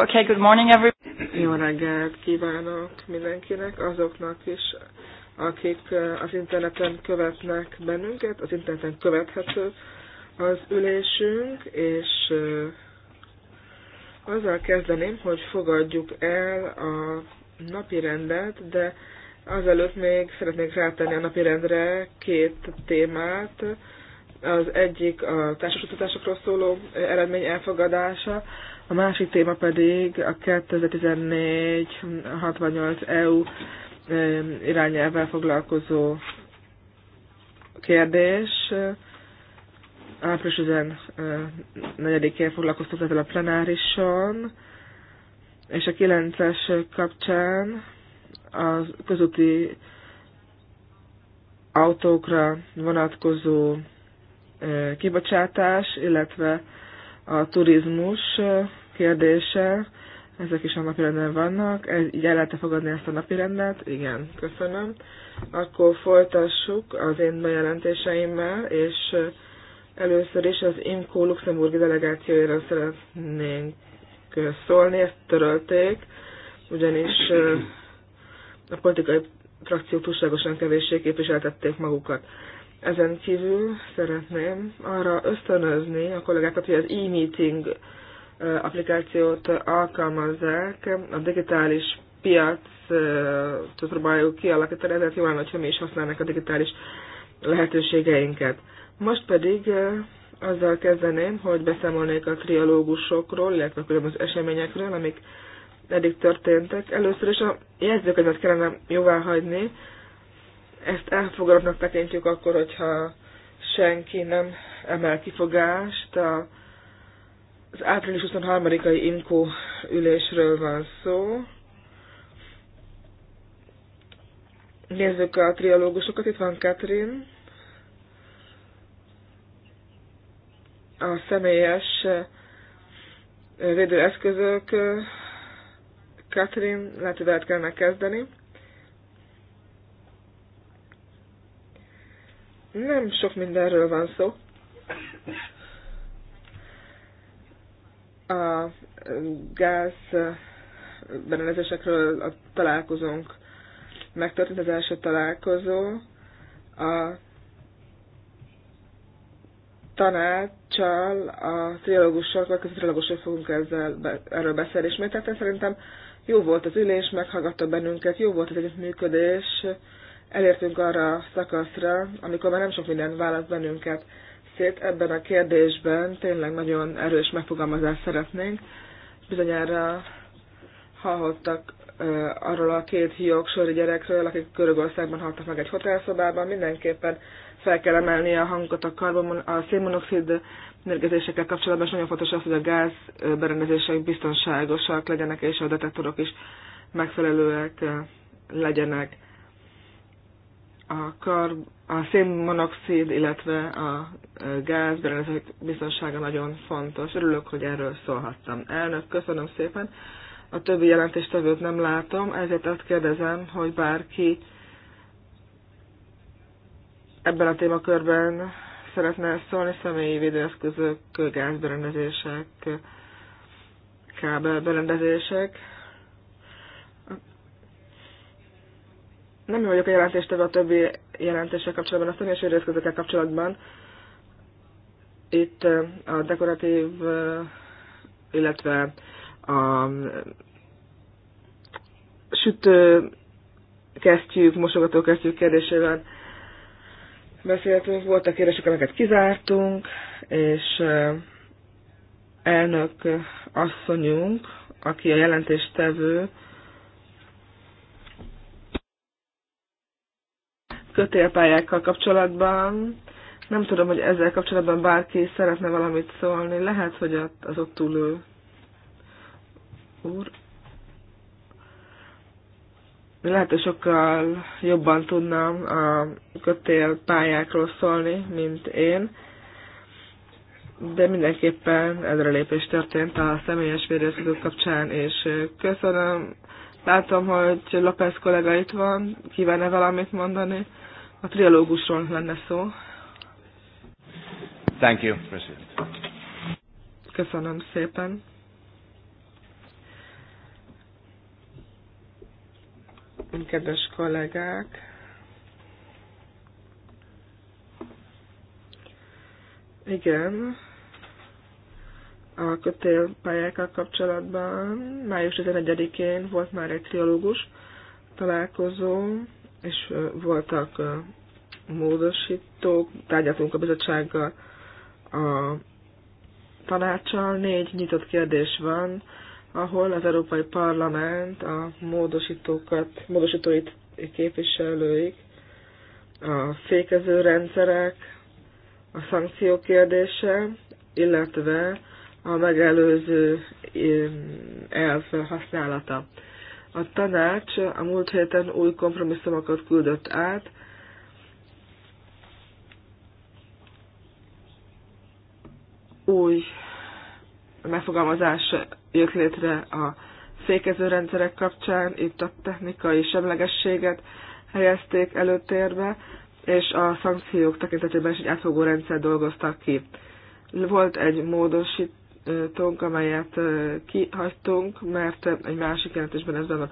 Okay, good morning everybody. Jó reggelt kívánok mindenkinek, azoknak is, akik uh, az interneten követnek bennünket, az interneten követhető az ülésünk, és uh, azzal kezdeném, hogy fogadjuk el a napi rendet, de azelőtt még szeretnék rátenni a napi rendre két témát. Az egyik a társasutatásokról szóló eredmény elfogadása, a másik téma pedig a 2014-68 EU irányelvvel foglalkozó kérdés. Április 14-én foglalkoztunk ezzel a plenárison, és a 9-es kapcsán a közúti autókra vonatkozó kibocsátás, illetve a turizmus kérdése, ezek is a napirenden vannak. Ez, így el lehet fogadni ezt a napirendet? Igen, köszönöm. Akkor folytassuk az én bejelentéseimmel, és először is az IMCO luxemburgi delegációjára szeretnénk szólni, ezt törölték, ugyanis a politikai frakciók túlságosan kevéssé képviseltették magukat. Ezen kívül szeretném arra ösztönözni a kollégákat, hogy az e-meeting applikációt alkalmazzák, a digitális piac, próbáljuk kialakítani, ezért jó hogyha mi is használnak a digitális lehetőségeinket. Most pedig azzal kezdeném, hogy beszámolnék a triológusokról, illetve a különböző eseményekről, amik eddig történtek. Először is a jegyzőkönyvet kellene jóvá hagyni. Ezt elfogadottnak tekintjük akkor, hogyha senki nem emel kifogást a az április 23-ai INKO ülésről van szó. Nézzük a triológusokat, itt van Katrin. A személyes eh, védőeszközök Katrin, eh, lehet, hogy veled kell megkezdeni. Nem sok mindenről van szó. A gáz berendezésekről a találkozónk megtörtént az első találkozó. A tanácssal, a triológussal, a közötrilógussal fogunk ezzel, be, erről beszélni ismételten. Szerintem jó volt az ülés, meghallgatta bennünket, jó volt az együttműködés, elértünk arra a szakaszra, amikor már nem sok minden választ bennünket részét ebben a kérdésben tényleg nagyon erős megfogalmazást szeretnénk. Bizonyára hallottak arról a két hiogsori gyerekről, akik Görögországban haltak meg egy hotelszobában, mindenképpen fel kell emelni a hangot a, karbon, a szénmonoxid mérgezésekkel kapcsolatban, és nagyon fontos az, hogy a gáz berendezések biztonságosak legyenek, és a detektorok is megfelelőek legyenek a, kar, a szénmonoxid, illetve a e, gázberendezések biztonsága nagyon fontos. Örülök, hogy erről szólhattam. Elnök, köszönöm szépen. A többi jelentéstevőt nem látom, ezért azt kérdezem, hogy bárki ebben a témakörben szeretne szólni személyi védőeszközök, gázberendezések, kábelberendezések. nem vagyok a jelentéstevő a többi jelentéssel kapcsolatban, a személyes őrőeszközökkel kapcsolatban. Itt a dekoratív, illetve a sütő kesztyűk, mosogató kesztyűk kérdésével beszéltünk, voltak kérdések, amiket kizártunk, és elnök asszonyunk, aki a jelentéstevő, kötélpályákkal kapcsolatban. Nem tudom, hogy ezzel kapcsolatban bárki szeretne valamit szólni. Lehet, hogy az ott túlő úr lehet, hogy sokkal jobban tudnám a kötélpályákról szólni, mint én, de mindenképpen lépés történt a személyes védőeszközök kapcsán, és köszönöm. Látom, hogy López kollega itt van, kívánne valamit mondani a trialógusról lenne szó. Thank you, President. Köszönöm szépen. Kedves kollégák! Igen. A kötélpályákkal kapcsolatban május 11-én volt már egy triológus találkozó, és voltak módosítók, tárgyaltunk a bizottsággal, a tanácssal, négy nyitott kérdés van, ahol az Európai Parlament a módosítókat, módosítóit képviselőik, a fékező rendszerek, a szankció kérdése, illetve a megelőző elv használata. A tanács a múlt héten új kompromisszumokat küldött át, új megfogalmazás jött létre a fékezőrendszerek kapcsán, itt a technikai semlegességet helyezték előtérbe, és a szankciók tekintetében is egy átfogó rendszer dolgoztak ki. Volt egy módosít, tónk, amelyet kihagytunk, mert egy másik jelentésben ez van.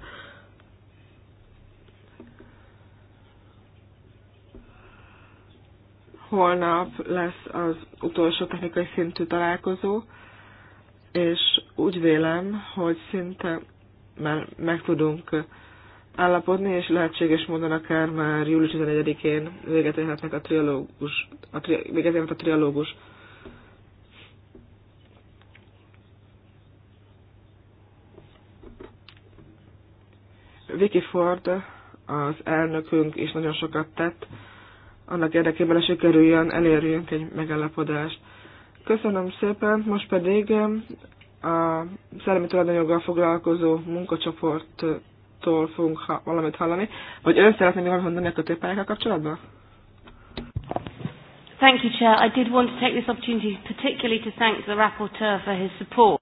Holnap lesz az utolsó technikai szintű találkozó, és úgy vélem, hogy szinte már meg tudunk állapodni, és lehetséges módon akár már július 11-én véget érhetnek a triológus, a tri, véget a triológus. Vicky Ford, az elnökünk is nagyon sokat tett, annak érdekében, hogy sikerüljön, elérjünk egy megállapodást. Köszönöm szépen, most pedig a szellemi tulajdonjoggal foglalkozó munkacsoporttól fogunk ha- valamit hallani. Vagy ön szeretné még valamit mondani a kötőpályákkal kapcsolatban? Thank you, Chair. I did want to take this opportunity particularly to thank the rapporteur for his support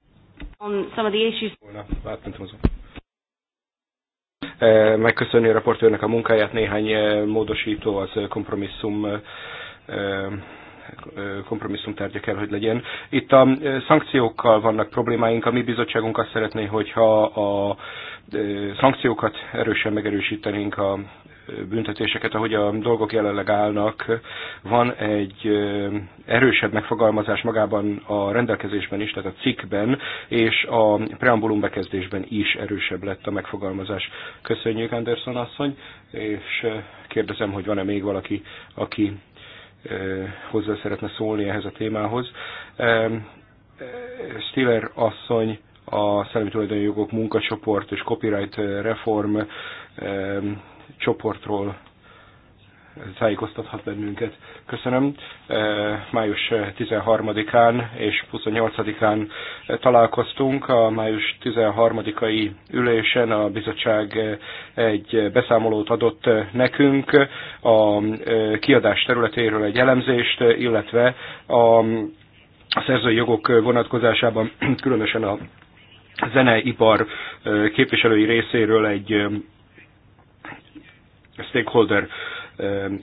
on some of the issues megköszönni a raportőrnek a munkáját, néhány módosító az kompromisszum kompromisszum tárgya kell, hogy legyen. Itt a szankciókkal vannak problémáink. A mi bizottságunk azt szeretné, hogyha a szankciókat erősen megerősítenénk a büntetéseket, ahogy a dolgok jelenleg állnak, van egy erősebb megfogalmazás magában a rendelkezésben is, tehát a cikkben, és a preambulum bekezdésben is erősebb lett a megfogalmazás. Köszönjük, Anderson asszony, és kérdezem, hogy van-e még valaki, aki hozzá szeretne szólni ehhez a témához. Stiller asszony a szellemi tulajdonjogok munkacsoport és copyright reform csoportról tájékoztathat bennünket. Köszönöm. Eh, május 13-án eh, és 28-án eh, találkoztunk. A május 13-ai ülésen a bizottság egy beszámolót adott nekünk a kiadás területéről egy elemzést, illetve a szerzői jogok vonatkozásában különösen a zeneipar képviselői részéről egy stakeholder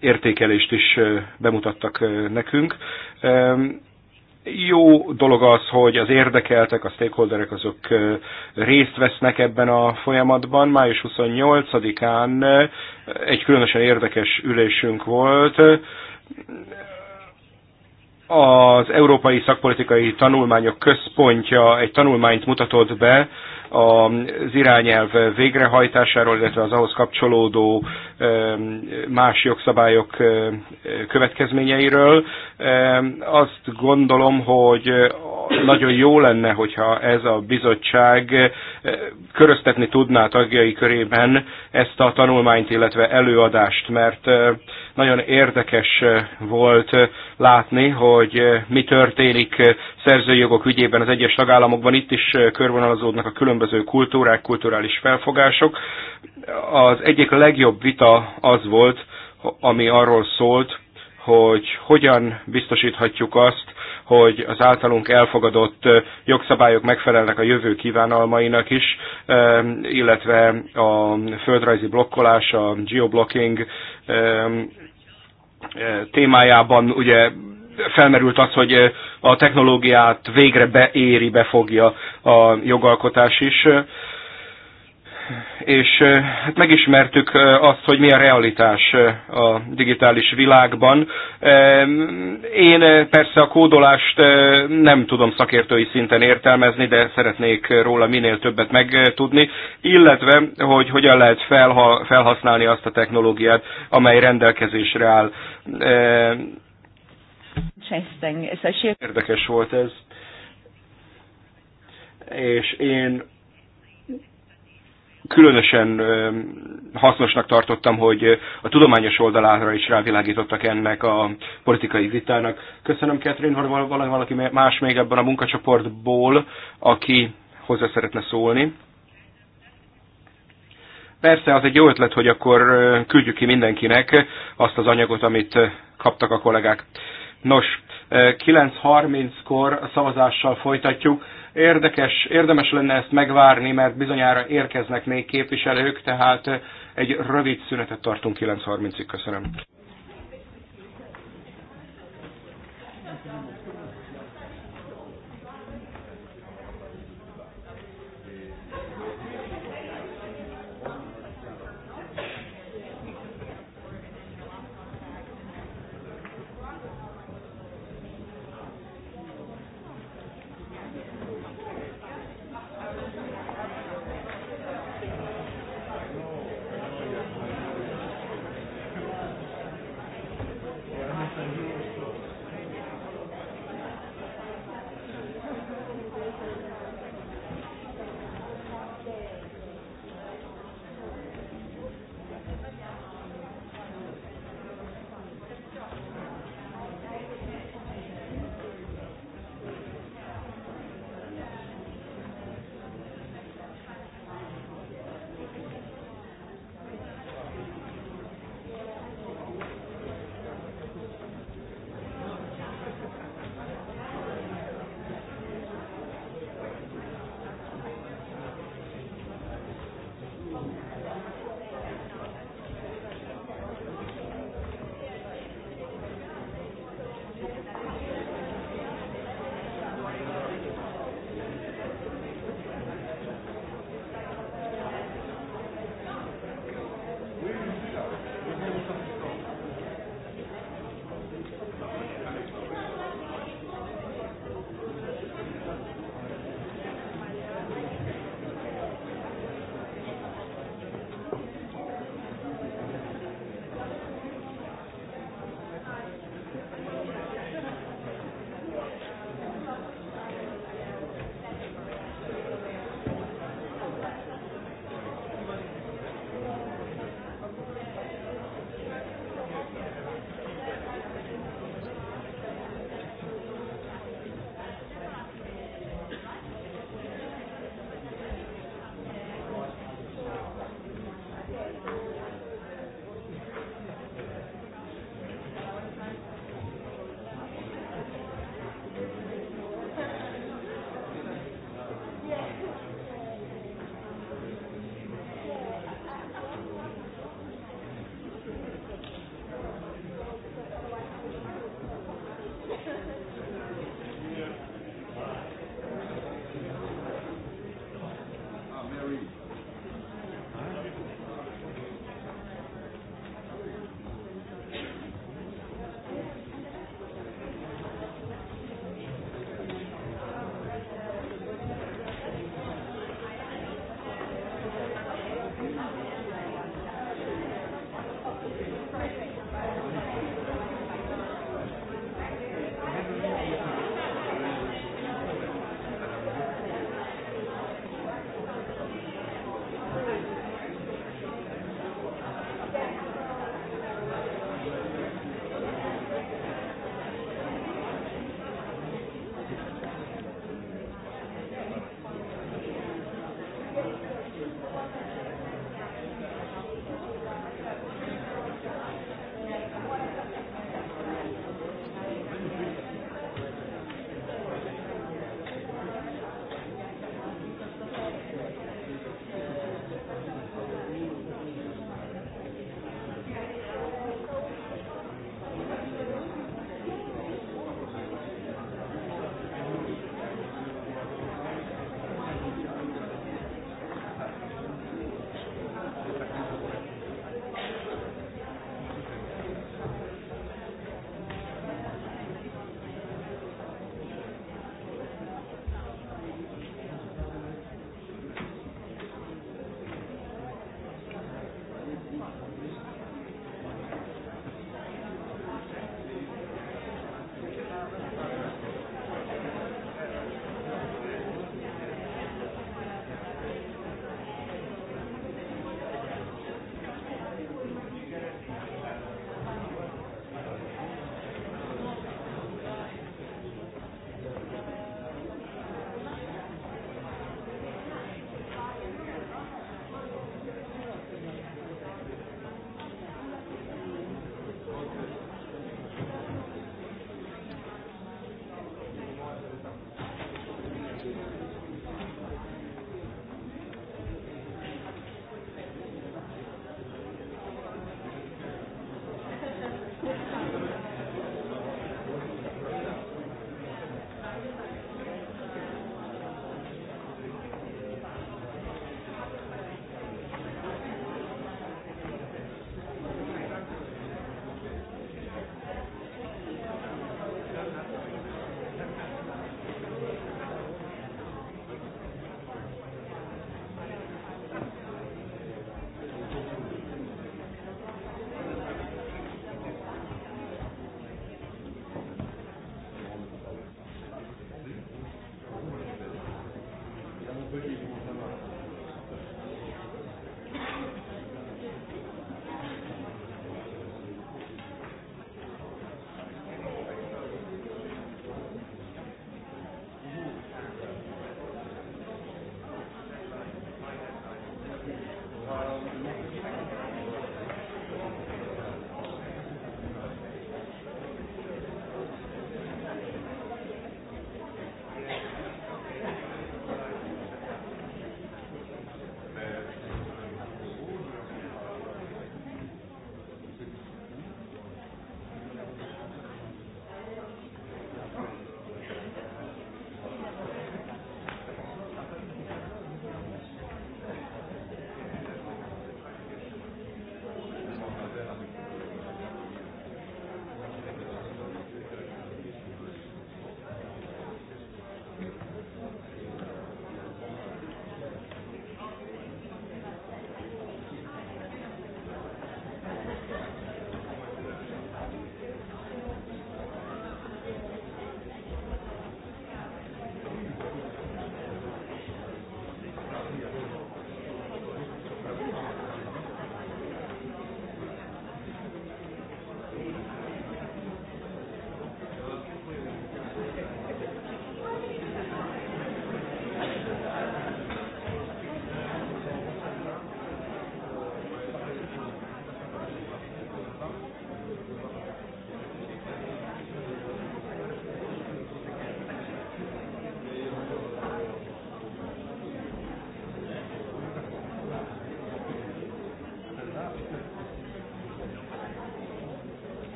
értékelést is bemutattak nekünk. Jó dolog az, hogy az érdekeltek, a stakeholderek azok részt vesznek ebben a folyamatban. Május 28-án egy különösen érdekes ülésünk volt. Az Európai Szakpolitikai Tanulmányok Központja egy tanulmányt mutatott be, az irányelv végrehajtásáról, illetve az ahhoz kapcsolódó más jogszabályok következményeiről. Azt gondolom, hogy nagyon jó lenne, hogyha ez a bizottság köröztetni tudná tagjai körében ezt a tanulmányt, illetve előadást, mert nagyon érdekes eh, volt eh, látni, hogy eh, mi történik szerzőjogok ügyében az egyes tagállamokban. Itt is körvonalazódnak a különböző kultúrák, kulturális felfogások. Az egyik legjobb vita az volt, ami arról szólt, hogy hogyan biztosíthatjuk azt, hogy az általunk elfogadott jogszabályok megfelelnek a jövő kívánalmainak is, illetve a földrajzi blokkolás, a geoblocking Eh, témájában ugye felmerült az, hogy eh, a technológiát végre beéri, befogja a jogalkotás is és hát megismertük azt, hogy mi a realitás a digitális világban. Én persze a kódolást nem tudom szakértői szinten értelmezni, de szeretnék róla minél többet megtudni, illetve, hogy hogyan lehet felhasználni azt a technológiát, amely rendelkezésre áll. Érdekes volt ez. És én különösen hasznosnak tartottam, hogy a tudományos oldalára is rávilágítottak ennek a politikai vitának. Köszönöm, Catherine, van valaki más még ebben a munkacsoportból, aki hozzá szeretne szólni. Persze, az egy jó ötlet, hogy akkor küldjük ki mindenkinek azt az anyagot, amit kaptak a kollégák. Nos, 9.30-kor a szavazással folytatjuk. Érdekes, érdemes lenne ezt megvárni, mert bizonyára érkeznek még képviselők, tehát egy rövid szünetet tartunk 9.30-ig. Köszönöm.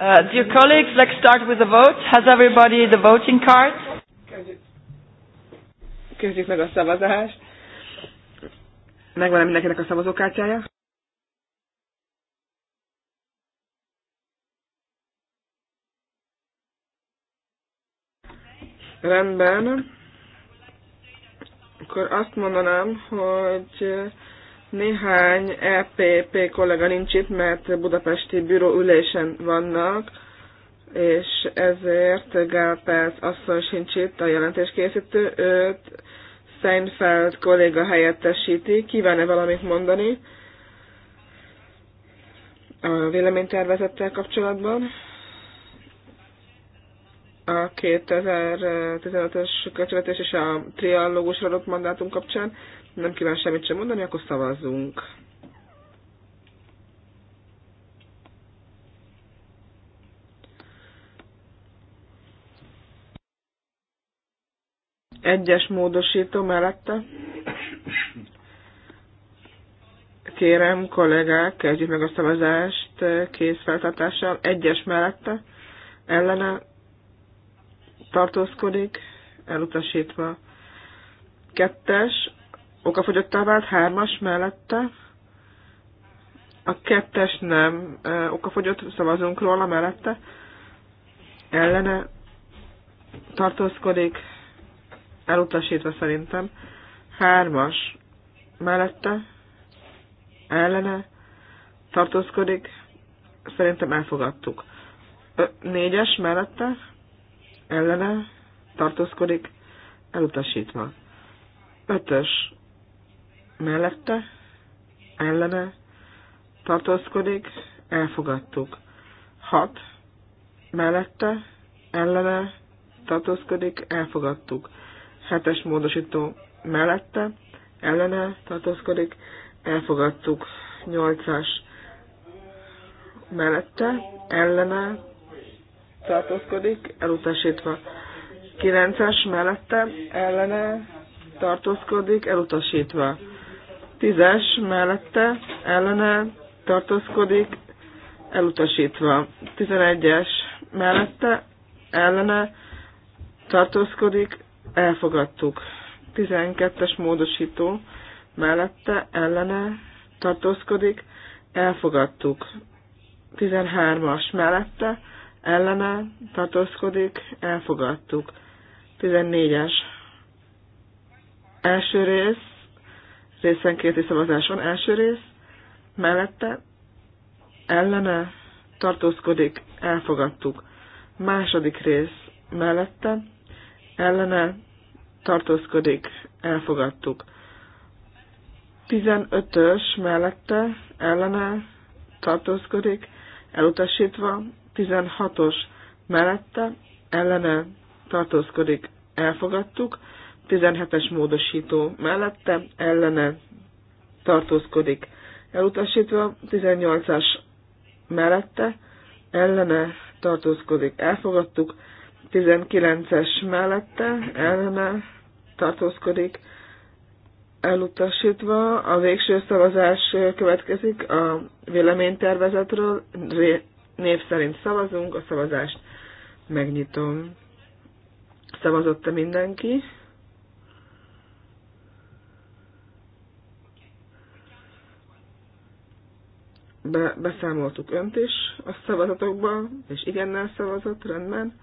Uh, dear colleagues, let's start with the vote. Has everybody the voting card? Kezdjük meg a szavazást. Megvan mindenkinek a szavazókártyája? Rendben. Akkor azt mondanám, hogy néhány EPP kollega nincs itt, mert budapesti bíróülésen vannak, és ezért Gál Perc asszony sincs itt, a jelentéskészítő, őt Seinfeld kolléga helyettesíti. Kíván-e valamit mondani a véleménytervezettel kapcsolatban? a 2015-ös költségvetés és a triallógusra adott mandátum kapcsán nem kíván semmit sem mondani, akkor szavazzunk. Egyes módosító mellette. Kérem, kollégák, kezdjük meg a szavazást készfeltartással. Egyes mellette. Ellene tartózkodik, elutasítva. Kettes, okafogyottá vált, hármas mellette. A kettes nem okafogyott, szavazunk róla mellette. Ellene tartózkodik, elutasítva szerintem. Hármas mellette, ellene tartózkodik, szerintem elfogadtuk. Ö, négyes mellette, ellene tartózkodik, elutasítva. Ötös mellette, ellene tartózkodik, elfogadtuk. Hat mellette, ellene tartózkodik, elfogadtuk. Hetes módosító mellette, ellene tartózkodik, elfogadtuk. Nyolcas mellette, ellene tartózkodik, elutasítva. 9-es mellette ellene tartózkodik, elutasítva. 10-es mellette ellene tartózkodik, elutasítva. 11-es mellette ellene tartózkodik, elfogadtuk. 12-es módosító mellette ellene tartózkodik, elfogadtuk. 13-as mellette ellene tartózkodik, elfogadtuk. 14-es első rész, részenkéti szavazás van, első rész, mellette, ellene tartózkodik, elfogadtuk. Második rész, mellette, ellene tartózkodik, elfogadtuk. 15-ös mellette, ellene tartózkodik, elutasítva, 16-os mellette ellene tartózkodik, elfogadtuk. 17-es módosító mellette ellene tartózkodik, elutasítva. 18-as mellette ellene tartózkodik, elfogadtuk. 19-es mellette ellene tartózkodik, elutasítva. A végső szavazás következik a véleménytervezetről, Név szerint szavazunk, a szavazást megnyitom. Szavazott-e mindenki? Be, beszámoltuk önt is a szavazatokba, és igennel szavazott, rendben.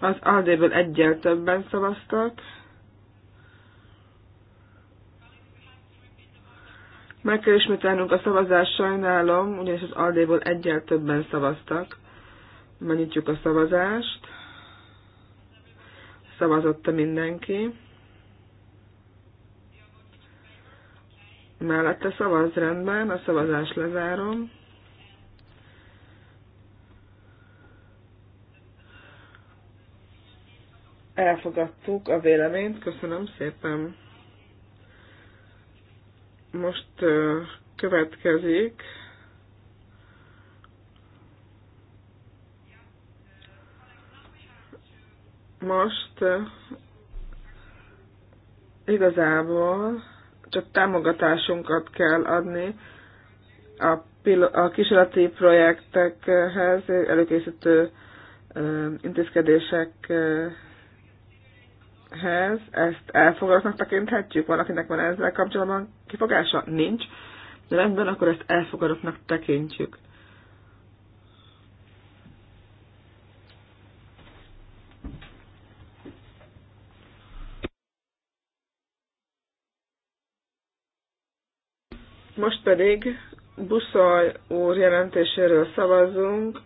Az AD-ből egyel többen szavaztak. Meg kell ismételnünk a szavazást, sajnálom, ugyanis az Aldéból egyel többen szavaztak. Megnyitjuk a szavazást. Szavazott mindenki. Mellette szavaz rendben, a szavazást lezárom. Elfogadtuk a véleményt, köszönöm szépen. Most következik most igazából csak támogatásunkat kell adni a, a kísérleti projektekhez, előkészítő intézkedésekhez, ház ezt elfogadottnak tekinthetjük? Valakinek van ezzel kapcsolatban kifogása? Nincs. De rendben, akkor ezt elfogadottnak tekintjük. Most pedig buszaj úr jelentéséről szavazunk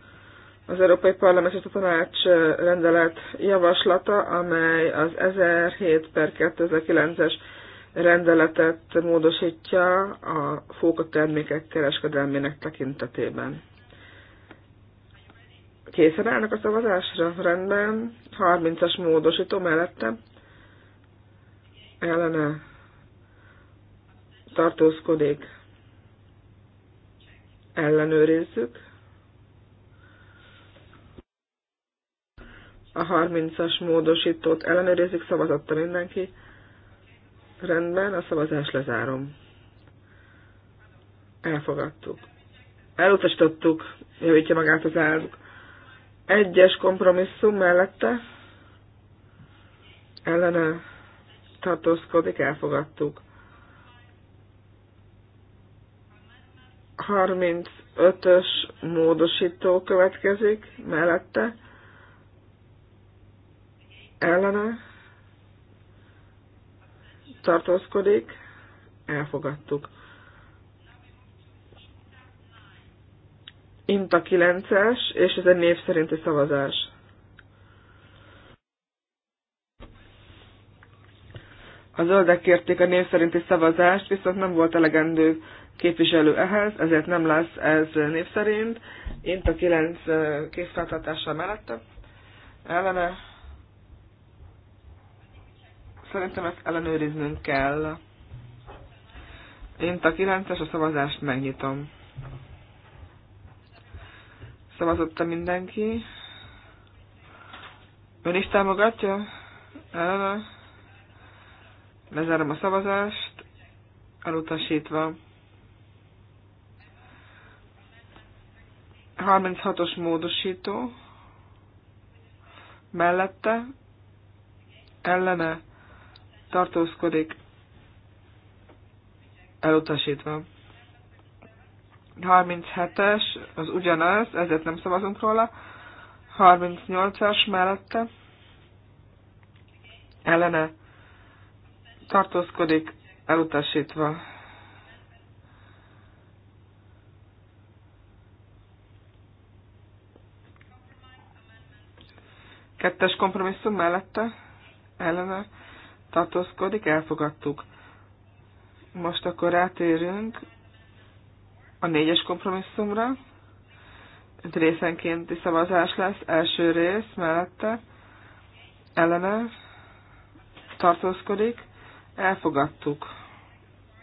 az Európai Parlament és a Tanács rendelet javaslata, amely az 1007 per 2009-es rendeletet módosítja a fóka termékek kereskedelmének tekintetében. Készen állnak a szavazásra? Rendben. 30-as módosító mellette. Ellene tartózkodik. Ellenőrizzük. a 30-as módosítót ellenőrizzük, szavazatta mindenki. Rendben, a szavazást lezárom. Elfogadtuk. Elutasítottuk, javítja magát az álluk. Egyes kompromisszum mellette ellene tartózkodik, elfogadtuk. 35-ös módosító következik mellette ellene tartózkodik, elfogadtuk. Inta 9-es, és ez egy név szerinti szavazás. A zöldek kérték a név szerinti szavazást, viszont nem volt elegendő képviselő ehhez, ezért nem lesz ez név szerint. Inta 9 eh, készfeltartása mellette. Ellene szerintem ezt ellenőriznünk kell. Én a 9-es a szavazást megnyitom. Szavazotta mindenki. Ön is támogatja? Ellene. Lezárom a szavazást. Elutasítva. 36-os módosító. Mellette. Ellene tartózkodik, elutasítva. 37-es, az ugyanaz, ezért nem szavazunk róla. 38-as mellette ellene tartózkodik, elutasítva. Kettes kompromisszum mellette ellene tartózkodik, elfogadtuk. Most akkor rátérünk a négyes kompromisszumra. Itt részenkénti szavazás lesz, első rész mellette, ellene tartózkodik, elfogadtuk.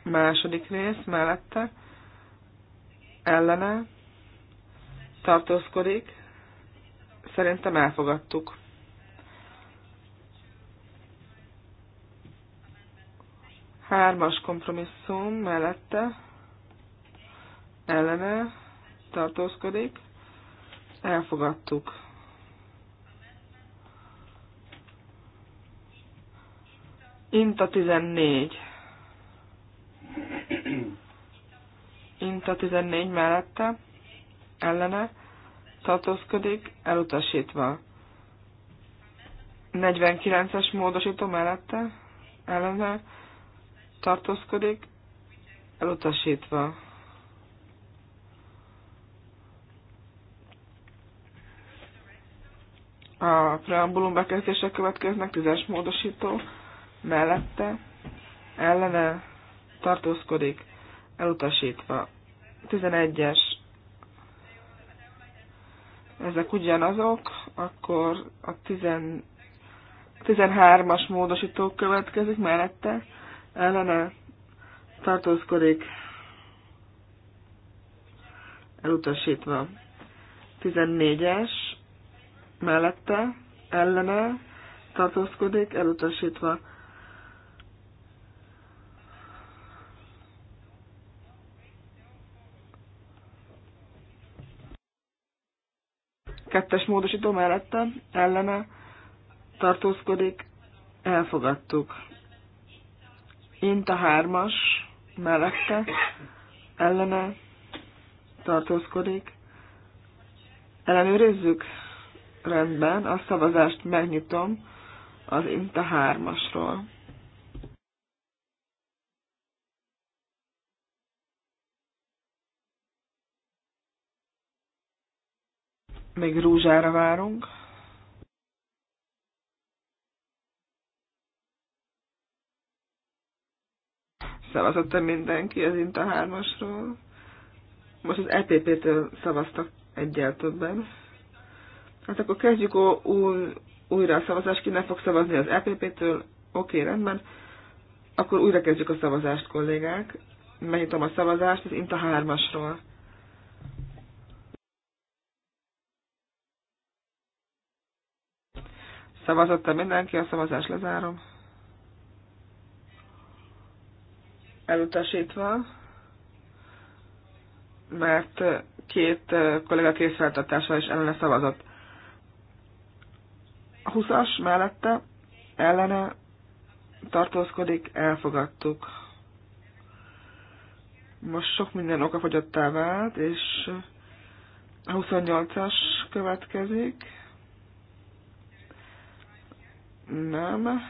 Második rész mellette, ellene tartózkodik, szerintem elfogadtuk. Hármas kompromisszum mellette ellene tartózkodik. Elfogadtuk. Inta 14. Inta 14 mellette ellene tartózkodik, elutasítva. 49-es módosító mellette ellene tartózkodik, elutasítva. A preambulum bekezdése következnek, tízes módosító, mellette, ellene, tartózkodik, elutasítva. 11-es, ezek ugyanazok, akkor a 13-as módosító következik mellette, ellene tartózkodik, elutasítva. 14-es mellette ellene tartózkodik, elutasítva. Kettes módosító mellette ellene tartózkodik, elfogadtuk. Inta hármas mellette ellene tartózkodik. Ellenőrizzük? Rendben, a szavazást megnyitom az Inta hármasról. Még rúzsára várunk. Szavazott-e mindenki az Inta 3-asról? Most az EPP-től szavaztak egyel többen. Hát akkor kezdjük új, újra a szavazást. Ki ne fog szavazni az EPP-től? Oké, okay, rendben. Akkor újra kezdjük a szavazást, kollégák. Megnyitom a szavazást az Inta 3-asról. Szavazott-e mindenki? A szavazást lezárom. elutasítva, mert két kollega készfeltartása is ellene szavazott. A 20-as mellette ellene tartózkodik, elfogadtuk. Most sok minden fogyottá vált, és a 28-as következik. Nem.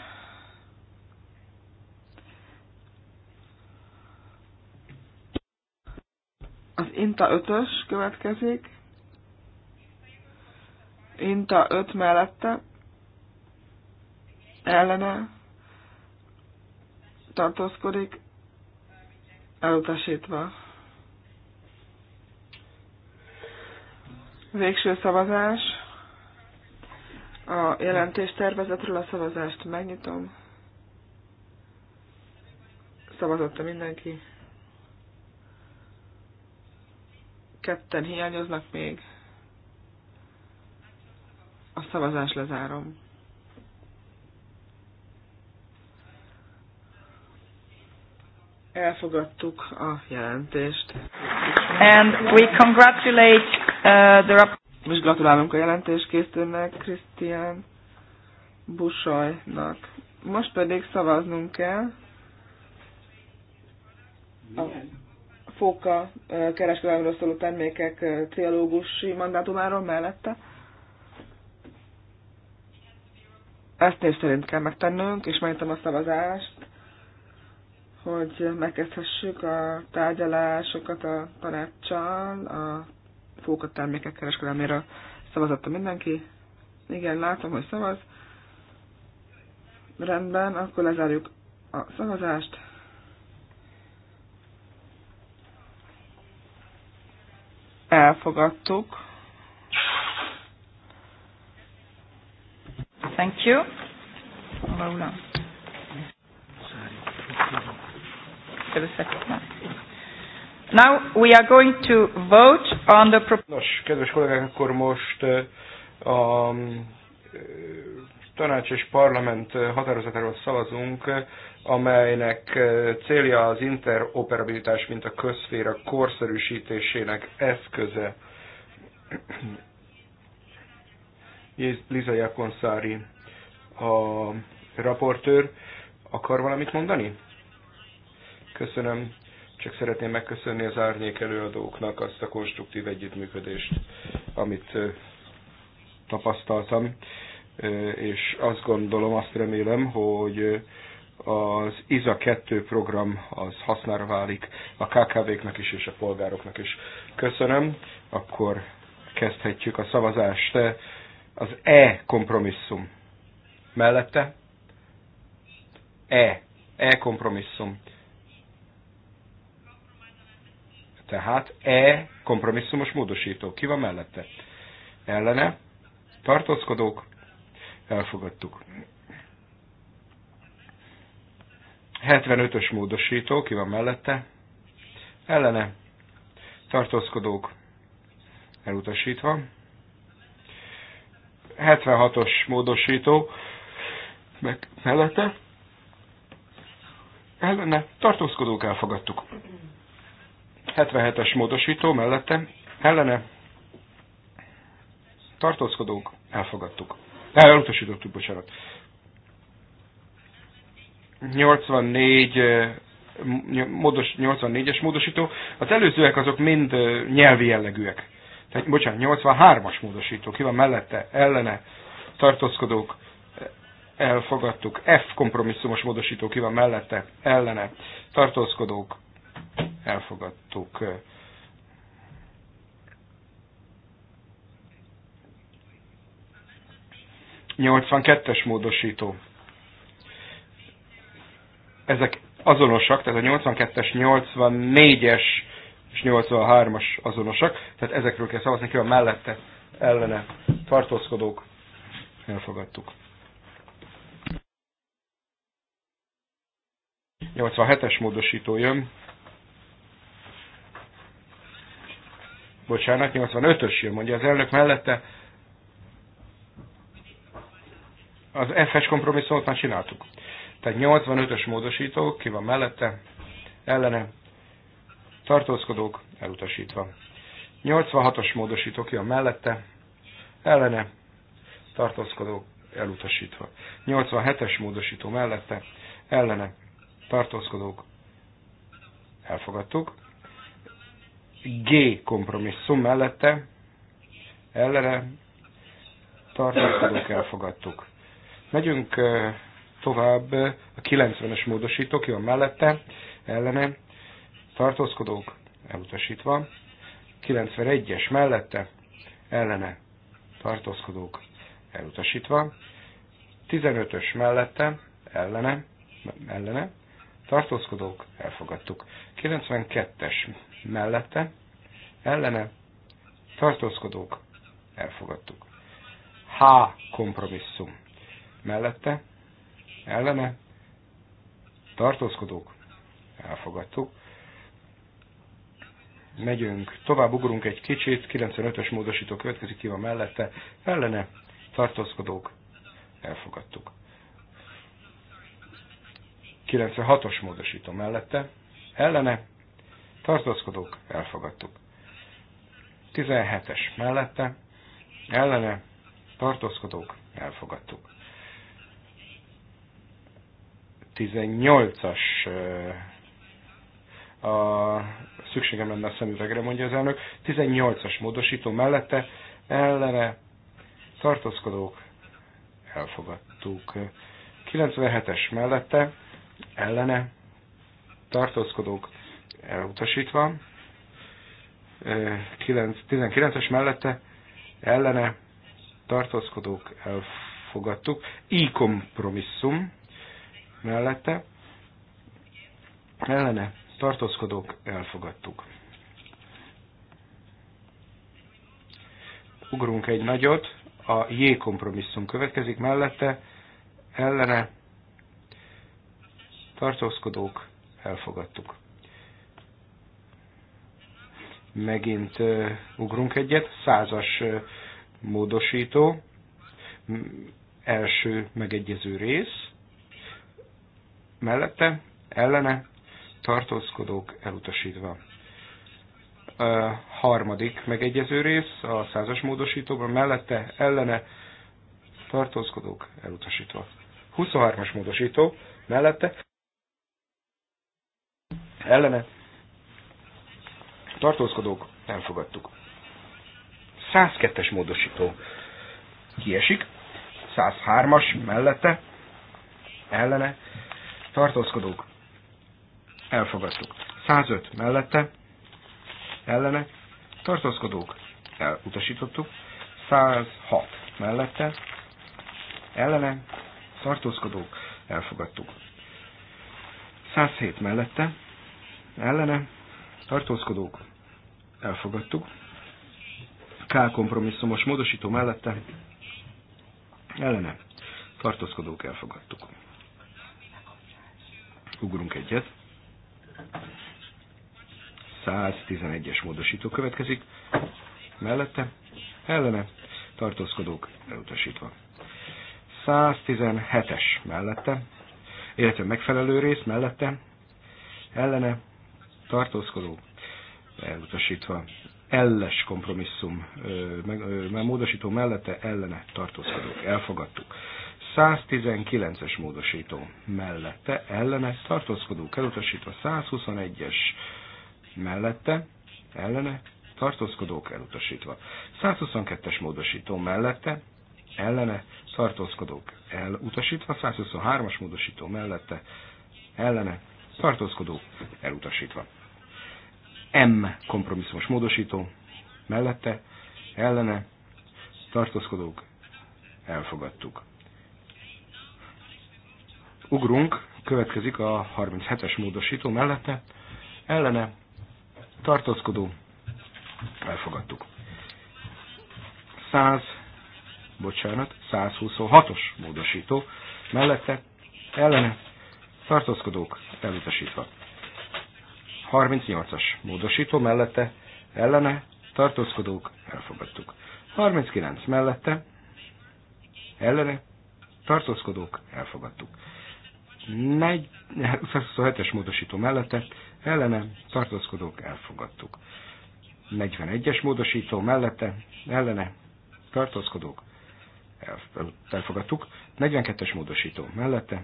Az Inta 5-ös következik. Inta 5 mellette. Ellene tartózkodik, elutasítva. Végső szavazás. A jelentés tervezetről a szavazást megnyitom. Szavazotta mindenki. ketten hiányoznak még. A szavazás lezárom. Elfogadtuk a jelentést. And we congratulate uh, the Most gratulálunk a jelentés készülnek Krisztián Busajnak. Most pedig szavaznunk kell. A fóka kereskedelmről szóló termékek trialógusi mandátumáról mellette. Ezt név szerint kell megtennünk, és megnyitom a szavazást, hogy megkezdhessük a tárgyalásokat a tanácssal, a fóka termékek kereskedelméről szavazott mindenki. Igen, látom, hogy szavaz. Rendben, akkor lezárjuk a szavazást. Elfogadtuk. Thank you. Laura. Now we are going to vote on the Nos, kedves kollégák, akkor most eh, a tanács és parlament határozatáról szavazunk, amelynek célja az interoperabilitás, mint a közféra korszerűsítésének eszköze. Liza Jakonszári a raportőr. Akar valamit mondani? Köszönöm. Csak szeretném megköszönni az árnyék előadóknak azt a konstruktív együttműködést, amit tapasztaltam és azt gondolom, azt remélem, hogy az IZA 2 program az hasznára válik a KKV-knak is és a polgároknak is. Köszönöm, akkor kezdhetjük a szavazást. Az E kompromisszum mellette. E. E kompromisszum. Tehát E kompromisszumos módosító. Ki van mellette? Ellene. Tartózkodók elfogadtuk. 75-ös módosító, ki van mellette, ellene, tartózkodók elutasítva. 76-os módosító, meg mellette, ellene, tartózkodók elfogadtuk. 77-es módosító mellette, ellene, tartózkodók elfogadtuk. Elutasítottuk, bocsánat. 84 módos, 84-es módosító. Az előzőek azok mind nyelvi jellegűek. Tehát, bocsánat, 83-as módosító. Ki van mellette? Ellene? Tartózkodók? Elfogadtuk. F kompromisszumos módosító. Ki van mellette? Ellene? Tartózkodók? Elfogadtuk. 82-es módosító. Ezek azonosak, tehát a 82-es, 84-es és 83-as azonosak, tehát ezekről kell szavazni, külön mellette ellene tartózkodók. Elfogadtuk. 87-es módosító jön. Bocsánat, 85-ös jön, mondja az elnök mellette az f kompromisszumot már csináltuk. Tehát 85-ös módosító, ki van mellette, ellene, tartózkodók, elutasítva. 86-os módosító, ki van mellette, ellene, tartózkodók, elutasítva. 87-es módosító mellette, ellene, tartózkodók, elfogadtuk. G kompromisszum mellette, ellene, tartózkodók elfogadtuk. Megyünk tovább a 90-es módosító, ki van mellette, ellene, tartózkodók, elutasítva, 91-es mellette, ellene, tartózkodók, elutasítva, 15-ös mellette, ellene, ellene, tartózkodók, elfogadtuk. 92-es mellette, ellene, tartózkodók, elfogadtuk. H kompromisszum mellette, ellene, tartózkodók, elfogadtuk. Megyünk, tovább ugrunk egy kicsit, 95-ös módosító következik, ki van mellette, ellene, tartózkodók, elfogadtuk. 96-os módosító mellette, ellene, tartózkodók, elfogadtuk. 17-es mellette, ellene, tartózkodók, elfogadtuk. 18-as a szükségem lenne a szemüvegre, mondja az elnök. 18-as módosító mellette ellene tartózkodók elfogadtuk. 97-es mellette ellene tartózkodók elutasítva. 19-es mellette ellene tartózkodók elfogadtuk. I kompromisszum mellette, ellene tartózkodók elfogadtuk. Ugrunk egy nagyot, a J kompromisszum következik mellette, ellene tartózkodók elfogadtuk. Megint uh, ugrunk egyet, százas uh, módosító, első megegyező rész, mellette, ellene, tartózkodók elutasítva. A harmadik megegyező rész a százas módosítóban mellette, ellene, tartózkodók elutasítva. 23-as módosító mellette, ellene, tartózkodók elfogadtuk. 102-es módosító kiesik, 103-as mellette, ellene, tartózkodók, elfogadtuk. 105 mellette, ellene, tartózkodók, elutasítottuk. 106 mellette, ellene, tartózkodók, elfogadtuk. 107 mellette, ellene, tartózkodók, elfogadtuk. K kompromisszumos módosító mellette, ellene, tartózkodók, elfogadtuk ugrunk egyet. 111-es módosító következik. Mellette, ellene, tartózkodók elutasítva. 117-es mellette, illetve megfelelő rész mellette, ellene, tartózkodó, elutasítva. Elles kompromisszum, meg, meg módosító mellette, ellene tartózkodók. Elfogadtuk. 119-es módosító mellette ellene tartózkodók elutasítva 121-es mellette ellene tartózkodók elutasítva 122-es módosító mellette ellene tartózkodók elutasítva 123-as módosító mellette ellene tartózkodók elutasítva M kompromisszumos módosító mellette ellene tartózkodók elfogadtuk Ugrunk, következik a 37-es módosító mellette, ellene tartózkodó, elfogadtuk. 100, bocsánat, 126-os módosító mellette, ellene tartózkodók elutasítva. 38-as módosító mellette, ellene tartózkodók elfogadtuk. 39 mellette, ellene tartózkodók elfogadtuk. 127-es módosító mellette ellene tartózkodók elfogadtuk. 41-es módosító mellette ellene tartózkodók elfogadtuk. 42-es módosító mellette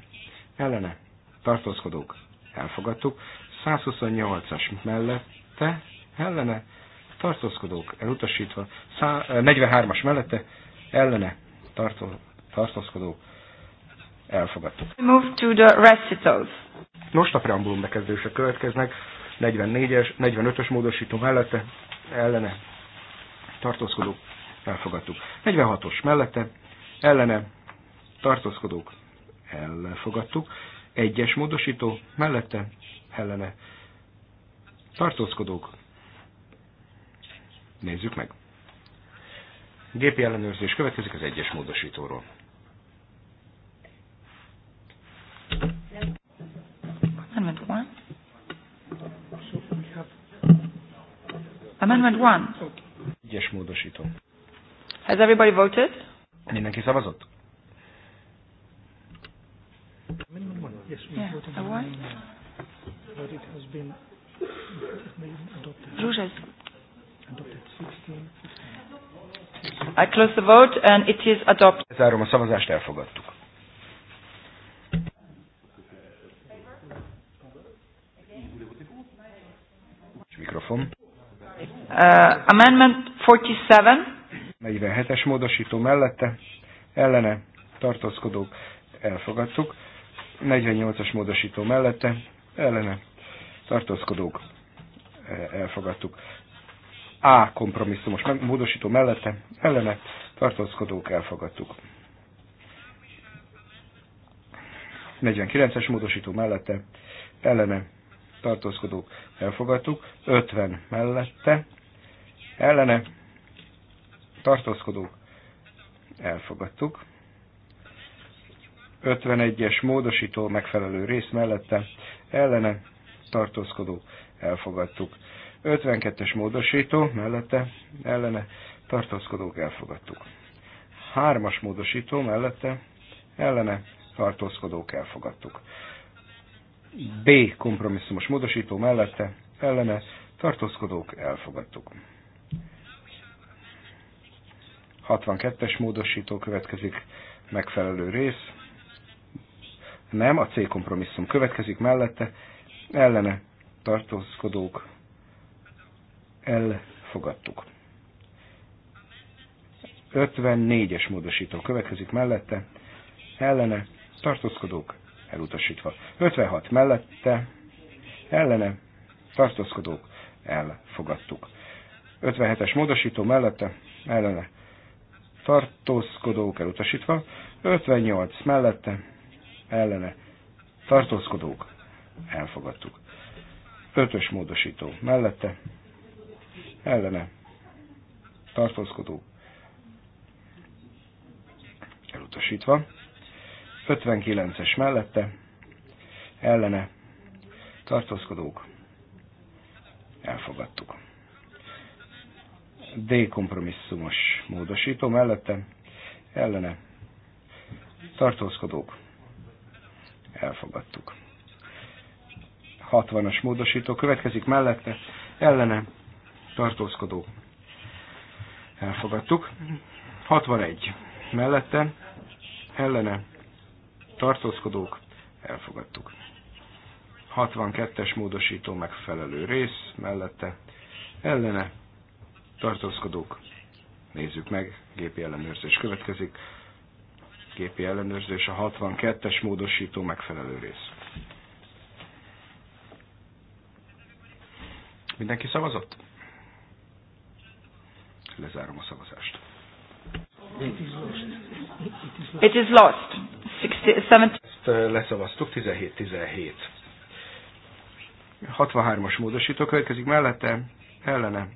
ellene tartózkodók elfogadtuk. 128-as mellette ellene tartózkodók elutasítva, 43-as mellette ellene tartó, tartózkodók elfogadtuk. Move to the recitals. Most a preambulum bekezdések következnek. 44-es, 45-ös módosító mellette, ellene, tartózkodók, elfogadtuk. 46-os mellette, ellene, tartózkodók, elfogadtuk. Egyes módosító, mellette, ellene, tartózkodók. Nézzük meg. Gépi ellenőrzés következik az egyes módosítóról. Amendment 1. Egyes módosító. Has everybody voted? Mindenki szavazott? I close the vote and it is adopted. Zárom a szavazást, elfogadtuk. mikrofon. Uh, amendment 47. 47-es módosító mellette, ellene tartózkodók elfogadtuk. 48-as e, módosító mellette, ellene tartózkodók elfogadtuk. A kompromisszumos módosító mellette, ellene tartózkodók elfogadtuk. 49-es módosító mellette, ellene tartózkodók elfogadtuk, 50 mellette, ellene tartózkodók elfogadtuk, 51-es módosító megfelelő rész mellette, ellene tartózkodók elfogadtuk, 52-es módosító mellette, ellene tartózkodók elfogadtuk. 3-as módosító mellette, ellene tartózkodók elfogadtuk. B kompromisszumos módosító mellette ellene tartózkodók elfogadtuk. 62-es módosító következik, megfelelő rész. Nem, a C kompromisszum következik mellette, ellene tartózkodók elfogadtuk. 54-es módosító következik mellette, ellene tartózkodók elutasítva. 56 mellette, ellene, tartózkodók, elfogadtuk. 57-es módosító mellette, ellene, tartózkodók elutasítva, 58 mellette, ellene, tartózkodók, elfogadtuk. 5-ös módosító mellette, ellene, tartózkodók, elutasítva. 59-es mellette, ellene tartózkodók, elfogadtuk. D kompromisszumos módosító mellette, ellene tartózkodók, elfogadtuk. 60-as módosító következik mellette, ellene tartózkodók, elfogadtuk. 61 mellette, ellene tartózkodók, elfogadtuk. 62-es módosító megfelelő rész mellette, ellene, tartózkodók, nézzük meg, gépi ellenőrzés következik, gépi ellenőrzés a 62-es módosító megfelelő rész. Mindenki szavazott? Lezárom a szavazást. It is lost. It is lost. Ezt leszavaztuk, 17-17. 63-as módosító következik mellette, ellene,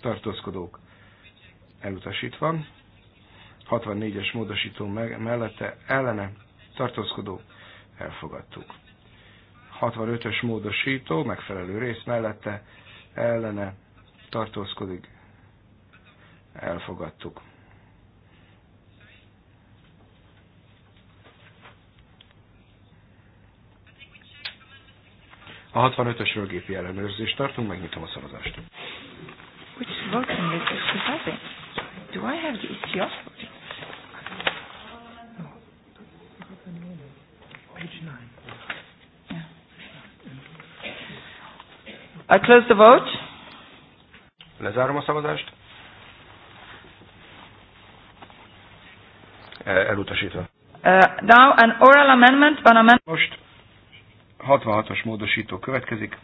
tartózkodók elutasítva. 64-es módosító mellette, ellene, tartózkodók elfogadtuk. 65-ös módosító, megfelelő rész mellette, ellene, tartózkodik, elfogadtuk. A 65-ösről gépi ellenőrzést tartunk, megnyitom a szavazást. Which voting is this Do I have the it's your No. Page 9. Yeah. I close the vote. Lezárom a szavazást. Elutasítva. Uh, now an oral amendment an amendment. Most 66-os módosító következik.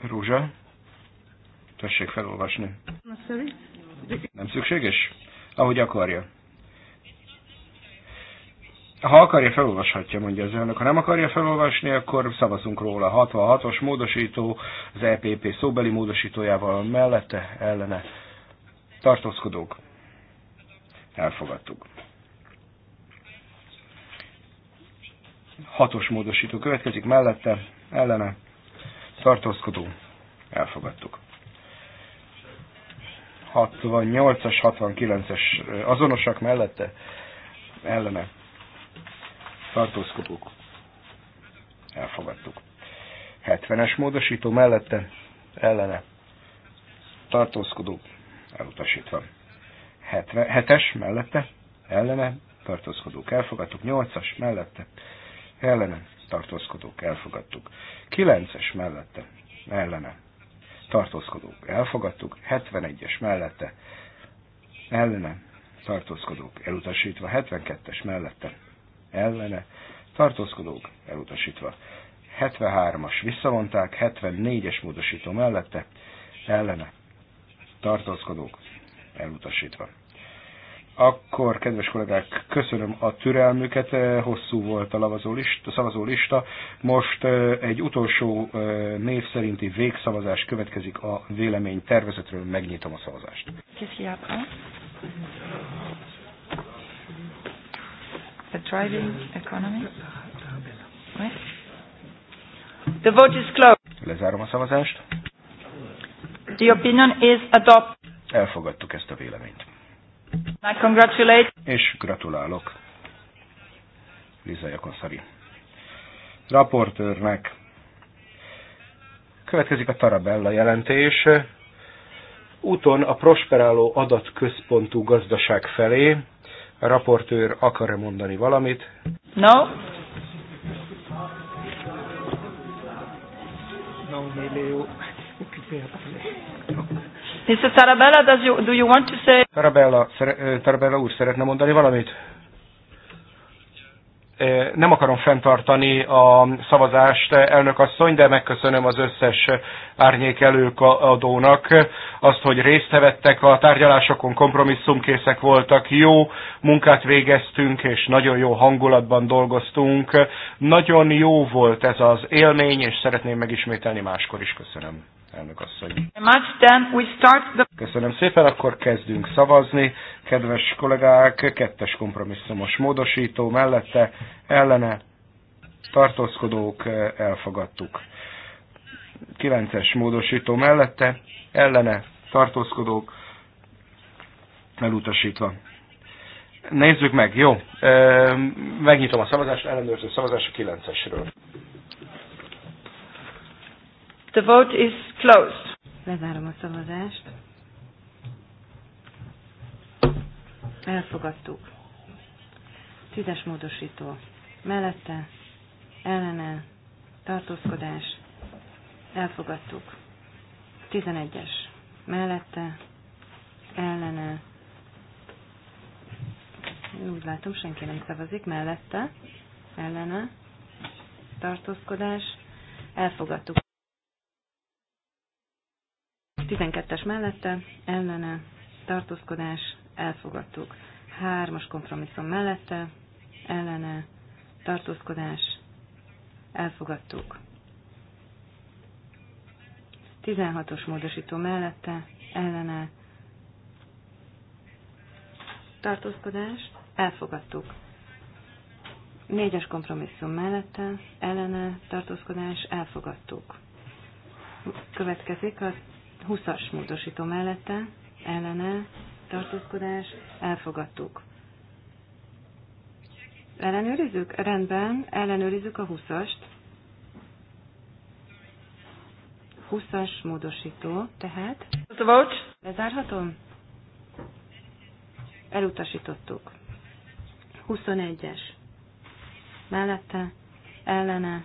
Rózsa, tessék felolvasni. Nem szükséges? Ahogy akarja. Ha akarja, felolvashatja, mondja az elnök. Ha nem akarja felolvasni, akkor szavazunk róla. 66-os módosító, az EPP szóbeli módosítójával mellette, ellene tartózkodók. Elfogadtuk. Hatos módosító következik mellette, ellene, tartózkodó, elfogadtuk. 68-as, 69-es azonosak mellette, ellene, tartózkodók, elfogadtuk. 70-es módosító mellette, ellene, tartózkodók, elutasítva. 7-es mellette, ellene, tartózkodók elfogadtuk, 8-as mellette, ellene tartózkodók elfogadtuk. 9-es mellette ellene tartózkodók elfogadtuk, 71-es mellette ellene tartózkodók elutasítva, 72-es mellette ellene tartózkodók elutasítva. 73-as visszavonták, 74-es módosító mellette ellene tartózkodók elutasítva. Akkor, kedves kollégák, köszönöm a türelmüket, eh, hosszú volt a, lavazólista, a lista. Most eh, egy utolsó eh, név szerinti végszavazás következik a vélemény tervezetről, megnyitom a szavazást. A driving economy. The vote is closed. Lezárom a szavazást. The opinion is adopted. Elfogadtuk ezt a véleményt. I congratulate. És gratulálok Liza Jakonszari raportőrnek. Következik a Tarabella jelentés. Úton a prosperáló adatközpontú gazdaság felé. A raportőr akar-e mondani valamit? No. No, Mr. Tarabella, does you, do you want to say... Tarabella, Tarabella úr szeretne mondani valamit? Nem akarom fenntartani a szavazást, elnök asszony, de megköszönöm az összes árnyék előadónak azt, hogy részt vettek a tárgyalásokon, kompromisszumkészek voltak, jó munkát végeztünk, és nagyon jó hangulatban dolgoztunk. Nagyon jó volt ez az élmény, és szeretném megismételni máskor is. Köszönöm elnök asszony. Köszönöm szépen, akkor kezdünk szavazni. Kedves kollégák, kettes kompromisszumos módosító mellette, ellene tartózkodók elfogadtuk. Kilences módosító mellette, ellene tartózkodók elutasítva. Nézzük meg, jó. Megnyitom a szavazást, ellenőrző szavazás a kilencesről. The vote is closed. Lezárom a szavazást. Elfogadtuk. Tízes módosító. Mellette, ellene, tartózkodás. Elfogadtuk. Tizenegyes. Mellette, ellene. Úgy látom, senki nem szavazik. Mellette, ellene, tartózkodás. Elfogadtuk. 12-es mellette ellene tartózkodás elfogadtuk. 3-as kompromisszum mellette ellene tartózkodás elfogadtuk. 16-os módosító mellette ellene tartózkodás elfogadtuk. 4-es kompromisszum mellette ellene tartózkodás elfogadtuk. Következik a 20-as módosító mellette, ellene, tartózkodás, elfogadtuk. Ellenőrizzük? Rendben, ellenőrizzük a 20-ast. 20-as módosító, tehát. Lezárhatom? Elutasítottuk. 21-es. Mellette, ellene,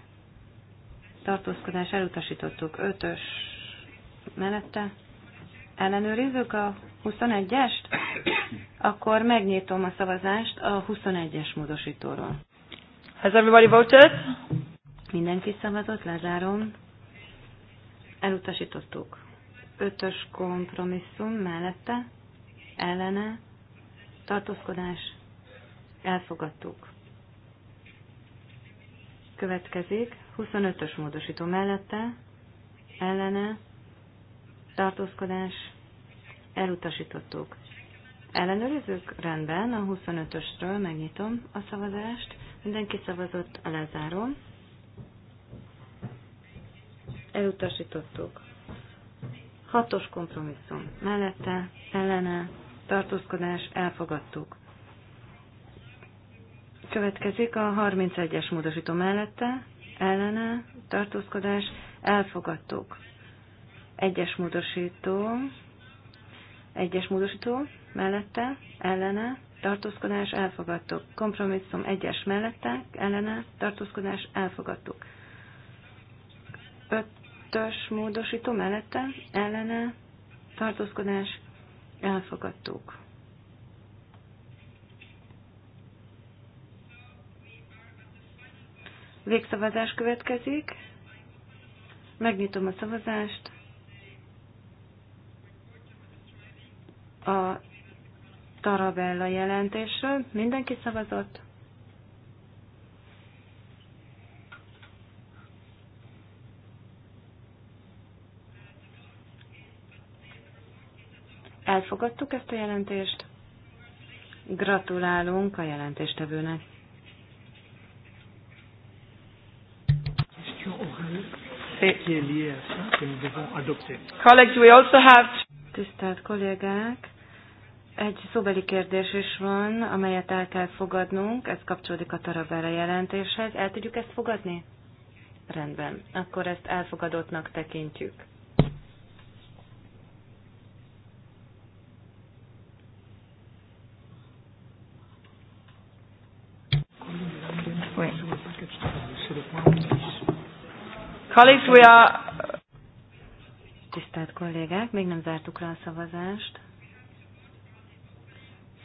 tartózkodás, elutasítottuk. 5-ös mellette. Ellenőrizzük a 21-est? Akkor megnyitom a szavazást a 21-es módosítóról. Has everybody voted? Mindenki szavazott, lezárom. Elutasítottuk. Ötös kompromisszum mellette, ellene, tartózkodás, elfogadtuk. Következik 25-ös módosító mellette, ellene, tartózkodás, elutasítottuk. Ellenőrizzük? Rendben, a 25-ösről megnyitom a szavazást. Mindenki szavazott, lezárom. Elutasítottuk. Hatos kompromisszum. Mellette, ellene, tartózkodás, elfogadtuk. Következik a 31-es módosító mellette, ellene, tartózkodás, elfogadtuk. Egyes módosító, egyes módosító mellette, ellene, tartózkodás, elfogadtuk. Kompromisszum egyes mellette, ellene, tartózkodás, elfogadtuk. Ötös módosító mellette, ellene, tartózkodás, elfogadtuk. Végszavazás következik. Megnyitom a szavazást. a Tarabella jelentésről. Mindenki szavazott? Elfogadtuk ezt a jelentést. Gratulálunk a jelentéstevőnek. we also have... Tisztelt kollégák, egy szóbeli kérdés is van, amelyet el kell fogadnunk, ez kapcsolódik a Tarabella jelentéshez. El tudjuk ezt fogadni? Rendben, akkor ezt elfogadottnak tekintjük. Colleagues, we are... Tisztelt kollégák, még nem zártuk le a szavazást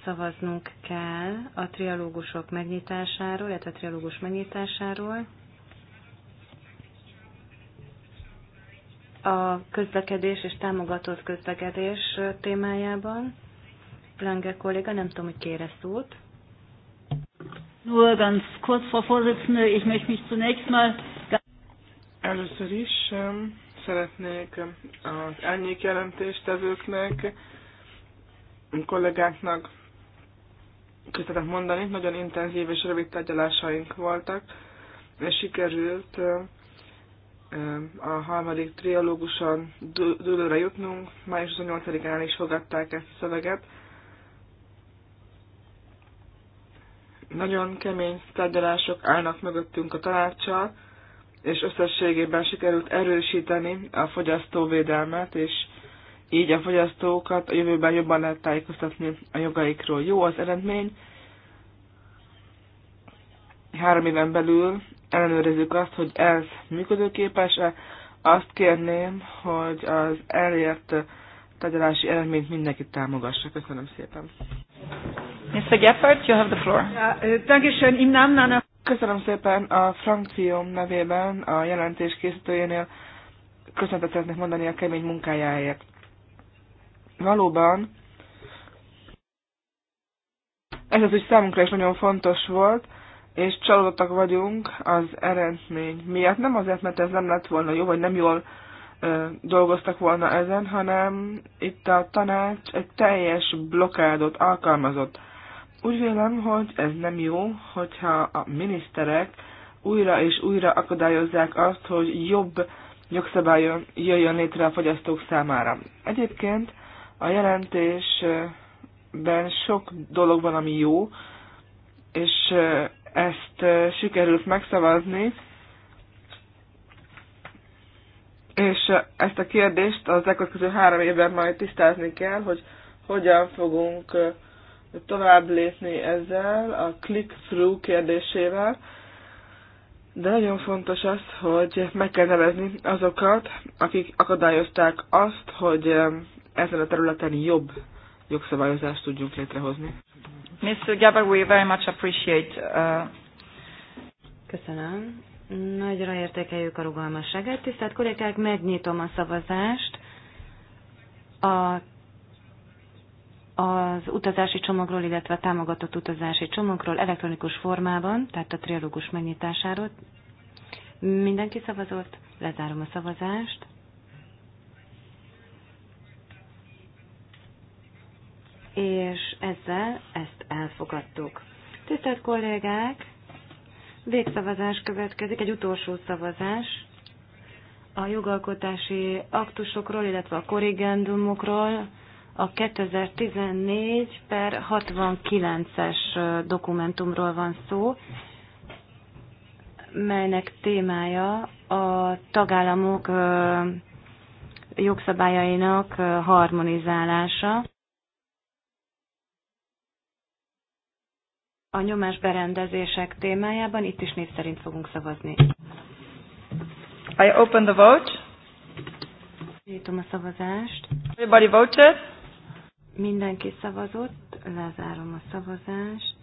szavaznunk kell a trialógusok megnyitásáról, illetve a trialógus megnyitásáról. A közlekedés és támogatott közlekedés témájában. Lange kolléga, nem tudom, hogy kére szót. Nur ganz kurz, Frau Vorsitzende, ich möchte mich zunächst mal... Először is um, szeretnék um, az elnyék tevőknek, kollégáknak köszönet mondani, nagyon intenzív és rövid tárgyalásaink voltak, és sikerült a harmadik triológuson dőlőre jutnunk, május 28-án is fogadták ezt a szöveget. Nagyon kemény tárgyalások állnak mögöttünk a tanácssal, és összességében sikerült erősíteni a fogyasztóvédelmet, és így a fogyasztókat a jövőben jobban lehet tájékoztatni a jogaikról. Jó az eredmény. Három éven belül ellenőrizzük azt, hogy ez működőképes-e. Azt kérném, hogy az elért tárgyalási eredményt mindenki támogassa. Köszönöm szépen. Mr. Gephardt, you have the floor. Köszönöm szépen a frankcióm nevében a jelentés készítőjénél köszönetet szeretnék mondani a kemény munkájáért. Valóban ez az hogy számunkra is nagyon fontos volt, és csalódottak vagyunk az eredmény miatt. Nem azért, mert ez nem lett volna jó, vagy nem jól ö, dolgoztak volna ezen, hanem itt a tanács egy teljes blokádot alkalmazott. Úgy vélem, hogy ez nem jó, hogyha a miniszterek újra és újra akadályozzák azt, hogy jobb jogszabályon jöjjön létre a fogyasztók számára. Egyébként a jelentésben sok dolog van, ami jó, és ezt sikerült megszavazni, és ezt a kérdést az elkövetkező három évben majd tisztázni kell, hogy hogyan fogunk tovább lépni ezzel, a click-through kérdésével, de nagyon fontos az, hogy meg kell nevezni azokat, akik akadályozták azt, hogy ezen a területen jobb jogszabályozást tudjunk létrehozni. Mr. Gabber, we very much appreciate. Uh... Köszönöm. Nagyra értékeljük a rugalmasságát. Tisztelt kollégák, megnyitom a szavazást. A az utazási csomagról, illetve a támogatott utazási csomagról elektronikus formában, tehát a trialógus megnyitásáról. Mindenki szavazott, lezárom a szavazást. és ezzel ezt elfogadtuk. Tisztelt kollégák, végszavazás következik, egy utolsó szavazás a jogalkotási aktusokról, illetve a korrigendumokról, a 2014 per 69-es dokumentumról van szó, melynek témája a tagállamok jogszabályainak harmonizálása. a nyomás berendezések témájában. Itt is név szerint fogunk szavazni. I open the vote. Nyitom a szavazást. Everybody voted? Mindenki szavazott. Lezárom a szavazást.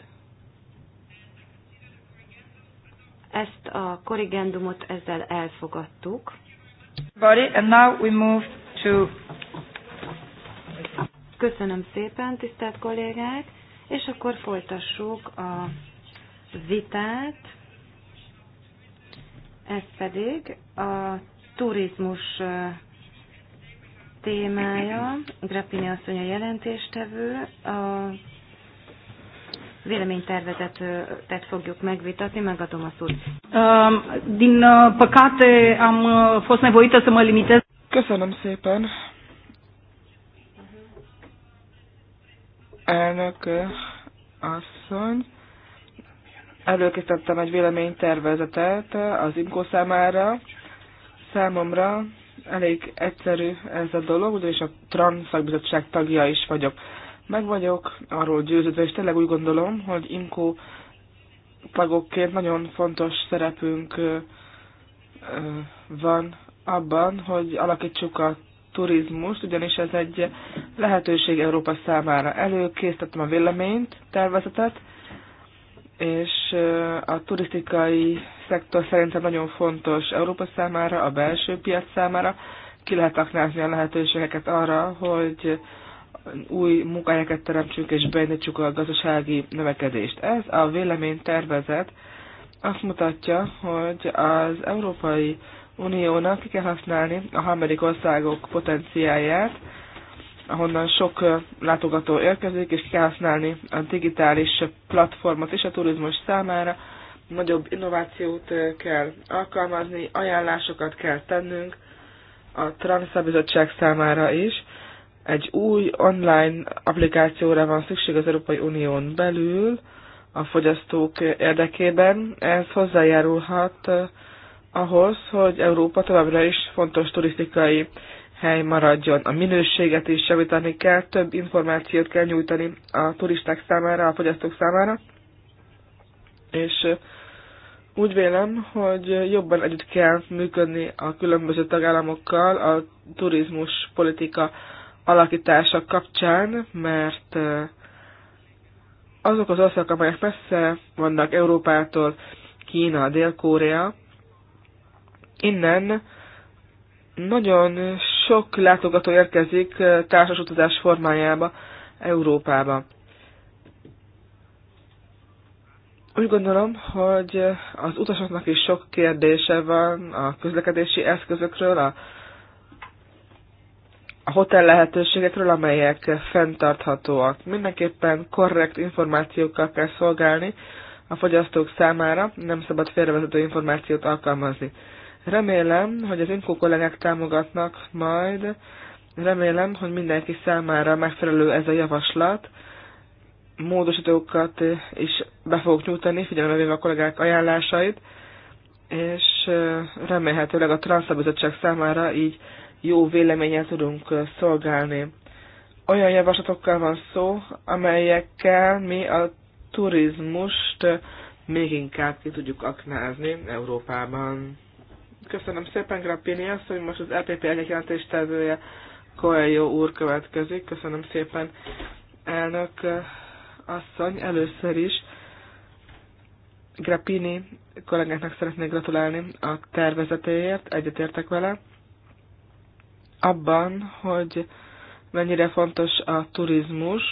Ezt a korrigendumot ezzel elfogadtuk. Everybody, and now we move to... Köszönöm szépen, tisztelt kollégák! És akkor folytassuk a vitát, ez pedig a turizmus témája. Grappini asszony a jelentéstevő. A véleménytervezetet fogjuk megvitatni, megadom a szót. Din păcate am uh, fost nevoită să mă limitez. Köszönöm szépen. Elnök asszony, előkészítettem egy véleménytervezetet az IMCO számára. Számomra elég egyszerű ez a dolog, ugyanis a TRAN szakbizottság tagja is vagyok. Meg vagyok arról győződve, és tényleg úgy gondolom, hogy IMCO tagokként nagyon fontos szerepünk van abban, hogy alakítsuk a turizmust, ugyanis ez egy lehetőség Európa számára. Előkészítettem a véleményt, tervezetet, és a turisztikai szektor szerintem nagyon fontos Európa számára, a belső piac számára. Ki lehet aknázni a lehetőségeket arra, hogy új munkahelyeket teremtsünk és beindítsuk a gazdasági növekedést. Ez a vélemény tervezet azt mutatja, hogy az európai Uniónak ki kell használni a harmadik országok potenciáját, ahonnan sok látogató érkezik, és ki kell használni a digitális platformot is a turizmus számára. Nagyobb innovációt kell alkalmazni, ajánlásokat kell tennünk a Transzabizottság számára is. Egy új online applikációra van szükség az Európai Unión belül a fogyasztók érdekében. Ez hozzájárulhat ahhoz, hogy Európa továbbra is fontos turisztikai hely maradjon. A minőséget is javítani kell, több információt kell nyújtani a turisták számára, a fogyasztók számára, és úgy vélem, hogy jobban együtt kell működni a különböző tagállamokkal a turizmus politika alakítása kapcsán, mert azok az országok, amelyek messze vannak Európától, Kína, Dél-Korea, innen nagyon sok látogató érkezik eh, társas utazás formájába Európába. Úgy gondolom, hogy eh, az utasoknak is sok kérdése van a közlekedési eszközökről, a, a hotel lehetőségekről, amelyek fenntarthatóak. Mindenképpen korrekt információkkal kell szolgálni a fogyasztók számára, nem szabad félrevezető információt alkalmazni. Remélem, hogy az info kollégák támogatnak majd, remélem, hogy mindenki számára megfelelő ez a javaslat. Módosítókat is be fogok nyújtani, figyelembe a kollégák ajánlásait, és remélhetőleg a Transzabizottság számára így jó véleménnyel tudunk szolgálni. Olyan javaslatokkal van szó, amelyekkel mi a turizmust még inkább ki tudjuk aknázni Európában. Köszönöm szépen, Grappini, azt, hogy most az EPP egyik jelentéstevője Coelho úr következik. Köszönöm szépen, elnök asszony. Először is Grappini kollégáknak szeretnék gratulálni a tervezetéért, egyetértek vele, abban, hogy mennyire fontos a turizmus,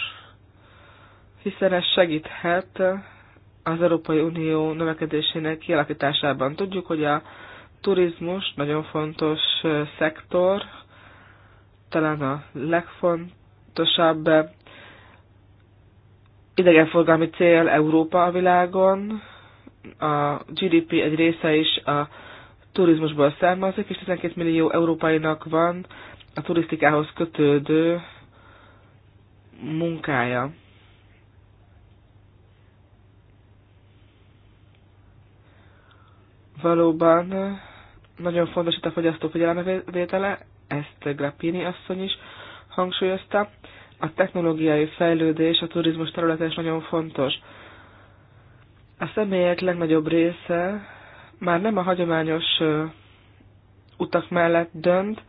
hiszen ez segíthet az Európai Unió növekedésének kialakításában. Tudjuk, hogy a turizmus nagyon fontos szektor, talán a legfontosabb idegenforgalmi cél Európa a világon. A GDP egy része is a turizmusból származik, és 12 millió európainak van a turisztikához kötődő munkája. valóban eh, nagyon fontos itt a fogyasztó figyelemvétele, ezt Grappini asszony is hangsúlyozta. A technológiai fejlődés a turizmus területén is nagyon fontos. A személyek legnagyobb része már nem a hagyományos eh, utak mellett dönt,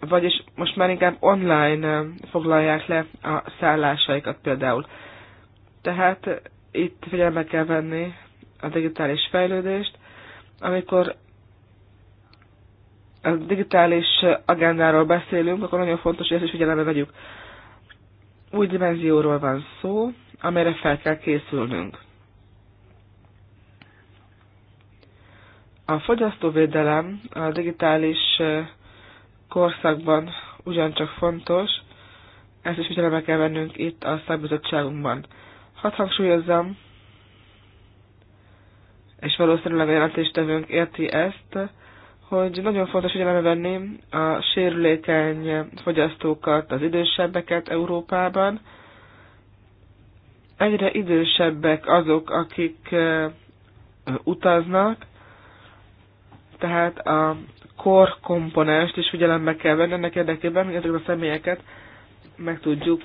vagyis most már inkább online eh, foglalják le a szállásaikat például. Tehát itt figyelembe kell venni a digitális fejlődést, amikor a digitális agendáról beszélünk, akkor nagyon fontos, hogy ezt is figyelembe vegyük. Új dimenzióról van szó, amelyre fel kell készülnünk. A fogyasztóvédelem a digitális korszakban ugyancsak fontos, ezt is figyelembe kell vennünk itt a szakbizottságunkban. Hadd hangsúlyozzam, és valószínűleg a jelentéstevőnk érti ezt, hogy nagyon fontos figyelembe venni a sérülékeny fogyasztókat, az idősebbeket Európában. Egyre idősebbek azok, akik utaznak, tehát a kor komponest is figyelembe kell venni ennek érdekében, hogy ezeket a személyeket meg tudjuk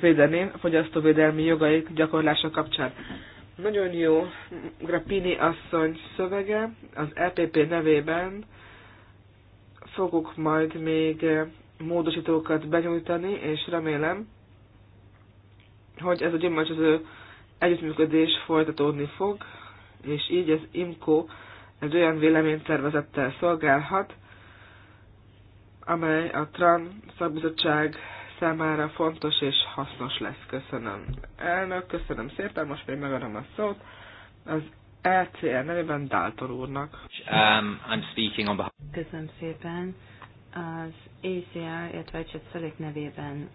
védeni a fogyasztóvédelmi jogaik gyakorlása kapcsán. Nagyon jó Grappini asszony szövege az EPP nevében. Fogok majd még módosítókat benyújtani, és remélem, hogy ez a gyümölcsöző együttműködés folytatódni fog, és így az IMCO egy olyan véleménytervezettel szolgálhat, amely a TRAN szakbizottság számára fontos és hasznos lesz. Köszönöm. Elnök, köszönöm szépen, most még megadom a szót. Az LCR e nevében Dáltor úrnak. Um, I'm speaking on behalf... Köszönöm szépen. Az e ACR, illetve egy Szelék nevében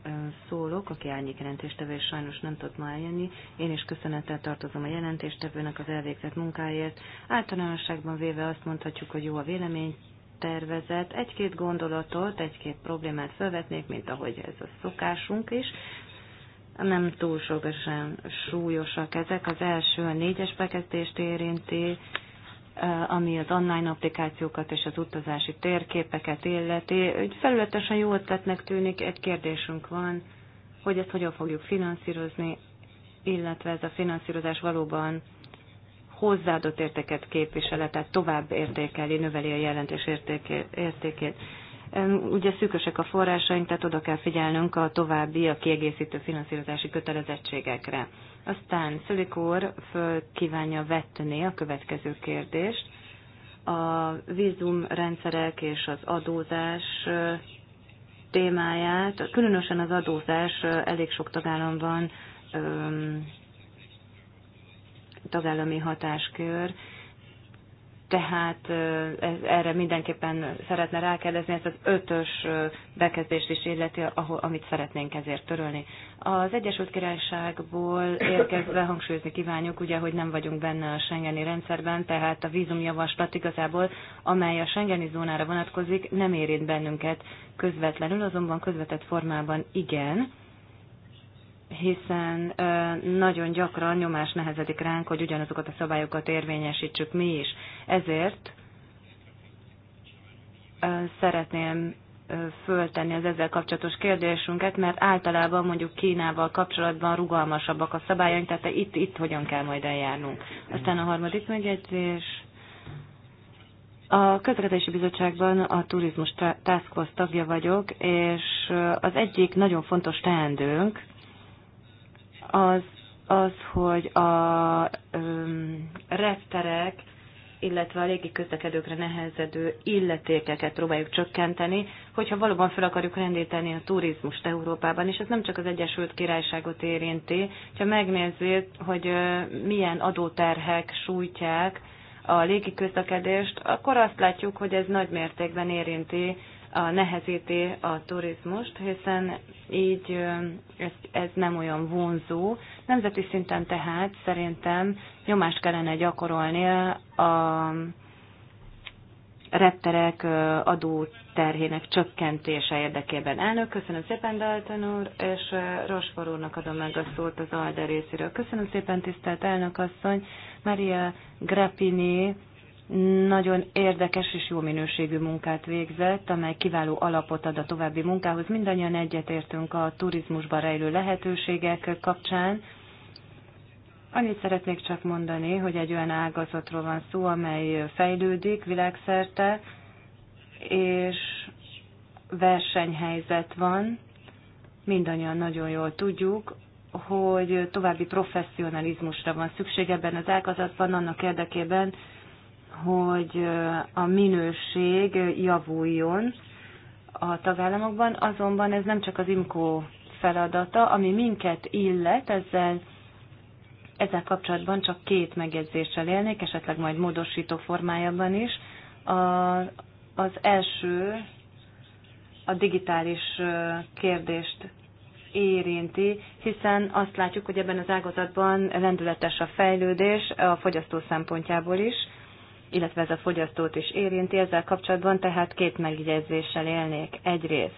szólok, aki jelentéstevő, és sajnos nem tudott ma eljönni. Én is köszönettel tartozom a jelentéstevőnek az elvégzett munkáért. Általánosságban véve azt mondhatjuk, hogy jó a vélemény, tervezet. Egy-két gondolatot, egy-két problémát felvetnék, mint ahogy ez a szokásunk is. Nem túl sokasan súlyosak ezek. Az első a négyes bekezdést érinti, eh, ami az online applikációkat és az utazási térképeket illeti. Úgy felületesen jó ötletnek tűnik, egy kérdésünk van, hogy ezt hogyan fogjuk finanszírozni, illetve ez a finanszírozás valóban hozzáadott értéket képvisele, tehát tovább értékeli, növeli a jelentés értékét. Ugye szűkösek a forrásaink, tehát oda kell figyelnünk a további, a kiegészítő finanszírozási kötelezettségekre. Aztán Szölik úr föl kívánja vetni a következő kérdést. A vízumrendszerek és az adózás témáját, különösen az adózás elég sok tagállamban tagállami hatáskör, tehát erre mindenképpen szeretne rákérdezni, ezt az ötös bekezdést is illeti, ahol, amit szeretnénk ezért törölni. Az Egyesült Királyságból érkezve hangsúlyozni kívánjuk, ugye, hogy nem vagyunk benne a Schengeni rendszerben, tehát a vízumjavaslat igazából, amely a Schengeni zónára vonatkozik, nem érint bennünket közvetlenül, azonban közvetett formában igen hiszen nagyon gyakran nyomás nehezedik ránk, hogy ugyanazokat a szabályokat érvényesítsük mi is. Ezért szeretném föltenni az ezzel kapcsolatos kérdésünket, mert általában mondjuk Kínával kapcsolatban rugalmasabbak a szabályaink, tehát itt, itt hogyan kell majd eljárnunk. Aztán a harmadik megjegyzés. A Közlekedési Bizottságban a Turizmus Task Force tagja vagyok, és az egyik nagyon fontos teendőnk az, az hogy a um, repterek, illetve a légi közlekedőkre nehezedő illetékeket próbáljuk csökkenteni, hogyha valóban fel akarjuk rendíteni a turizmust Európában, és ez nem csak az Egyesült Királyságot érinti, ha megnézzük, hogy milyen adóterhek sújtják a légi közlekedést, akkor azt látjuk, hogy ez nagy mértékben érinti a nehezíti a turizmust, hiszen így ez, ez nem olyan vonzó. Nemzeti szinten tehát szerintem nyomást kellene gyakorolni a repterek adó terhének csökkentése érdekében. Elnök, köszönöm szépen Dalton úr, és Rosfor úrnak adom meg a szót az Alde részéről. Köszönöm szépen, tisztelt elnök asszony, Maria Grappini nagyon érdekes és jó minőségű munkát végzett, amely kiváló alapot ad a további munkához. Mindannyian egyetértünk a turizmusban rejlő lehetőségek kapcsán. Annyit szeretnék csak mondani, hogy egy olyan ágazatról van szó, amely fejlődik világszerte, és versenyhelyzet van. Mindannyian nagyon jól tudjuk, hogy további professzionalizmusra van szükség ebben az ágazatban, annak érdekében, hogy a minőség javuljon a tagállamokban, azonban ez nem csak az IMCO feladata, ami minket illet, ezzel, ezzel kapcsolatban csak két megjegyzéssel élnék, esetleg majd módosító formájában is. A, az első a digitális kérdést érinti, hiszen azt látjuk, hogy ebben az ágazatban lendületes a fejlődés a fogyasztó szempontjából is illetve ez a fogyasztót is érinti. Ezzel kapcsolatban tehát két megjegyzéssel élnék. Egyrészt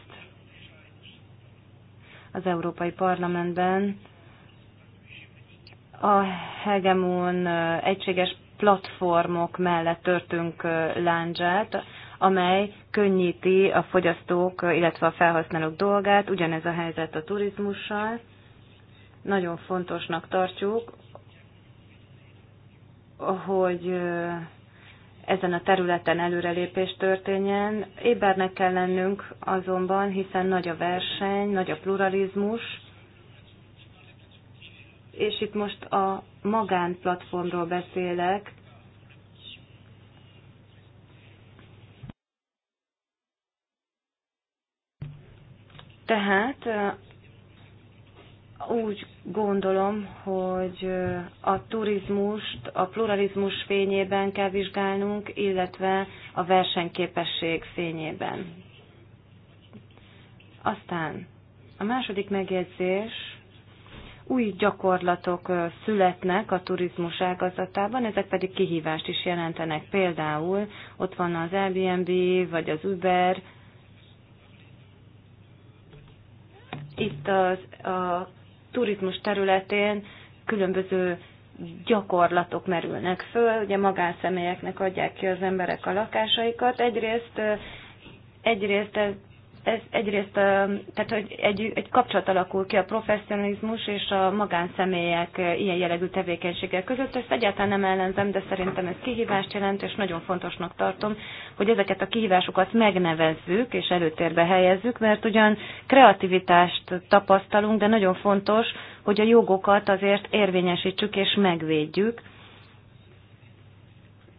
az Európai Parlamentben a hegemon egységes platformok mellett törtünk láncsát, amely könnyíti a fogyasztók, illetve a felhasználók dolgát. Ugyanez a helyzet a turizmussal. Nagyon fontosnak tartjuk, hogy ezen a területen előrelépés történjen. Ébernek kell lennünk azonban, hiszen nagy a verseny, nagy a pluralizmus, és itt most a magánplatformról beszélek, Tehát úgy gondolom, hogy a turizmust a pluralizmus fényében kell vizsgálnunk, illetve a versenyképesség fényében. Aztán a második megjegyzés, új gyakorlatok születnek a turizmus ágazatában, ezek pedig kihívást is jelentenek. Például ott van az Airbnb, vagy az Uber. Itt az, a turizmus területén különböző gyakorlatok merülnek föl, ugye magánszemélyeknek adják ki az emberek a lakásaikat. Egyrészt, egyrészt ez egyrészt, tehát hogy egy, egy kapcsolat alakul ki a professzionalizmus és a magánszemélyek ilyen jellegű tevékenységek között. Ezt egyáltalán nem ellenzem, de szerintem ez kihívást jelent, és nagyon fontosnak tartom, hogy ezeket a kihívásokat megnevezzük és előtérbe helyezzük, mert ugyan kreativitást tapasztalunk, de nagyon fontos, hogy a jogokat azért érvényesítsük és megvédjük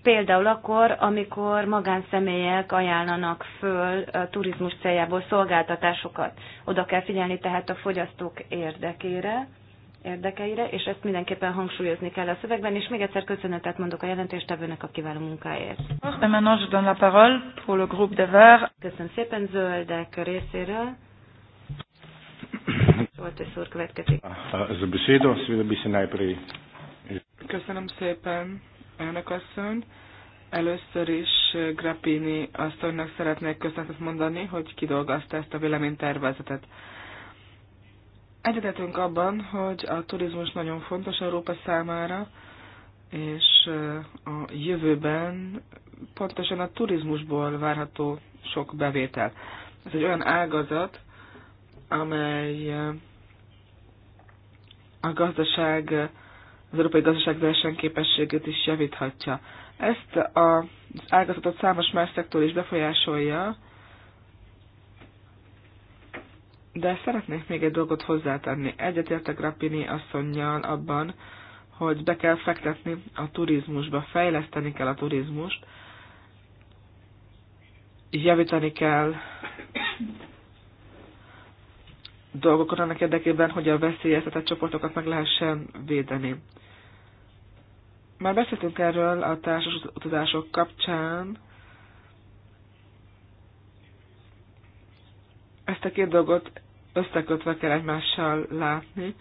Például akkor, amikor magánszemélyek ajánlanak föl turizmus céljából szolgáltatásokat. Oda kell figyelni tehát a fogyasztók érdekére, érdekeire, és ezt mindenképpen hangsúlyozni kell a szövegben, és még egyszer köszönetet mondok a jelentéstevőnek a kiváló munkáért. Köszönöm szépen zöldek részéről. Soltész úr következik. Köszönöm szépen elnökasszony. Először is eh, Grappini asszonynak szeretnék köszönetet mondani, hogy kidolgozta ezt a véleménytervezetet. Egyetetünk abban, hogy a turizmus nagyon fontos Európa számára, és eh, a jövőben pontosan a turizmusból várható sok bevétel. Ez egy olyan ágazat, amely eh, a gazdaság az európai gazdaság versenyképességét is javíthatja. Ezt az ágazatot számos más szektor is befolyásolja, de szeretnék még egy dolgot hozzátenni. Egyetértek Rapini asszonynal abban, hogy be kell fektetni a turizmusba, fejleszteni kell a turizmust, javítani kell dolgokon annak érdekében, hogy a veszélyeztetett csoportokat meg lehessen védeni. Már beszéltünk erről a társas utazások kapcsán. Ezt a két dolgot összekötve kell egymással látni.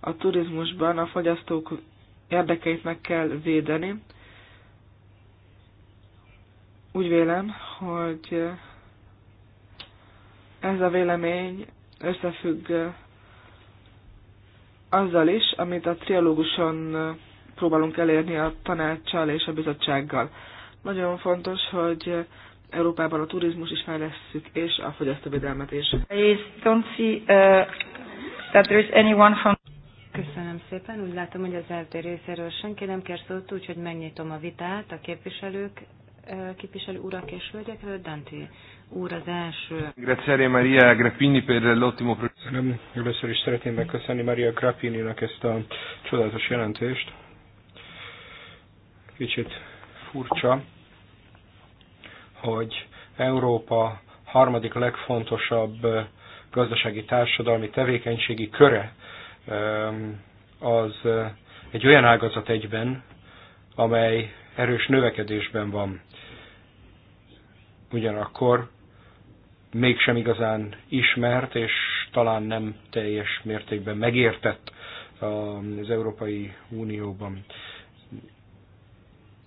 A turizmusban a fogyasztók érdekeit meg kell védeni. Úgy vélem, hogy ez a vélemény összefügg azzal is, amit a trialóguson próbálunk elérni a tanácssal és a bizottsággal. Nagyon fontos, hogy Európában a turizmus is fejlesszük, és a fogyasztóvédelmet is. Uh, Köszönöm szépen. Úgy látom, hogy az RT részéről senki nem kér szót, úgyhogy megnyitom a vitát a képviselők, uh, képviselő urak és hölgyekről. Danti úr az első. Grazie Maria Grappini per l'ottimo Először is szeretném megköszönni Maria Grappini-nak ezt a csodálatos jelentést. Kicsit furcsa, hogy Európa harmadik legfontosabb gazdasági társadalmi tevékenységi köre az egy olyan ágazat egyben, amely erős növekedésben van. Ugyanakkor mégsem igazán ismert, és talán nem teljes mértékben megértett az Európai Unióban.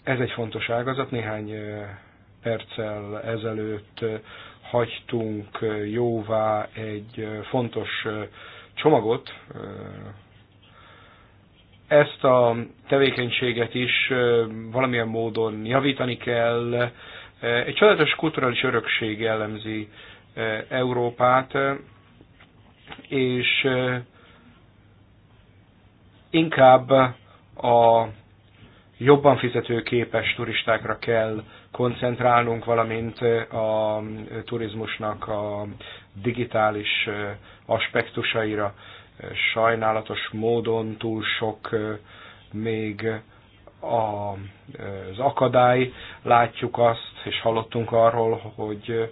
Ez egy fontos ágazat. Néhány perccel ezelőtt hagytunk jóvá egy fontos csomagot. Ezt a tevékenységet is valamilyen módon javítani kell. Egy csodálatos kulturális örökség jellemzi Európát, és inkább a jobban fizetőképes turistákra kell koncentrálnunk, valamint a turizmusnak a digitális aspektusaira. Sajnálatos módon túl sok még az akadály. Látjuk azt, és hallottunk arról, hogy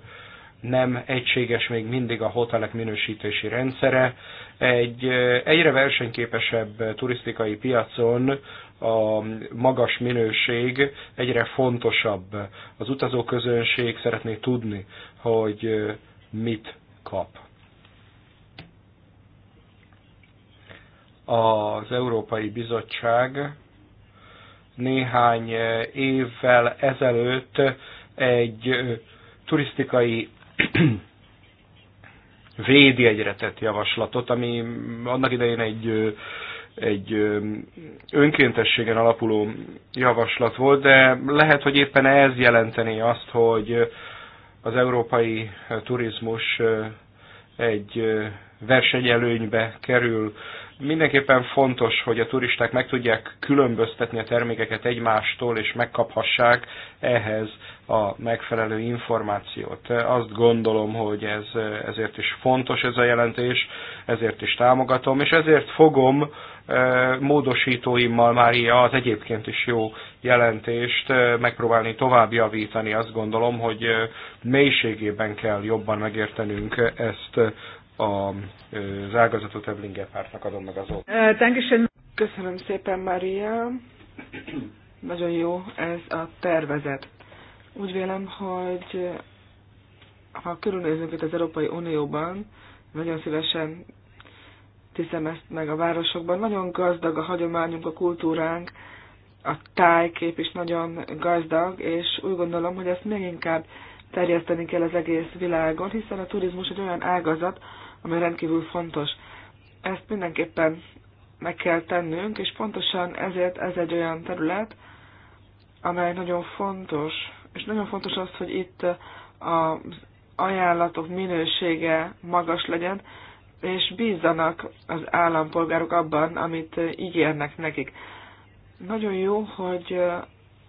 nem egységes még mindig a hotelek minősítési rendszere. Egy egyre versenyképesebb turisztikai piacon a magas minőség egyre fontosabb. Az utazóközönség szeretné tudni, hogy mit kap. Az Európai Bizottság néhány évvel ezelőtt egy turisztikai védjegyre tett javaslatot, ami annak idején egy egy önkéntességen alapuló javaslat volt, de lehet, hogy éppen ez jelenteni azt, hogy az európai turizmus egy versenyelőnybe kerül. Mindenképpen fontos, hogy a turisták meg tudják különböztetni a termékeket egymástól, és megkaphassák ehhez a megfelelő információt. Azt gondolom, hogy ez, ezért is fontos ez a jelentés, ezért is támogatom, és ezért fogom e, módosítóimmal már az egyébként is jó jelentést e, megpróbálni tovább javítani. Azt gondolom, hogy e, mélységében kell jobban megértenünk ezt az ágazatot Eblinger pártnak adom meg azóta. Köszönöm szépen, Maria. Nagyon jó ez a tervezet. Úgy vélem, hogy ha körülnézünk itt az Európai Unióban, nagyon szívesen tiszem ezt meg a városokban. Nagyon gazdag a hagyományunk, a kultúránk, a tájkép is nagyon gazdag, és úgy gondolom, hogy ezt még inkább terjeszteni kell az egész világon, hiszen a turizmus egy olyan ágazat, ami rendkívül fontos. Ezt mindenképpen meg kell tennünk, és pontosan ezért ez egy olyan terület, amely nagyon fontos, és nagyon fontos az, hogy itt az ajánlatok minősége magas legyen, és bízzanak az állampolgárok abban, amit ígérnek nekik. Nagyon jó, hogy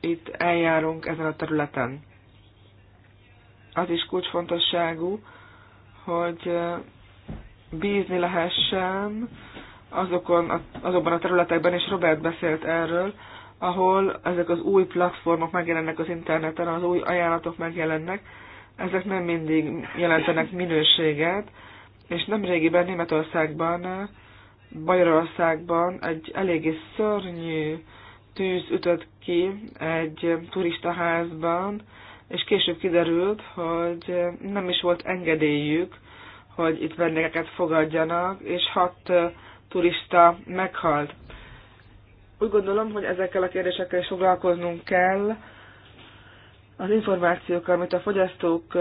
itt eljárunk ezen a területen. Az is kulcsfontosságú, hogy bízni lehessen azokon, azokban a területekben, és Robert beszélt erről, ahol ezek az új platformok megjelennek az interneten, az új ajánlatok megjelennek, ezek nem mindig jelentenek minőséget, és nemrégiben Németországban, Bajorországban egy eléggé szörnyű tűz ütött ki egy turistaházban, és később kiderült, hogy nem is volt engedélyük hogy itt vendégeket fogadjanak, és hat turista meghalt. Úgy gondolom, hogy ezekkel a kérdésekkel is foglalkoznunk kell. Az információk, amit a fogyasztók,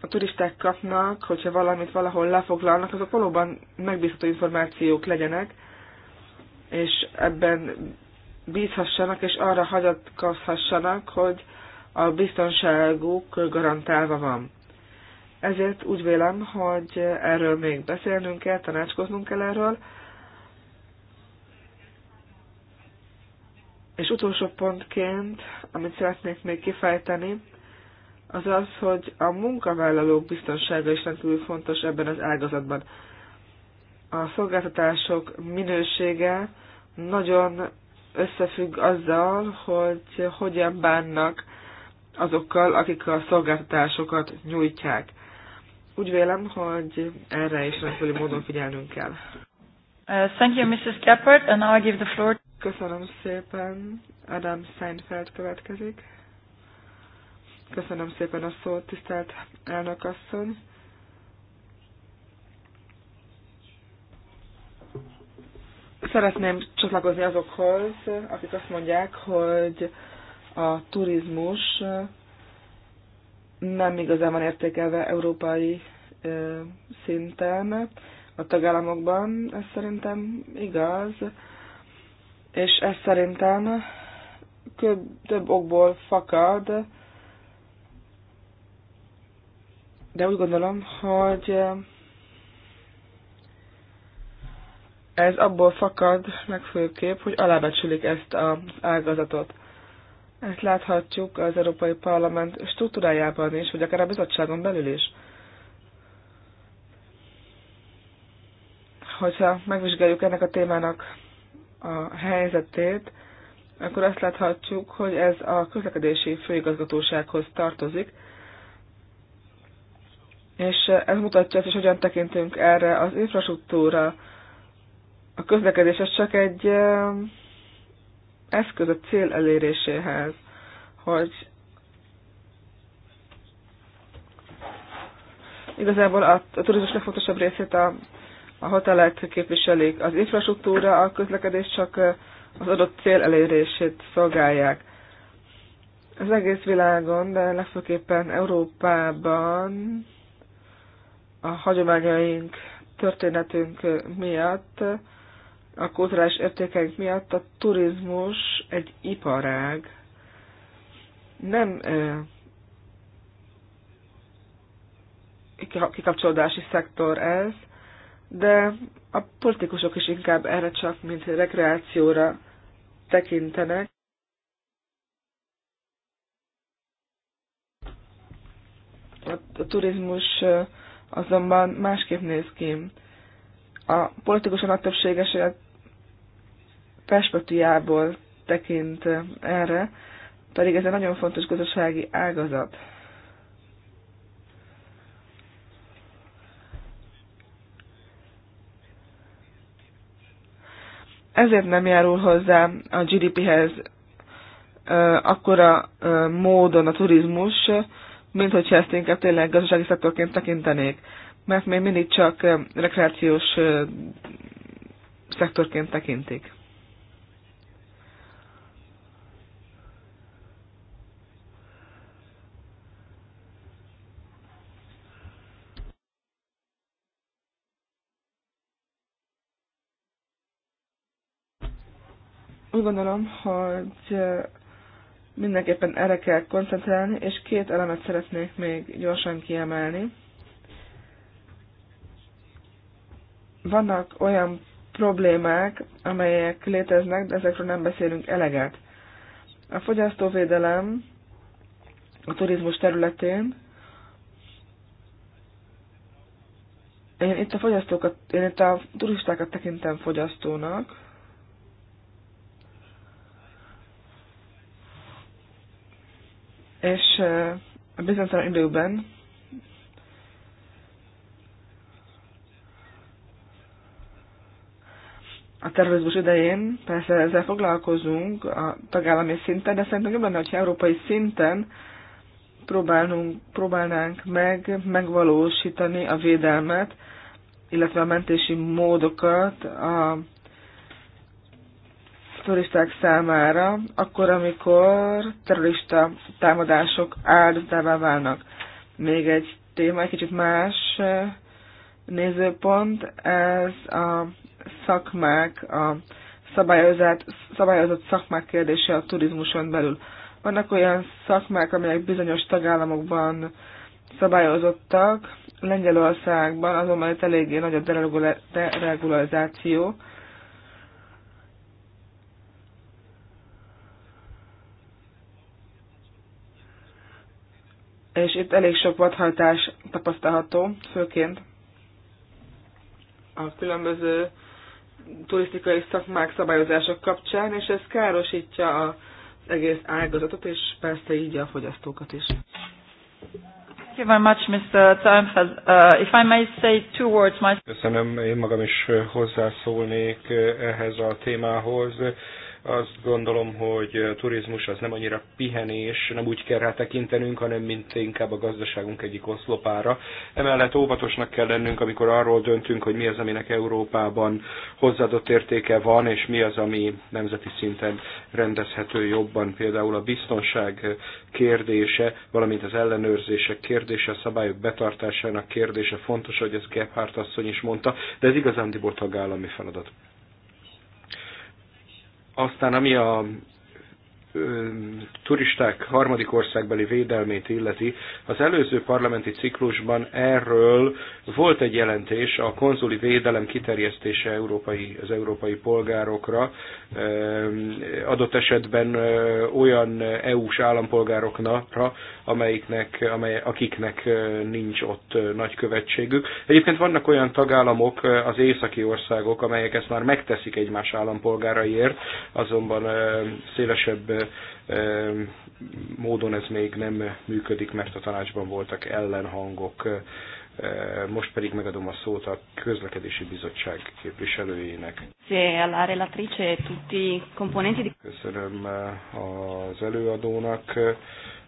a turisták kapnak, hogyha valamit valahol lefoglalnak, azok valóban megbízható információk legyenek, és ebben bízhassanak, és arra hagyatkozhassanak, hogy a biztonságuk garantálva van. Ezért úgy vélem, hogy erről még beszélnünk kell, tanácskoznunk kell erről. És utolsó pontként, amit szeretnék még kifejteni, az az, hogy a munkavállalók biztonsága is rendkívül fontos ebben az ágazatban. A szolgáltatások minősége nagyon összefügg azzal, hogy hogyan bánnak azokkal, akik a szolgáltatásokat nyújtják úgy vélem, hogy erre is rendkívüli módon figyelnünk kell. Uh, thank you, Mrs. Keppert, and now I give the floor. Köszönöm szépen. Adam Seinfeld következik. Köszönöm szépen a szót, tisztelt elnök asszony. Szeretném csatlakozni azokhoz, akik azt mondják, hogy a turizmus nem igazán van értékelve európai ö, szinten a tagállamokban, ez szerintem igaz, és ez szerintem több okból fakad, de úgy gondolom, hogy ez abból fakad legfőképp, hogy alábecsülik ezt az ágazatot. Ezt láthatjuk az Európai Parlament struktúrájában is, vagy akár a bizottságon belül is. Hogyha megvizsgáljuk ennek a témának a helyzetét, akkor azt láthatjuk, hogy ez a közlekedési főigazgatósághoz tartozik, és ez mutatja azt is, hogyan tekintünk erre az infrastruktúra. A közlekedés az csak egy eszköz a cél eléréséhez, hogy igazából a, a turizmus legfontosabb részét a, a hotelek képviselik. Az infrastruktúra, a közlekedés csak az adott cél elérését szolgálják. Az egész világon, de legfőképpen Európában a hagyományaink, történetünk miatt a kulturális értékeink miatt a turizmus egy iparág. Nem kikapcsolódási szektor ez, de a politikusok is inkább erre csak, mint rekreációra tekintenek. A turizmus azonban másképp néz ki. A politikusok nagy többsége saját perspektívából tekint erre, pedig ez egy nagyon fontos gazdasági ágazat. Ezért nem járul hozzá a GDP-hez akkora módon a turizmus, mint hogyha ezt inkább tényleg gazdasági szektorként tekintenék, mert még mindig csak rekreációs szektorként tekintik. Úgy gondolom, hogy mindenképpen erre kell koncentrálni, és két elemet szeretnék még gyorsan kiemelni. Vannak olyan problémák, amelyek léteznek, de ezekről nem beszélünk eleget. A fogyasztóvédelem a turizmus területén, én itt a fogyasztókat, én itt a turistákat tekintem fogyasztónak, és a bizonytalan időben a terrorizmus idején, persze ezzel foglalkozunk a tagállami szinten, de szerintem jobb lenne, hogyha európai szinten próbálnunk, próbálnánk meg megvalósítani a védelmet, illetve a mentési módokat a turisták számára, akkor, amikor terrorista támadások áldozatává válnak. Még egy téma, egy kicsit más eh, nézőpont, ez a szakmák, a szabályozott, szabályozott szakmák kérdése a turizmuson belül. Vannak olyan szakmák, amelyek bizonyos tagállamokban szabályozottak, Lengyelországban azonban itt eléggé nagy a deregularizáció, és itt elég sok vadhajtás tapasztalható, főként a különböző turisztikai szakmák szabályozások kapcsán, és ez károsítja az egész ágazatot, és persze így a fogyasztókat is. Thank you very much, Mr. Uh, if I may say two words, my... Köszönöm, én magam is uh, hozzászólnék uh, ehhez a témához. Azt gondolom, hogy turizmus az nem annyira pihenés, nem úgy kell rá tekintenünk, hanem mint inkább a gazdaságunk egyik oszlopára. Emellett óvatosnak kell lennünk, amikor arról döntünk, hogy mi az, aminek Európában hozzáadott értéke van, és mi az, ami nemzeti szinten rendezhető jobban. Például a biztonság kérdése, valamint az ellenőrzések kérdése, a szabályok betartásának kérdése fontos, hogy ez Gebhardt asszony is mondta, de ez igazándiból tagállami feladat. Aztán ami a turisták harmadik országbeli védelmét illeti, az előző parlamenti ciklusban erről volt egy jelentés a konzuli védelem kiterjesztése európai, az európai polgárokra, adott esetben olyan EU-s állampolgárokra, amelyiknek, amely, akiknek nincs ott nagykövetségük. Egyébként vannak olyan tagállamok, az északi országok, amelyek ezt már megteszik egymás állampolgáraiért, azonban szélesebb módon ez még nem működik, mert a tanácsban voltak ellenhangok. Most pedig megadom a szót a közlekedési bizottság képviselőjének. E Köszönöm az előadónak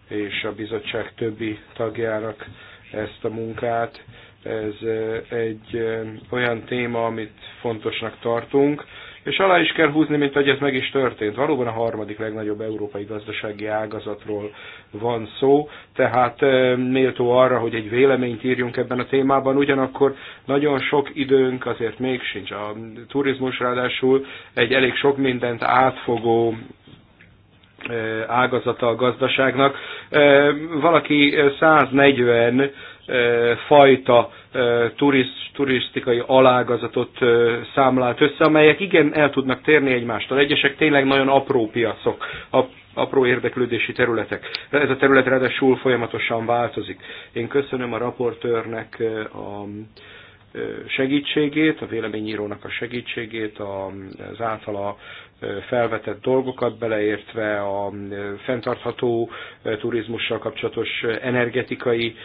és a bizottság többi tagjának ezt a munkát. Ez egy olyan téma, amit fontosnak tartunk és alá is kell húzni, mint hogy ez meg is történt. Valóban a harmadik legnagyobb európai gazdasági ágazatról van szó, tehát méltó arra, hogy egy véleményt írjunk ebben a témában, ugyanakkor nagyon sok időnk azért még sincs. A turizmus ráadásul egy elég sok mindent átfogó ágazata a gazdaságnak. Valaki 140 fajta turiszt, turisztikai alágazatot számlált össze, amelyek igen el tudnak térni egymástól. Egyesek tényleg nagyon apró piacok, apró érdeklődési területek. Ez a terület ráadásul folyamatosan változik. Én köszönöm a raportőrnek a segítségét, a véleményírónak a segítségét, az általa felvetett dolgokat, beleértve a fenntartható turizmussal kapcsolatos energetikai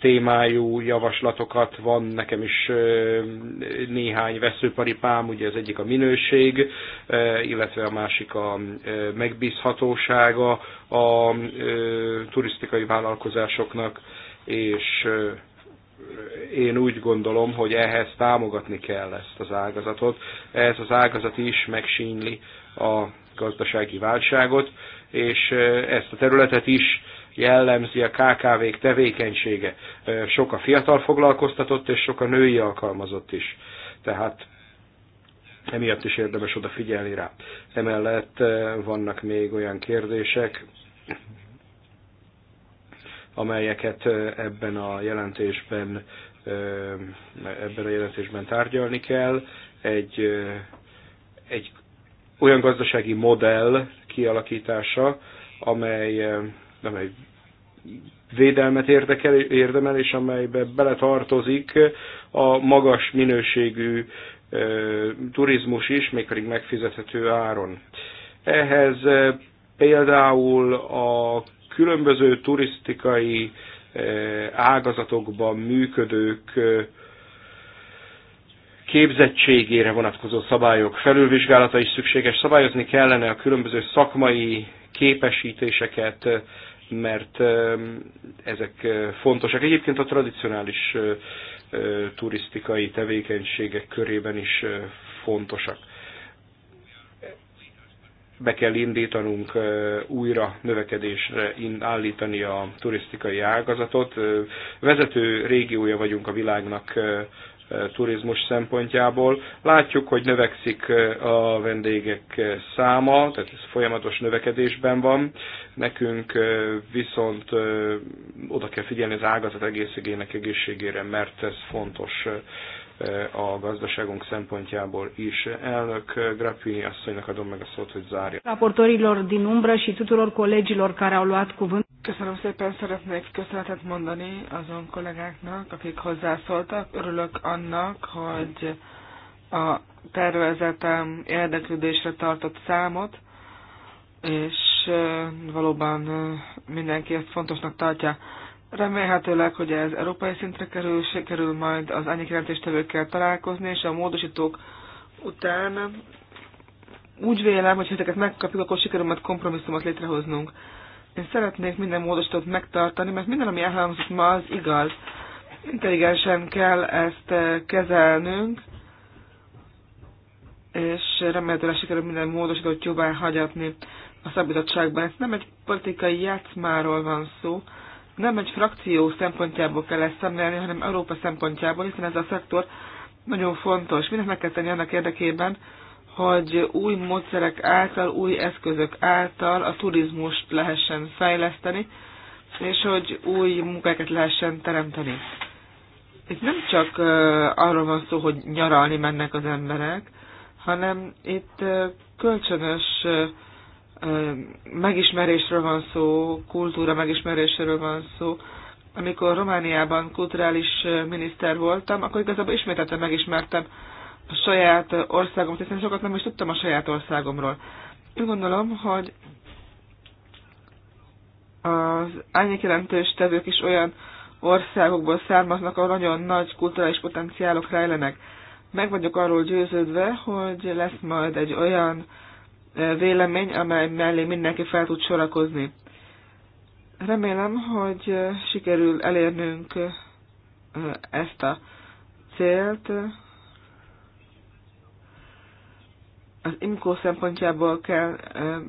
témájú javaslatokat. Van nekem is néhány veszőparipám, ugye az egyik a minőség, illetve a másik a megbízhatósága a turisztikai vállalkozásoknak, és én úgy gondolom, hogy ehhez támogatni kell ezt az ágazatot. Ez az ágazat is megsínyli a gazdasági válságot, és ezt a területet is jellemzi a KKV-k tevékenysége. Sok a fiatal foglalkoztatott, és sok a női alkalmazott is. Tehát emiatt is érdemes odafigyelni rá. Emellett vannak még olyan kérdések, amelyeket ebben a jelentésben, ebben a jelentésben tárgyalni kell. Egy, egy olyan gazdasági modell kialakítása, amely, amely védelmet érdekel, érdemel, és amelybe beletartozik a magas minőségű turizmus is, mégpedig megfizethető áron. Ehhez például a különböző turisztikai eh, ágazatokban működők eh, képzettségére vonatkozó szabályok felülvizsgálata is szükséges. Szabályozni kellene a különböző szakmai képesítéseket, eh, mert ezek fontosak. Egyébként a tradicionális turisztikai tevékenységek körében is fontosak be kell indítanunk újra növekedésre állítani a turisztikai ágazatot. Vezető régiója vagyunk a világnak turizmus szempontjából. Látjuk, hogy növekszik a vendégek száma, tehát ez folyamatos növekedésben van. Nekünk viszont oda kell figyelni az ágazat egészségének egészségére, mert ez fontos a gazdaságunk szempontjából is. Elnök Grappini asszonynak adom meg a szót, hogy zárja. Raportorilor din umbra și tuturor colegilor care au luat cuvânt. Köszönöm szépen, szeretnék köszönetet mondani azon kollégáknak, akik hozzászóltak. Örülök annak, hogy a tervezetem érdeklődésre tartott számot, és valóban mindenki ezt fontosnak tartja. Remélhetőleg, hogy ez európai szintre kerül, kerül majd az annyi jelentéstevőkkel találkozni, és a módosítók után úgy vélem, hogy ha ezeket megkapjuk, akkor sikerül majd kompromisszumot létrehoznunk. Én szeretnék minden módosítót megtartani, mert minden, ami elhangzott ma, az igaz. Intelligensen kell ezt eh, kezelnünk, és remélhetőleg sikerül minden módosítót jobbá hagyatni a szabadságban. Ez nem egy politikai játszmáról van szó, nem egy frakció szempontjából kell ezt szemlélni, hanem Európa szempontjából, hiszen ez a szektor nagyon fontos. Mindent meg kell tenni annak érdekében, hogy új módszerek által, új eszközök által a turizmust lehessen fejleszteni, és hogy új munkákat lehessen teremteni. Itt nem csak uh, arról van szó, hogy nyaralni mennek az emberek, hanem itt uh, kölcsönös uh, megismerésről van szó, kultúra megismeréséről van szó. Amikor Romániában kulturális miniszter voltam, akkor igazából ismételten megismertem a saját országomat, hiszen sokat nem is tudtam a saját országomról. Úgy gondolom, hogy az ányik jelentős tevők is olyan országokból származnak, ahol nagyon nagy kulturális potenciálok rejlenek. Meg vagyok arról győződve, hogy lesz majd egy olyan vélemény, amely mellé mindenki fel tud sorakozni. Remélem, hogy sikerül elérnünk ezt a célt. Az IMCO szempontjából kell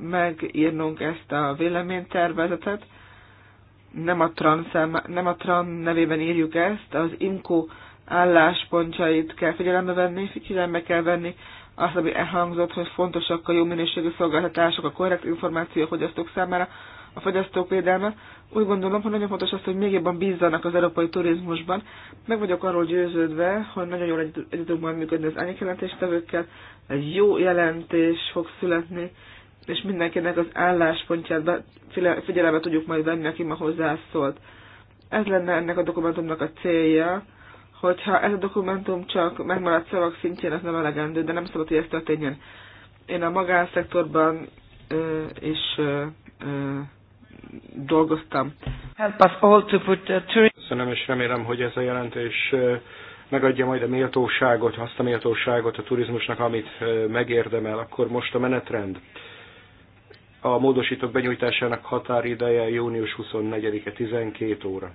megírnunk ezt a véleménytervezetet. Nem a, TRAN nem a TRAN nevében írjuk ezt, az IMCO álláspontjait kell figyelembe venni, figyelembe kell venni azt, ami elhangzott, hogy fontosak a jó minőségű szolgáltatások, a korrekt információ a fogyasztók számára, a fogyasztók védelme. Úgy gondolom, hogy nagyon fontos az, hogy még jobban bízzanak az európai turizmusban. Meg vagyok arról győződve, hogy nagyon jól együtt egy tudunk majd működni az ányik egy jó jelentés fog születni, és mindenkinek az álláspontját figyelembe tudjuk majd venni, aki ma hozzászólt. Ez lenne ennek a dokumentumnak a célja, hogyha ez a dokumentum csak megmaradt szavak szintjén, az nem elegendő, de nem szabad, hogy ez történjen. Én a magánszektorban ö, is ö, ö, dolgoztam. Help us all to put uh, the Köszönöm, és remélem, hogy ez a jelentés megadja majd a méltóságot, azt a méltóságot a turizmusnak, amit megérdemel. Akkor most a menetrend. A módosítók benyújtásának határideje június 24-e 12 óra.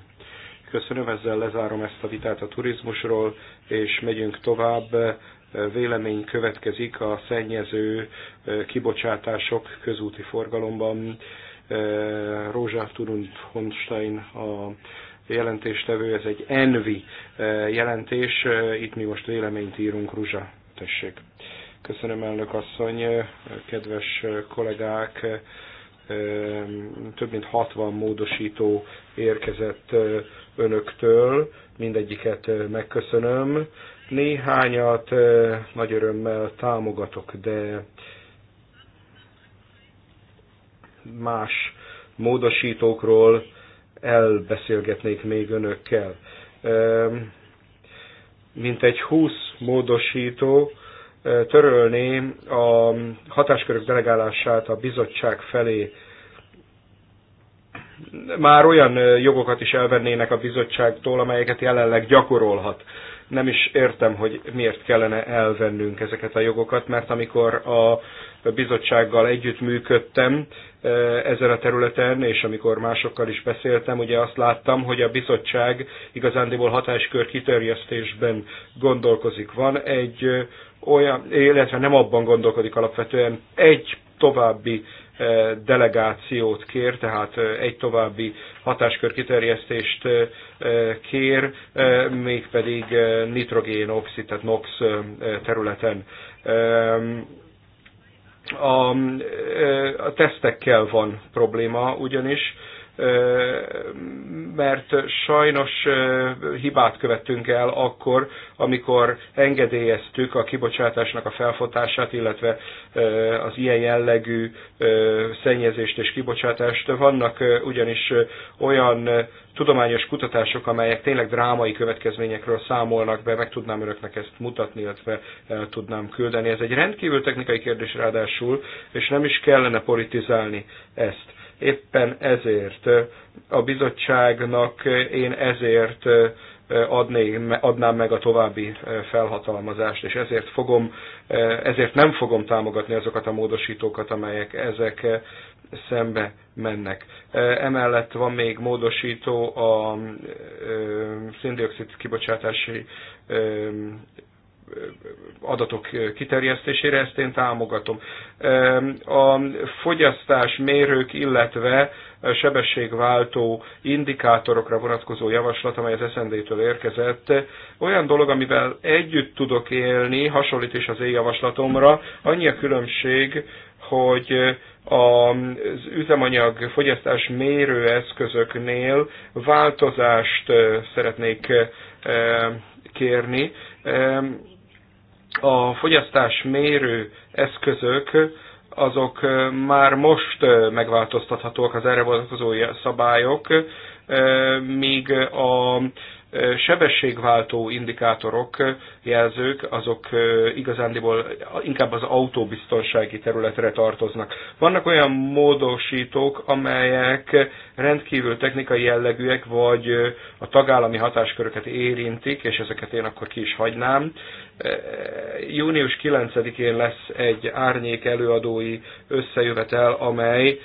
Köszönöm, ezzel lezárom ezt a vitát a turizmusról, és megyünk tovább. Vélemény következik a szennyező eh, kibocsátások közúti forgalomban. Eh, Rózsa Turund Honstein a jelentéstevő, ez egy envi eh, jelentés. Itt mi most véleményt írunk, Rózsa, tessék. Köszönöm, elnök asszony, kedves kollégák, több mint 60 módosító érkezett önöktől, mindegyiket megköszönöm. Néhányat nagy örömmel támogatok, de más módosítókról elbeszélgetnék még önökkel. Mint egy 20 módosító, törölni a hatáskörök delegálását a bizottság felé. Már olyan jogokat is elvennének a bizottságtól, amelyeket jelenleg gyakorolhat. Nem is értem, hogy miért kellene elvennünk ezeket a jogokat, mert amikor a bizottsággal együttműködtem ezen a területen, és amikor másokkal is beszéltem, ugye azt láttam, hogy a bizottság igazándiból hatáskör kiterjesztésben gondolkozik. Van egy olyan, illetve nem abban gondolkodik alapvetően, egy további eh, delegációt kér, tehát eh, egy további hatáskör kiterjesztést eh, kér, mégpedig oxid, tehát NOx területen. Ehm, a, a tesztekkel van probléma ugyanis, mert sajnos hibát követtünk el akkor, amikor engedélyeztük a kibocsátásnak a felfotását, illetve az ilyen jellegű szennyezést és kibocsátást. Vannak ugyanis olyan tudományos kutatások, amelyek tényleg drámai következményekről számolnak be, meg tudnám önöknek ezt mutatni, illetve el tudnám küldeni. Ez egy rendkívül technikai kérdés ráadásul, és nem is kellene politizálni ezt Éppen ezért a bizottságnak én ezért adnám meg a további felhatalmazást, és ezért, fogom, ezért nem fogom támogatni azokat a módosítókat, amelyek ezek szembe mennek. Emellett van még módosító a széndiokszid kibocsátási adatok kiterjesztésére, ezt én támogatom. A fogyasztás mérők, illetve sebességváltó indikátorokra vonatkozó javaslat, amely az SND-től érkezett, olyan dolog, amivel együtt tudok élni, hasonlít is az én javaslatomra, annyi a különbség, hogy az üzemanyag fogyasztás mérő eszközöknél változást eh, szeretnék eh, kérni a fogyasztás mérő eszközök azok már most megváltoztathatóak az erre vonatkozó szabályok, míg a sebességváltó indikátorok, jelzők, azok igazándiból inkább az autóbiztonsági területre tartoznak. Vannak olyan módosítók, amelyek rendkívül technikai jellegűek, vagy a tagállami hatásköröket érintik, és ezeket én akkor ki is hagynám. Június 9-én lesz egy árnyék előadói összejövetel, amely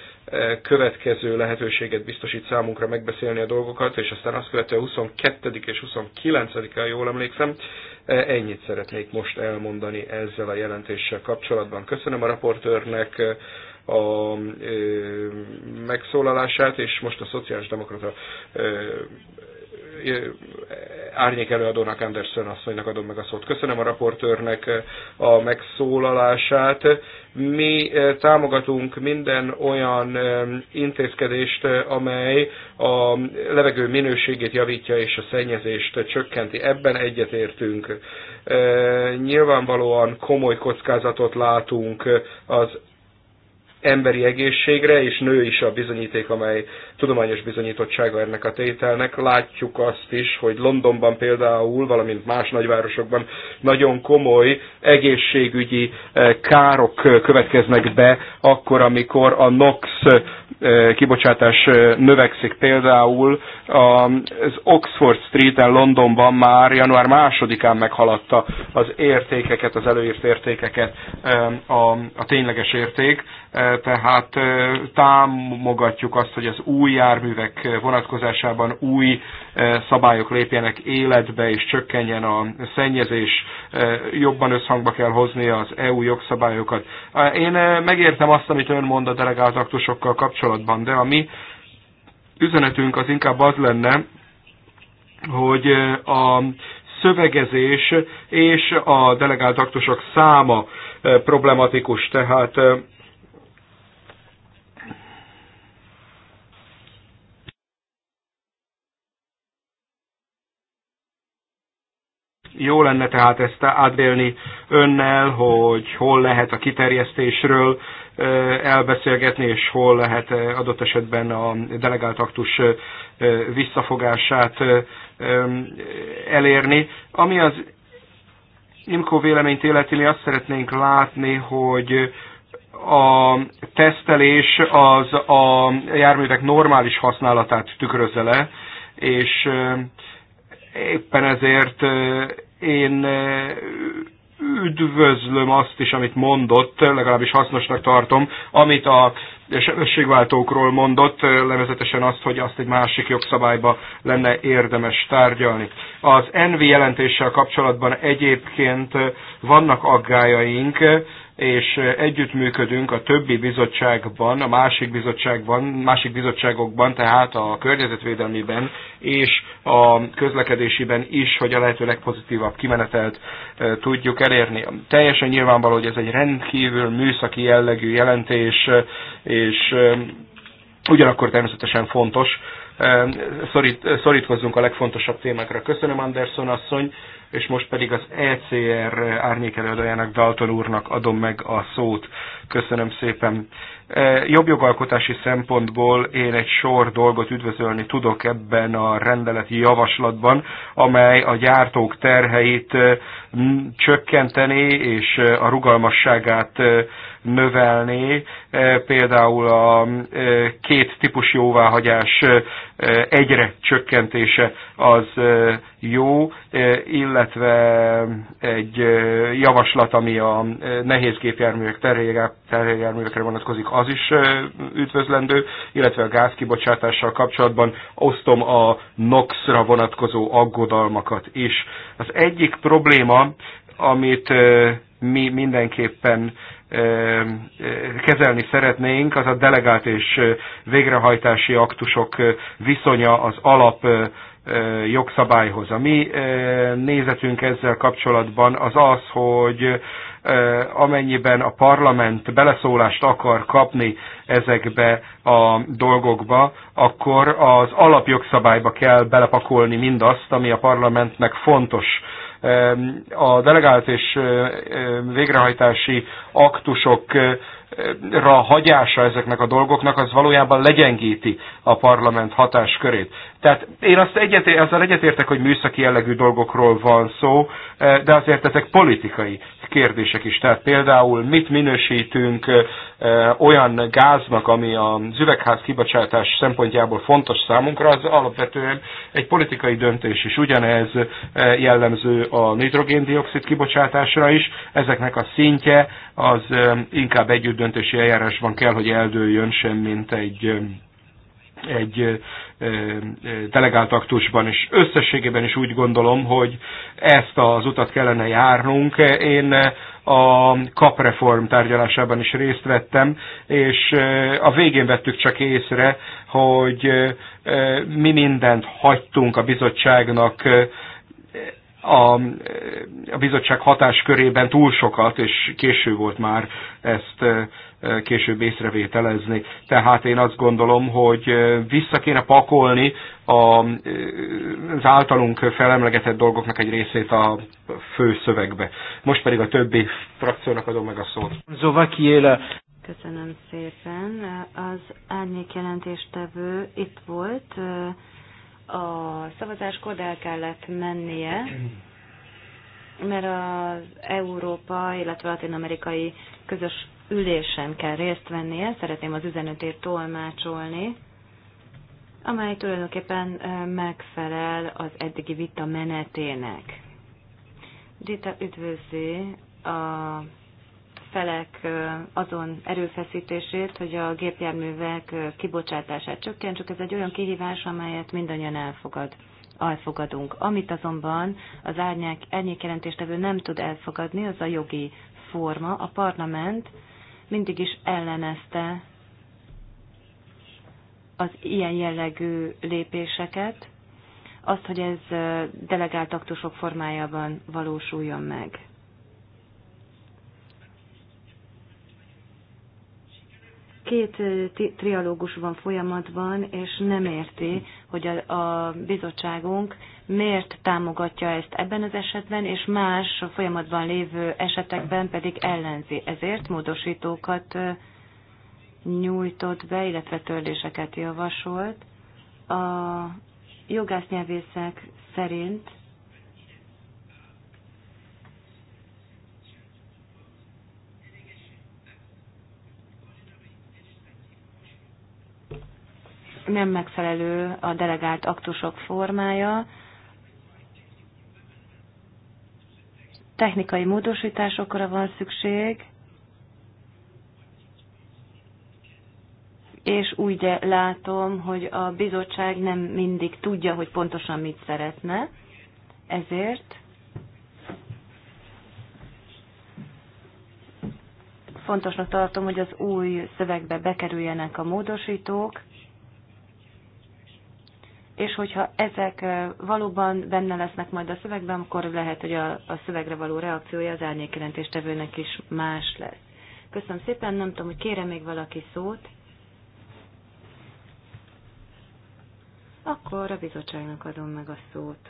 következő lehetőséget biztosít számunkra megbeszélni a dolgokat, és aztán azt követően 22. és 29 el jól emlékszem, e, ennyit szeretnék most elmondani ezzel a jelentéssel kapcsolatban. Köszönöm a raportőrnek e, a e, megszólalását, és most a szociális demokrata árnyék előadónak, Anderson asszonynak adom meg a szót. Köszönöm a raportőrnek a megszólalását. Mi támogatunk minden olyan intézkedést, amely a levegő minőségét javítja és a szennyezést csökkenti. Ebben egyetértünk. Nyilvánvalóan komoly kockázatot látunk az emberi egészségre, és nő is a bizonyíték, amely tudományos bizonyítottsága ennek a tételnek. Látjuk azt is, hogy Londonban például, valamint más nagyvárosokban nagyon komoly egészségügyi eh, károk eh, következnek be, akkor, amikor a NOx eh, kibocsátás növekszik például. Az Oxford Street-en Londonban már január másodikán meghaladta az értékeket, az előírt értékeket a, a tényleges érték tehát támogatjuk azt, hogy az új járművek vonatkozásában új szabályok lépjenek életbe, és csökkenjen a szennyezés, jobban összhangba kell hozni az EU jogszabályokat. Én megértem azt, amit ön mond a delegált aktusokkal kapcsolatban, de a mi üzenetünk az inkább az lenne, hogy a szövegezés és a delegált aktusok száma problematikus, tehát Jó lenne tehát ezt átélni önnel, hogy hol lehet a kiterjesztésről elbeszélgetni, és hol lehet adott esetben a delegált aktus visszafogását elérni. Ami az IMCO véleményt illeti, mi azt szeretnénk látni, hogy a tesztelés az a járművek normális használatát tükrözze le, és éppen ezért én eh, üdvözlöm azt is, amit mondott, legalábbis hasznosnak tartom, amit a sebességváltókról mondott, levezetesen eh, azt, hogy azt egy másik jogszabályba lenne érdemes tárgyalni. Az NV jelentéssel kapcsolatban egyébként eh, vannak aggájaink, és együttműködünk a többi bizottságban, a másik bizottságban, másik bizottságokban, tehát a környezetvédelmiben és a közlekedésiben is, hogy a lehető legpozitívabb kimenetelt tudjuk elérni. Teljesen nyilvánvaló, hogy ez egy rendkívül műszaki jellegű jelentés, és ugyanakkor természetesen fontos, szorít, szorítkozzunk a legfontosabb témákra. Köszönöm Anderson asszony, és most pedig az ECR árnyékelőadójának Dalton úrnak adom meg a szót. Köszönöm szépen. E, jobb jogalkotási szempontból én egy sor dolgot üdvözölni tudok ebben a rendeleti javaslatban, amely a gyártók terheit e, csökkenteni és e, a rugalmasságát növelni. Például a két típus jóváhagyás egyre csökkentése az jó, illetve egy javaslat, ami a nehéz gépjárművek terhelyjárművekre vonatkozik, az is üdvözlendő, illetve a gázkibocsátással kapcsolatban osztom a NOx-ra vonatkozó aggodalmakat is. Az egyik probléma, amit mi mindenképpen Eh, kezelni szeretnénk, az a delegált és eh, végrehajtási aktusok eh, viszonya az alap jogszabályhoz. A mi nézetünk ezzel kapcsolatban az az, hogy amennyiben a parlament beleszólást akar kapni ezekbe a dolgokba, akkor az alapjogszabályba kell belepakolni mindazt, ami a parlamentnek fontos a delegált és végrehajtási aktusok ra hagyása ezeknek a dolgoknak, az valójában legyengíti a parlament hatáskörét. Tehát én azt egyet, azzal egyetértek, hogy műszaki jellegű dolgokról van szó, de azért ezek politikai kérdések is. Tehát például mit minősítünk olyan gáznak, ami a üvegház kibocsátás szempontjából fontos számunkra, az alapvetően egy politikai döntés is. Ugyanez jellemző a nitrogéndioxid kibocsátásra is. Ezeknek a szintje az inkább együttdöntési eljárásban kell, hogy eldőljön, semmint egy egy delegált aktusban, és összességében is úgy gondolom, hogy ezt az utat kellene járnunk. Én a kapreform tárgyalásában is részt vettem, és a végén vettük csak észre, hogy mi mindent hagytunk a bizottságnak a, a bizottság hatáskörében túl sokat, és késő volt már ezt később észrevételezni. Tehát én azt gondolom, hogy vissza kéne pakolni az általunk felemlegetett dolgoknak egy részét a fő szövegbe. Most pedig a többi frakciónak adom meg a szót. Szóval Köszönöm szépen. Az árnyék jelentéstevő itt volt. A szavazáskor el kellett mennie, mert az Európa, illetve latin-amerikai közös ülésen kell részt vennie, szeretném az üzenetét tolmácsolni, amely tulajdonképpen megfelel az eddigi vita menetének. Dita üdvözli a felek azon erőfeszítését, hogy a gépjárművek kibocsátását csökkentsük. Ez egy olyan kihívás, amelyet mindannyian elfogad, elfogadunk. Amit azonban az árnyék, jelentéstevő nem tud elfogadni, az a jogi forma. A parlament mindig is ellenezte az ilyen jellegű lépéseket, azt, hogy ez delegált aktusok formájában valósuljon meg. Két trialógus van folyamatban, és nem érti, hogy a, a bizottságunk miért támogatja ezt ebben az esetben, és más folyamatban lévő esetekben pedig ellenzi. Ezért módosítókat nyújtott be, illetve törléseket javasolt. A jogásznyelvészek szerint nem megfelelő a delegált aktusok formája, technikai módosításokra van szükség, és úgy látom, hogy a bizottság nem mindig tudja, hogy pontosan mit szeretne, ezért fontosnak tartom, hogy az új szövegbe bekerüljenek a módosítók, és hogyha ezek valóban benne lesznek majd a szövegben, akkor lehet, hogy a, a szövegre való reakciója az árnyékjelentéstevőnek is más lesz. Köszönöm szépen, nem tudom, hogy kérem még valaki szót. Akkor a bizottságnak adom meg a szót.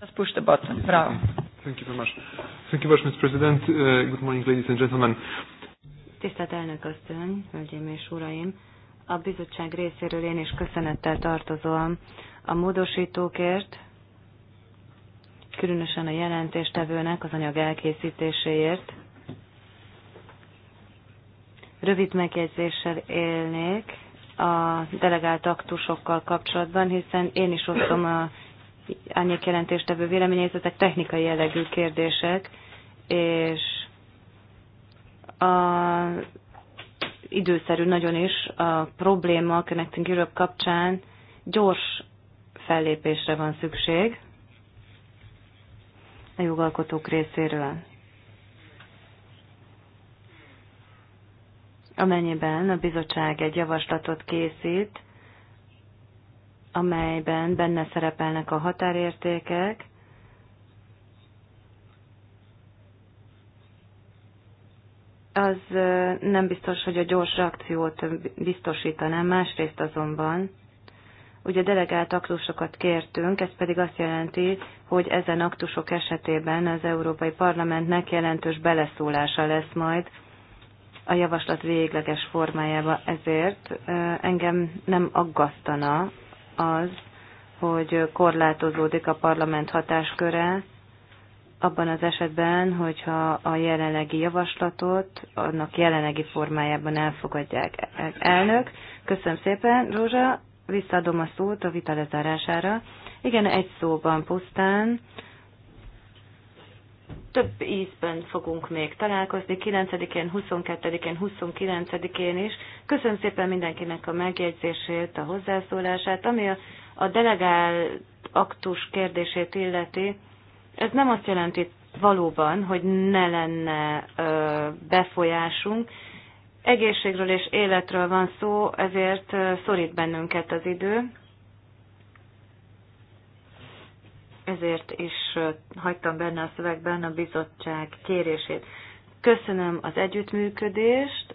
Let's push the button. Bravo. Thank you very much. Thank you very much, Mr. President. Uh, good morning, ladies and gentlemen. Tisztelt elnök asszony, hölgyeim és uraim! A bizottság részéről én is köszönettel tartozom a módosítókért, különösen a jelentéstevőnek az anyag elkészítéséért. Rövid megjegyzéssel élnék a delegált aktusokkal kapcsolatban, hiszen én is osztom a árnyék jelentéstevő véleményét, ezek technikai jellegű kérdések, és a időszerű nagyon is a probléma a Connecting Europe kapcsán gyors fellépésre van szükség a jogalkotók részéről. Amennyiben a bizottság egy javaslatot készít, amelyben benne szerepelnek a határértékek, az nem biztos, hogy a gyors reakciót biztosítaná, másrészt azonban ugye delegált aktusokat kértünk, ez pedig azt jelenti, hogy ezen aktusok esetében az Európai Parlamentnek jelentős beleszólása lesz majd a javaslat végleges formájába. Ezért engem nem aggasztana az, hogy korlátozódik a parlament hatásköre, abban az esetben, hogyha a jelenlegi javaslatot annak jelenlegi formájában elfogadják. E-, elnök, köszönöm szépen, Rózsa, visszaadom a szót a vita lezárására. Igen, egy szóban pusztán több ízben fogunk még találkozni, 9-én, 22-én, 29-én is. Köszönöm szépen mindenkinek a megjegyzését, a hozzászólását. Ami a, a delegál aktus kérdését illeti, ez nem azt jelenti valóban, hogy ne lenne ö, befolyásunk. Egészségről és életről van szó, ezért szorít bennünket az idő. ezért is hagytam benne a szövegben a bizottság kérését. Köszönöm az együttműködést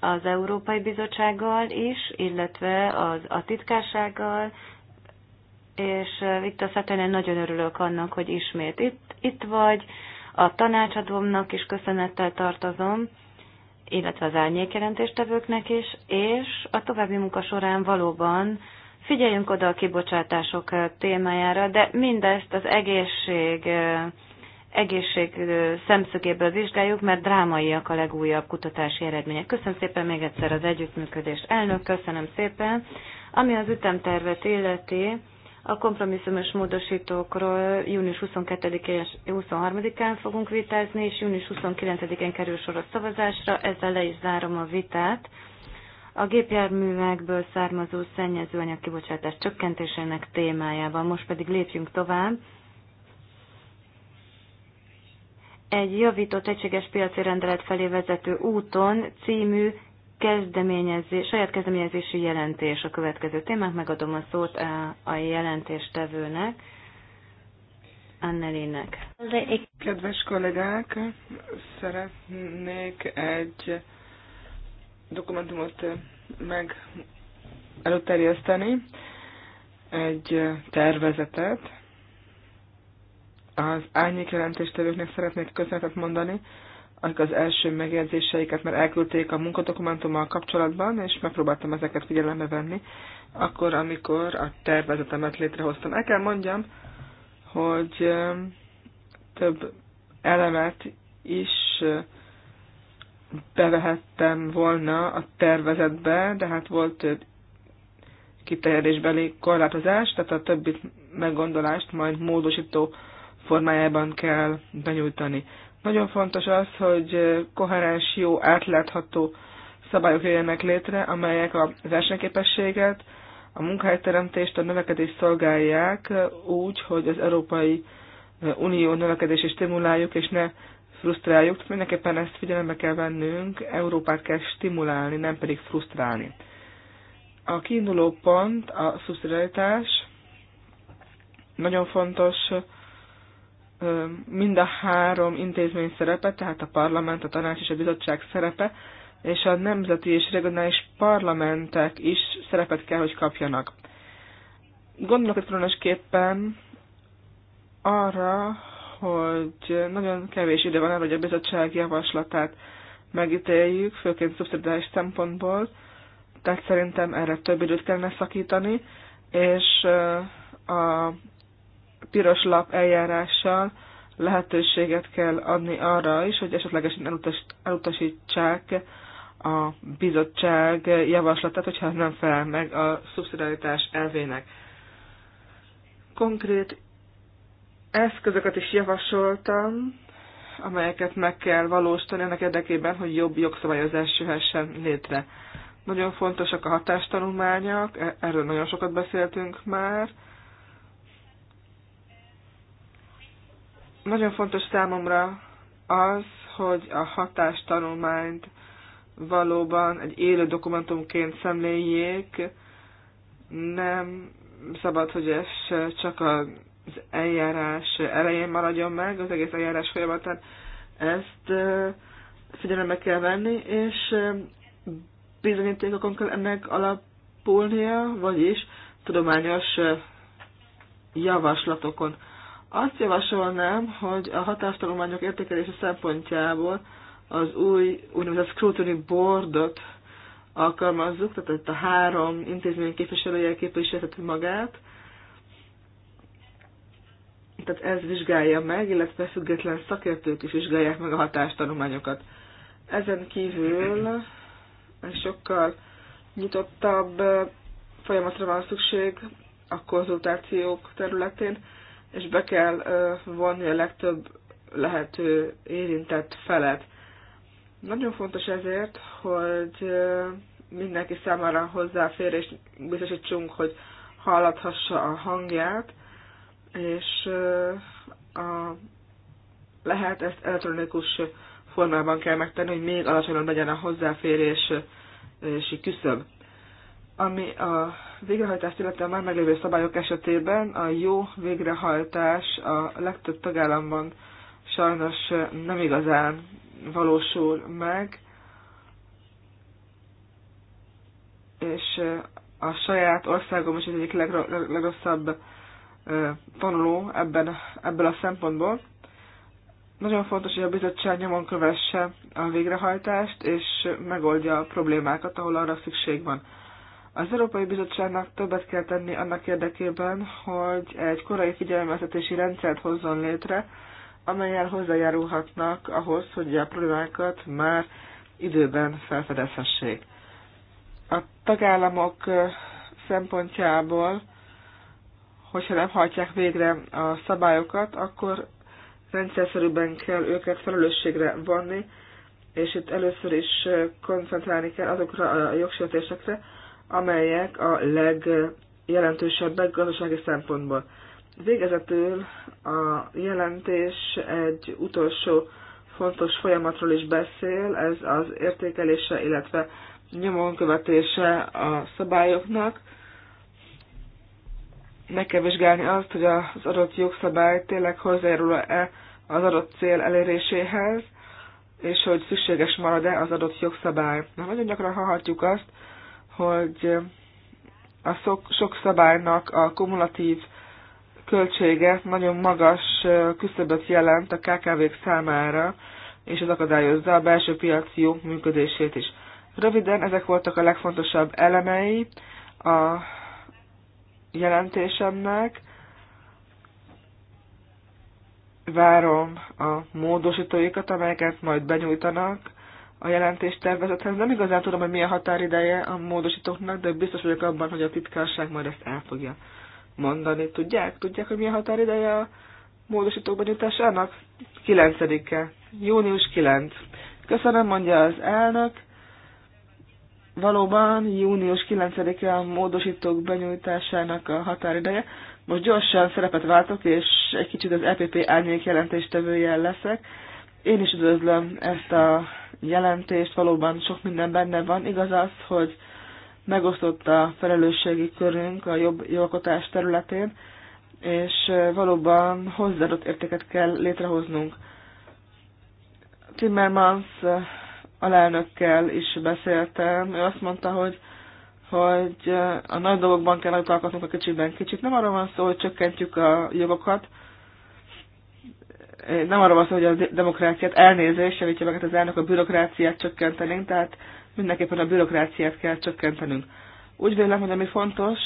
az Európai Bizottsággal is, illetve az, a titkársággal, és itt a Szetenen nagyon örülök annak, hogy ismét itt, itt vagy. A tanácsadómnak is köszönettel tartozom, illetve az árnyékjelentéstevőknek is, és a további munka során valóban Figyeljünk oda a kibocsátások témájára, de mindezt az egészség, egészség szemszögéből vizsgáljuk, mert drámaiak a legújabb kutatási eredmények. Köszönöm szépen még egyszer az együttműködést. Elnök, köszönöm szépen. Ami az ütemtervet illeti, a kompromisszumos módosítókról június 22-én és 23-án fogunk vitázni, és június 29-én kerül sor a szavazásra. Ezzel le is zárom a vitát a gépjárművekből származó szennyezőanyag kibocsátás csökkentésének témájában. Most pedig lépjünk tovább. Egy javított egységes piaci rendelet felé vezető úton című kezdeményezés, saját kezdeményezési jelentés a következő témák. Megadom a szót a, a jelentéstevőnek. Annelének. Kedves kollégák, szeretnék egy dokumentumot meg előterjeszteni, egy tervezetet. Az árnyék jelentéstevőknek szeretnék köszönetet mondani, akik az első megjegyzéseiket már elküldték a munkadokumentummal kapcsolatban, és megpróbáltam ezeket figyelembe venni, akkor, amikor a tervezetemet létrehoztam. El kell mondjam, hogy több elemet is bevehettem volna a tervezetbe, de hát volt kiterjedésbeli korlátozás, tehát a többi meggondolást majd módosító formájában kell benyújtani. Nagyon fontos az, hogy koherens, jó, átlátható szabályok jöjjenek létre, amelyek a versenyképességet, a munkahelyteremtést, a növekedést szolgálják úgy, hogy az Európai Unió növekedését stimuláljuk, és ne frusztráljuk. Mindenképpen ezt figyelembe kell vennünk, Európát kell stimulálni, nem pedig frusztrálni. A kiinduló pont a szubszidiaritás, nagyon fontos mind a három intézmény szerepe, tehát a parlament, a tanács és a bizottság szerepe, és a nemzeti és regionális parlamentek is szerepet kell, hogy kapjanak. Gondolok itt különösképpen arra, hogy nagyon kevés ide van arra, hogy a bizottság javaslatát megítéljük, főként szubszidiális szempontból, tehát szerintem erre több időt kellene szakítani, és a piros lap eljárással lehetőséget kell adni arra is, hogy esetlegesen elutas, elutasítsák a bizottság javaslatát, hogyha nem felel meg a szubszidiaritás elvének. Konkrét eszközöket is javasoltam, amelyeket meg kell valósítani ennek érdekében, hogy jobb jogszabályozás jöhessen létre. Nagyon fontosak a hatástanulmányok, e- erről nagyon sokat beszéltünk már. Nagyon fontos számomra az, hogy a hatástanulmányt valóban egy élő dokumentumként szemléljék, nem szabad, hogy ez csak a az eljárás elején maradjon meg, az egész eljárás folyamatán ezt figyelembe kell venni, és bizonyítékokon kell ennek alapulnia, vagyis tudományos javaslatokon. Azt javasolnám, hogy a hatástanulmányok értékelése szempontjából az új úgynevezett scrutiny boardot alkalmazzuk, tehát itt a három intézmény képviselője képviselheti magát, tehát ez vizsgálja meg, illetve független szakértők is vizsgálják meg a hatástanulmányokat. Ezen kívül egy sokkal nyitottabb folyamatra van szükség a konzultációk területén, és be kell vonni a legtöbb lehető érintett felet. Nagyon fontos ezért, hogy mindenki számára hozzáférést biztosítsunk, hogy hallathassa a hangját, és a, lehet ezt elektronikus formában kell megtenni, hogy még alacsonyabb legyen a hozzáférési küszöb. Ami a végrehajtást illetve a már meglévő szabályok esetében a jó végrehajtás a legtöbb tagállamban sajnos nem igazán valósul meg, és a saját országom is az egyik legrosszabb tanuló ebben, ebből a szempontból. Nagyon fontos, hogy a bizottság nyomon kövesse a végrehajtást, és megoldja a problémákat, ahol arra szükség van. Az Európai Bizottságnak többet kell tenni annak érdekében, hogy egy korai figyelmeztetési rendszert hozzon létre, amelyel hozzájárulhatnak ahhoz, hogy a problémákat már időben felfedezhessék. A tagállamok szempontjából hogyha nem hajtják végre a szabályokat, akkor rendszerszerűben kell őket felelősségre vonni, és itt először is koncentrálni kell azokra a jogsértésekre, amelyek a legjelentősebbek gazdasági szempontból. Végezetül a jelentés egy utolsó fontos folyamatról is beszél, ez az értékelése, illetve nyomon követése a szabályoknak meg kell vizsgálni azt, hogy az adott jogszabály tényleg hozzájárul-e az adott cél eléréséhez, és hogy szükséges marad-e az adott jogszabály. Na, nagyon gyakran hallhatjuk azt, hogy a sok, sok szabálynak a kumulatív költsége nagyon magas küszöböt jelent a KKV-k számára, és ez akadályozza a belső piaci jó működését is. Röviden ezek voltak a legfontosabb elemei a jelentésemnek. Várom a módosítóikat, amelyeket majd benyújtanak a jelentés tervezethez. Nem igazán tudom, hogy milyen határideje a módosítóknak, de biztos vagyok abban, hogy a titkárság majd ezt el fogja mondani. Tudják? Tudják, hogy milyen határideje a módosítók benyújtásának? 9-e. Június 9. Köszönöm, mondja az elnök. Valóban június 9-e a módosítók benyújtásának a határideje. Most gyorsan szerepet váltok, és egy kicsit az EPP árnyék jelentéstevője leszek. Én is üdvözlöm ezt a jelentést, valóban sok minden benne van. Igaz az, hogy megosztott a felelősségi körünk a jobb jogalkotás területén, és valóban hozzáadott értéket kell létrehoznunk. Timmermans alelnökkel is beszéltem. Ő azt mondta, hogy, hogy a nagy dolgokban kell utalkatnunk a kicsikben kicsit. Nem arról van szó, hogy csökkentjük a jogokat, nem arról van szó, hogy a demokráciát elnézést, javítja meg hát az elnök, a bürokráciát csökkentenénk, tehát mindenképpen a bürokráciát kell csökkentenünk. Úgy vélem, hogy ami fontos,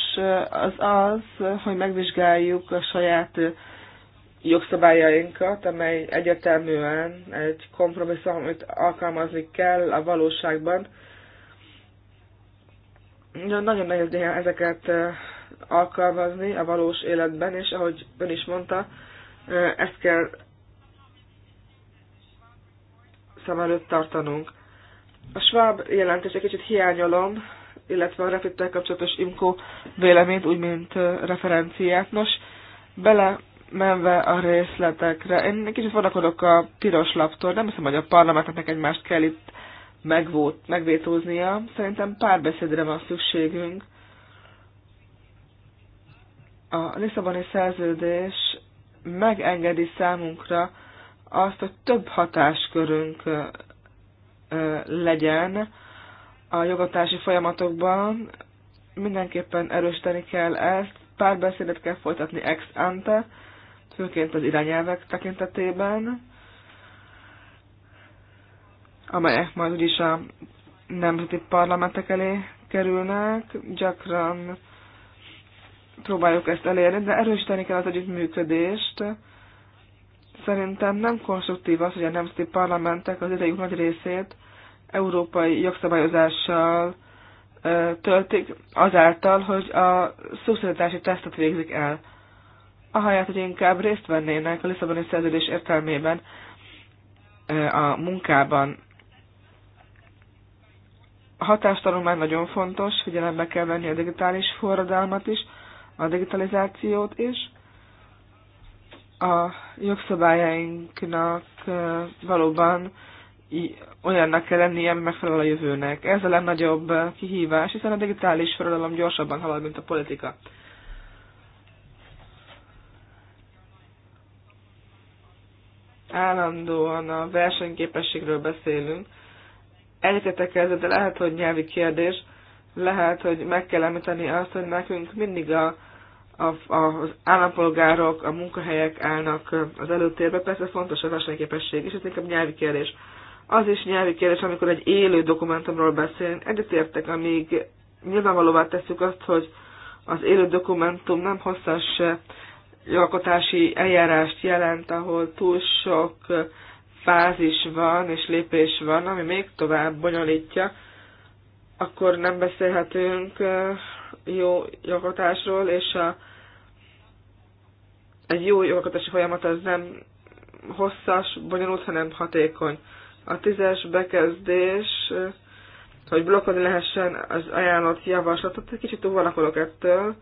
az az, hogy megvizsgáljuk a saját jogszabályainkat, amely egyeteműen egy kompromisszum, amit alkalmazni kell a valóságban. nagyon nehéz néha ezeket alkalmazni a valós életben, és ahogy ön is mondta, ezt kell szem előtt tartanunk. A Schwab jelentés egy kicsit hiányolom, illetve a refittel kapcsolatos IMCO véleményt, úgy mint referenciát. Nos, bele menve a részletekre. Én kicsit vonakodok a piros laptól, nem hiszem, hogy a parlamentnek egymást kell itt megvót, megvétóznia. Szerintem párbeszédre van szükségünk. A Lisszaboni szerződés megengedi számunkra azt, hogy több hatáskörünk legyen a jogatási folyamatokban. Mindenképpen erősíteni kell ezt, párbeszédet kell folytatni ex ante, főként az irányelvek tekintetében, amelyek majd úgyis a nemzeti parlamentek elé kerülnek, gyakran próbáljuk ezt elérni, de erősíteni kell az együttműködést. Szerintem nem konstruktív az, hogy a nemzeti parlamentek az idejük nagy részét európai jogszabályozással töltik, azáltal, hogy a szubszidiatási tesztet végzik el ahelyett, hogy inkább részt vennének a Lisszaboni szerződés értelmében a munkában. A hatástanulmány nagyon fontos, figyelembe kell venni a digitális forradalmat is, a digitalizációt is, a jogszabályainknak valóban olyannak kell lennie, ami megfelel a jövőnek. Ez a legnagyobb kihívás, hiszen a digitális forradalom gyorsabban halad, mint a politika. állandóan a versenyképességről beszélünk. Egyetetek ez, de lehet, hogy nyelvi kérdés, lehet, hogy meg kell említeni azt, hogy nekünk mindig a, a, a, az állampolgárok, a munkahelyek állnak az előtérbe. Persze fontos a versenyképesség is, ez inkább nyelvi kérdés. Az is nyelvi kérdés, amikor egy élő dokumentumról beszélünk. Egyetértek, amíg nyilvánvalóvá tesszük azt, hogy az élő dokumentum nem hosszas jogalkotási eljárást jelent, ahol túl sok fázis van és lépés van, ami még tovább bonyolítja, akkor nem beszélhetünk jó jogalkotásról, és a, egy jó jogalkotási folyamat az nem hosszas, bonyolult, hanem hatékony. A tízes bekezdés, hogy blokkolni lehessen az ajánlott javaslatot, egy kicsit óvanakodok ettől,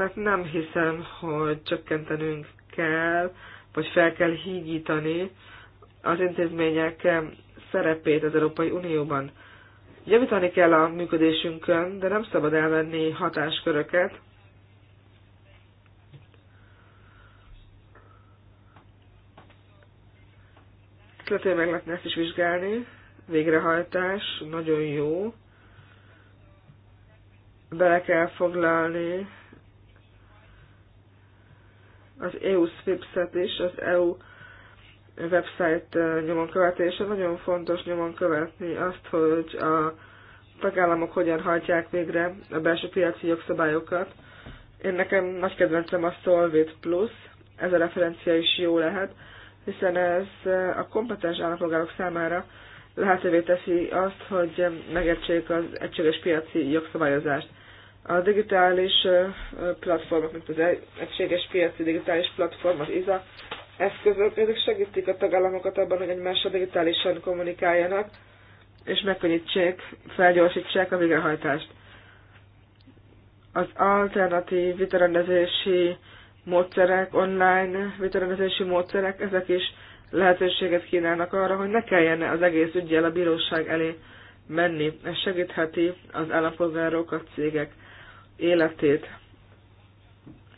mert nem hiszem, hogy csökkentenünk kell, vagy fel kell hígítani az intézmények szerepét az Európai Unióban. Javítani kell a működésünkön, de nem szabad elvenni hatásköröket. Szeretném meg lehetne ezt is vizsgálni. Végrehajtás, nagyon jó. Bele kell foglalni az EU Swipset és is, az EU website nyomon követése. Nagyon fontos nyomon követni azt, hogy a tagállamok hogyan hajtják végre a belső piaci jogszabályokat. Én nekem nagy kedvencem a Solvit Plus, ez a referencia is jó lehet, hiszen ez a kompetens állampolgárok számára lehetővé teszi azt, hogy megértsék az egységes piaci jogszabályozást. A digitális platformok, mint az egységes piaci digitális platform, az ISA eszközök, ezek segítik a tagállamokat abban, hogy egymással digitálisan kommunikáljanak, és megkönnyítsék, felgyorsítsák a végrehajtást. Az alternatív vitarendezési módszerek, online vitarendezési módszerek, ezek is lehetőséget kínálnak arra, hogy ne kelljen az egész ügyjel a bíróság elé menni. Ez segítheti az állampolgárok, cégek életét.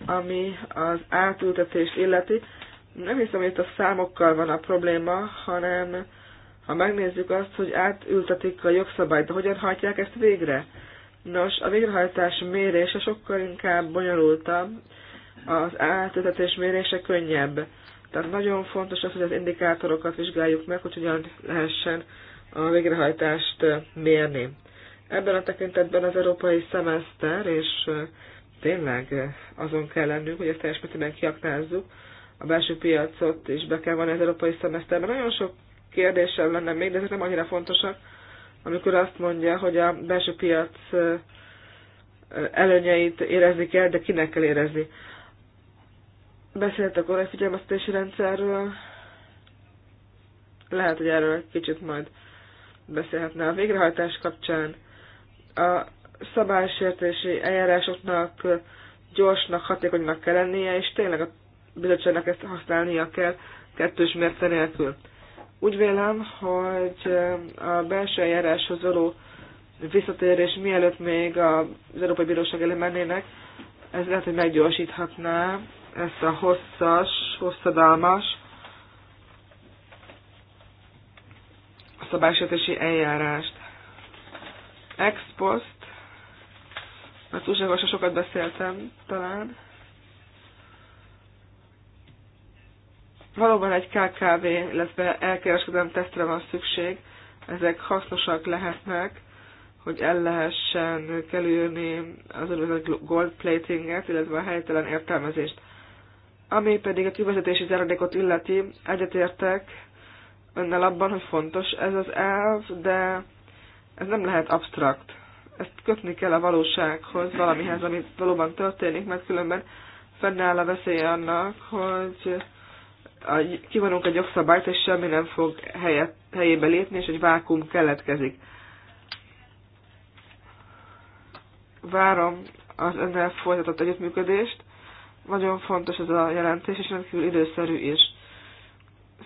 Ami az átültetést illeti, nem hiszem, hogy itt a számokkal van a probléma, hanem ha megnézzük azt, hogy átültetik a jogszabályt, de hogyan hajtják ezt végre? Nos, a végrehajtás mérése sokkal inkább bonyolultabb, az átültetés mérése könnyebb. Tehát nagyon fontos az, hogy az indikátorokat vizsgáljuk meg, hogy hogyan lehessen a végrehajtást mérni. Ebben a tekintetben az európai szemeszter, és tényleg azon kell lennünk, hogy ezt teljes mértékben kiaknázzuk, a belső piacot is be kell vonni az európai szemeszterben. Nagyon sok kérdésem lenne még, de ezek nem annyira fontosak, amikor azt mondja, hogy a belső piac előnyeit érezni kell, de kinek kell érezni. Beszéltek a korai figyelmeztetési rendszerről, lehet, hogy erről egy kicsit majd beszélhetne a végrehajtás kapcsán a szabálysértési eljárásoknak gyorsnak, hatékonynak kell lennie, és tényleg a bizottságnak ezt használnia kell kettős mérce nélkül. Úgy vélem, hogy a belső eljáráshoz való visszatérés mielőtt még az Európai Bíróság elé mennének, ez lehet, hogy meggyorsíthatná ezt a hosszas, hosszadalmas szabálysértési eljárást ex post, mert túlságosan sokat beszéltem talán. Valóban egy KKV, illetve elkereskedelem tesztre van szükség, ezek hasznosak lehetnek, hogy el lehessen kerülni az úgynevezett gold platinget, illetve a helytelen értelmezést. Ami pedig a kivezetési zárodékot illeti, egyetértek önnel abban, hogy fontos ez az elv, de ez nem lehet absztrakt. Ezt kötni kell a valósághoz, valamihez, ami valóban történik, mert különben fennáll a veszély annak, hogy a, kivonunk egy jogszabályt, és semmi nem fog helyet, helyébe lépni, és egy vákum keletkezik. Várom az önnel folytatott együttműködést. Nagyon fontos ez a jelentés, és rendkívül időszerű is.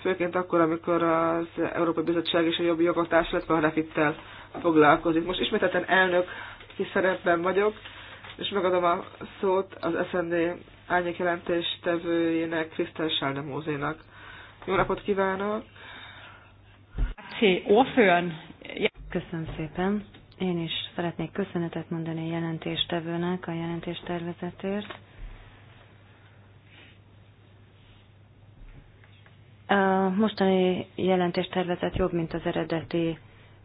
Főként akkor, amikor az Európai Bizottság és a jobb jogatás, illetve a refittel foglalkozik. Most ismételten elnök szerepben vagyok, és megadom a szót az SND árnyék jelentéstevőjének, Krisztel Sáldemózénak. Jó napot kívánok! Köszönöm szépen! Én is szeretnék köszönetet mondani a jelentéstevőnek a jelentéstervezetért. A mostani jelentéstervezet jobb, mint az eredeti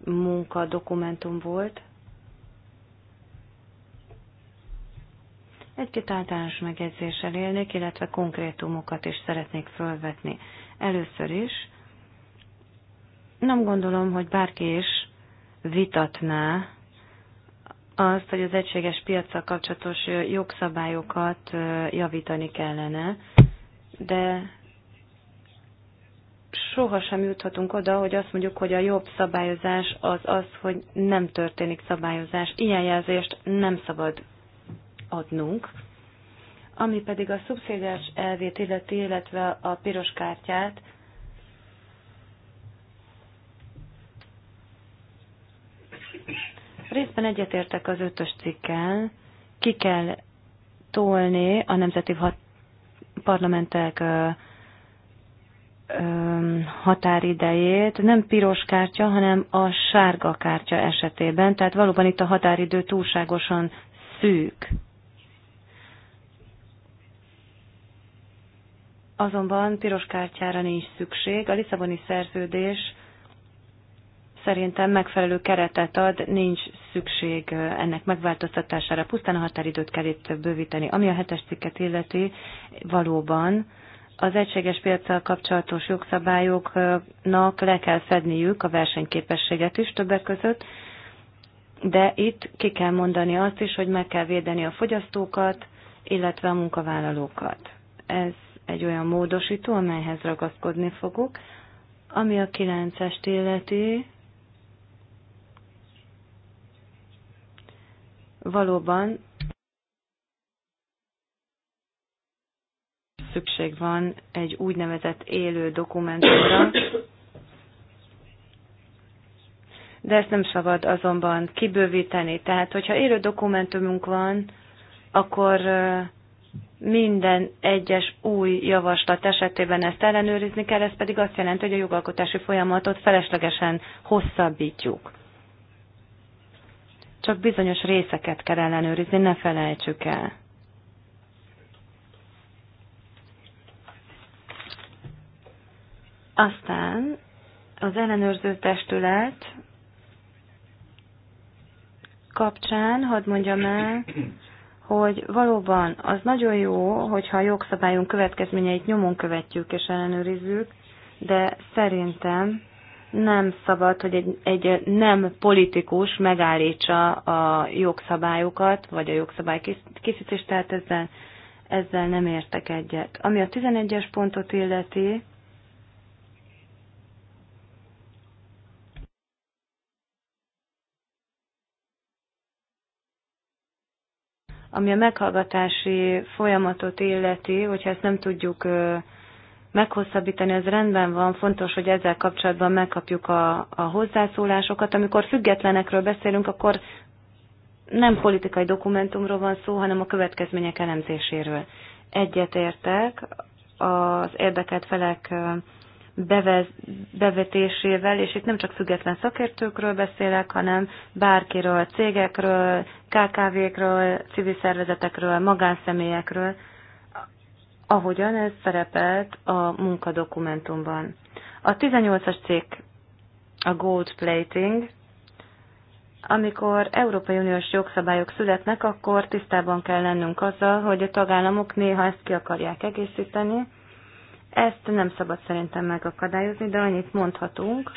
munka dokumentum volt. Egy-két általános megjegyzéssel élnék, illetve konkrétumokat is szeretnék fölvetni. Először is nem gondolom, hogy bárki is vitatná azt, hogy az egységes piacsal kapcsolatos jogszabályokat javítani kellene, de sohasem juthatunk oda, hogy azt mondjuk, hogy a jobb szabályozás az az, hogy nem történik szabályozás. Ilyen jelzést nem szabad adnunk. Ami pedig a szubszidiás elvét illeti, illetve a piros kártyát, Részben egyetértek az ötös cikkel, ki kell tolni a nemzeti hat parlamentek határidejét, nem piros kártya, hanem a sárga kártya esetében, tehát valóban itt a határidő túlságosan szűk. Azonban piros kártyára nincs szükség. A Lisszaboni szerződés szerintem megfelelő keretet ad, nincs szükség ennek megváltoztatására. Pusztán a határidőt kell itt bővíteni. Ami a hetes cikket illeti, valóban az egységes piacsal kapcsolatos jogszabályoknak le kell fedniük a versenyképességet is többek között, de itt ki kell mondani azt is, hogy meg kell védeni a fogyasztókat, illetve a munkavállalókat. Ez egy olyan módosító, amelyhez ragaszkodni fogok, ami a 9-est illeti, valóban szükség van egy úgynevezett élő dokumentumra, de ezt nem szabad azonban kibővíteni. Tehát, hogyha élő dokumentumunk van, akkor minden egyes új javaslat esetében ezt ellenőrizni kell, ez pedig azt jelenti, hogy a jogalkotási folyamatot feleslegesen hosszabbítjuk. Csak bizonyos részeket kell ellenőrizni, ne felejtsük el. Aztán az ellenőrző testület kapcsán hadd mondjam el, hogy valóban az nagyon jó, hogyha a jogszabályunk következményeit nyomon követjük és ellenőrizzük, de szerintem nem szabad, hogy egy, egy nem politikus megállítsa a jogszabályokat, vagy a jogszabály készítést, tehát ezzel, ezzel nem értek egyet. Ami a 11-es pontot illeti, Ami a meghallgatási folyamatot illeti, hogyha ezt nem tudjuk meghosszabbítani, ez rendben van, fontos, hogy ezzel kapcsolatban megkapjuk a, a hozzászólásokat. Amikor függetlenekről beszélünk, akkor nem politikai dokumentumról van szó, hanem a következmények elemzéséről. Egyetértek az érdekelt felek bevetésével, és itt nem csak független szakértőkről beszélek, hanem bárkiről, cégekről, KKV-kről, civil szervezetekről, magánszemélyekről, ahogyan ez szerepelt a munkadokumentumban. A 18-as cikk a gold plating, amikor Európai Uniós jogszabályok születnek, akkor tisztában kell lennünk azzal, hogy a tagállamok néha ezt ki akarják egészíteni, ezt nem szabad szerintem megakadályozni, de annyit mondhatunk,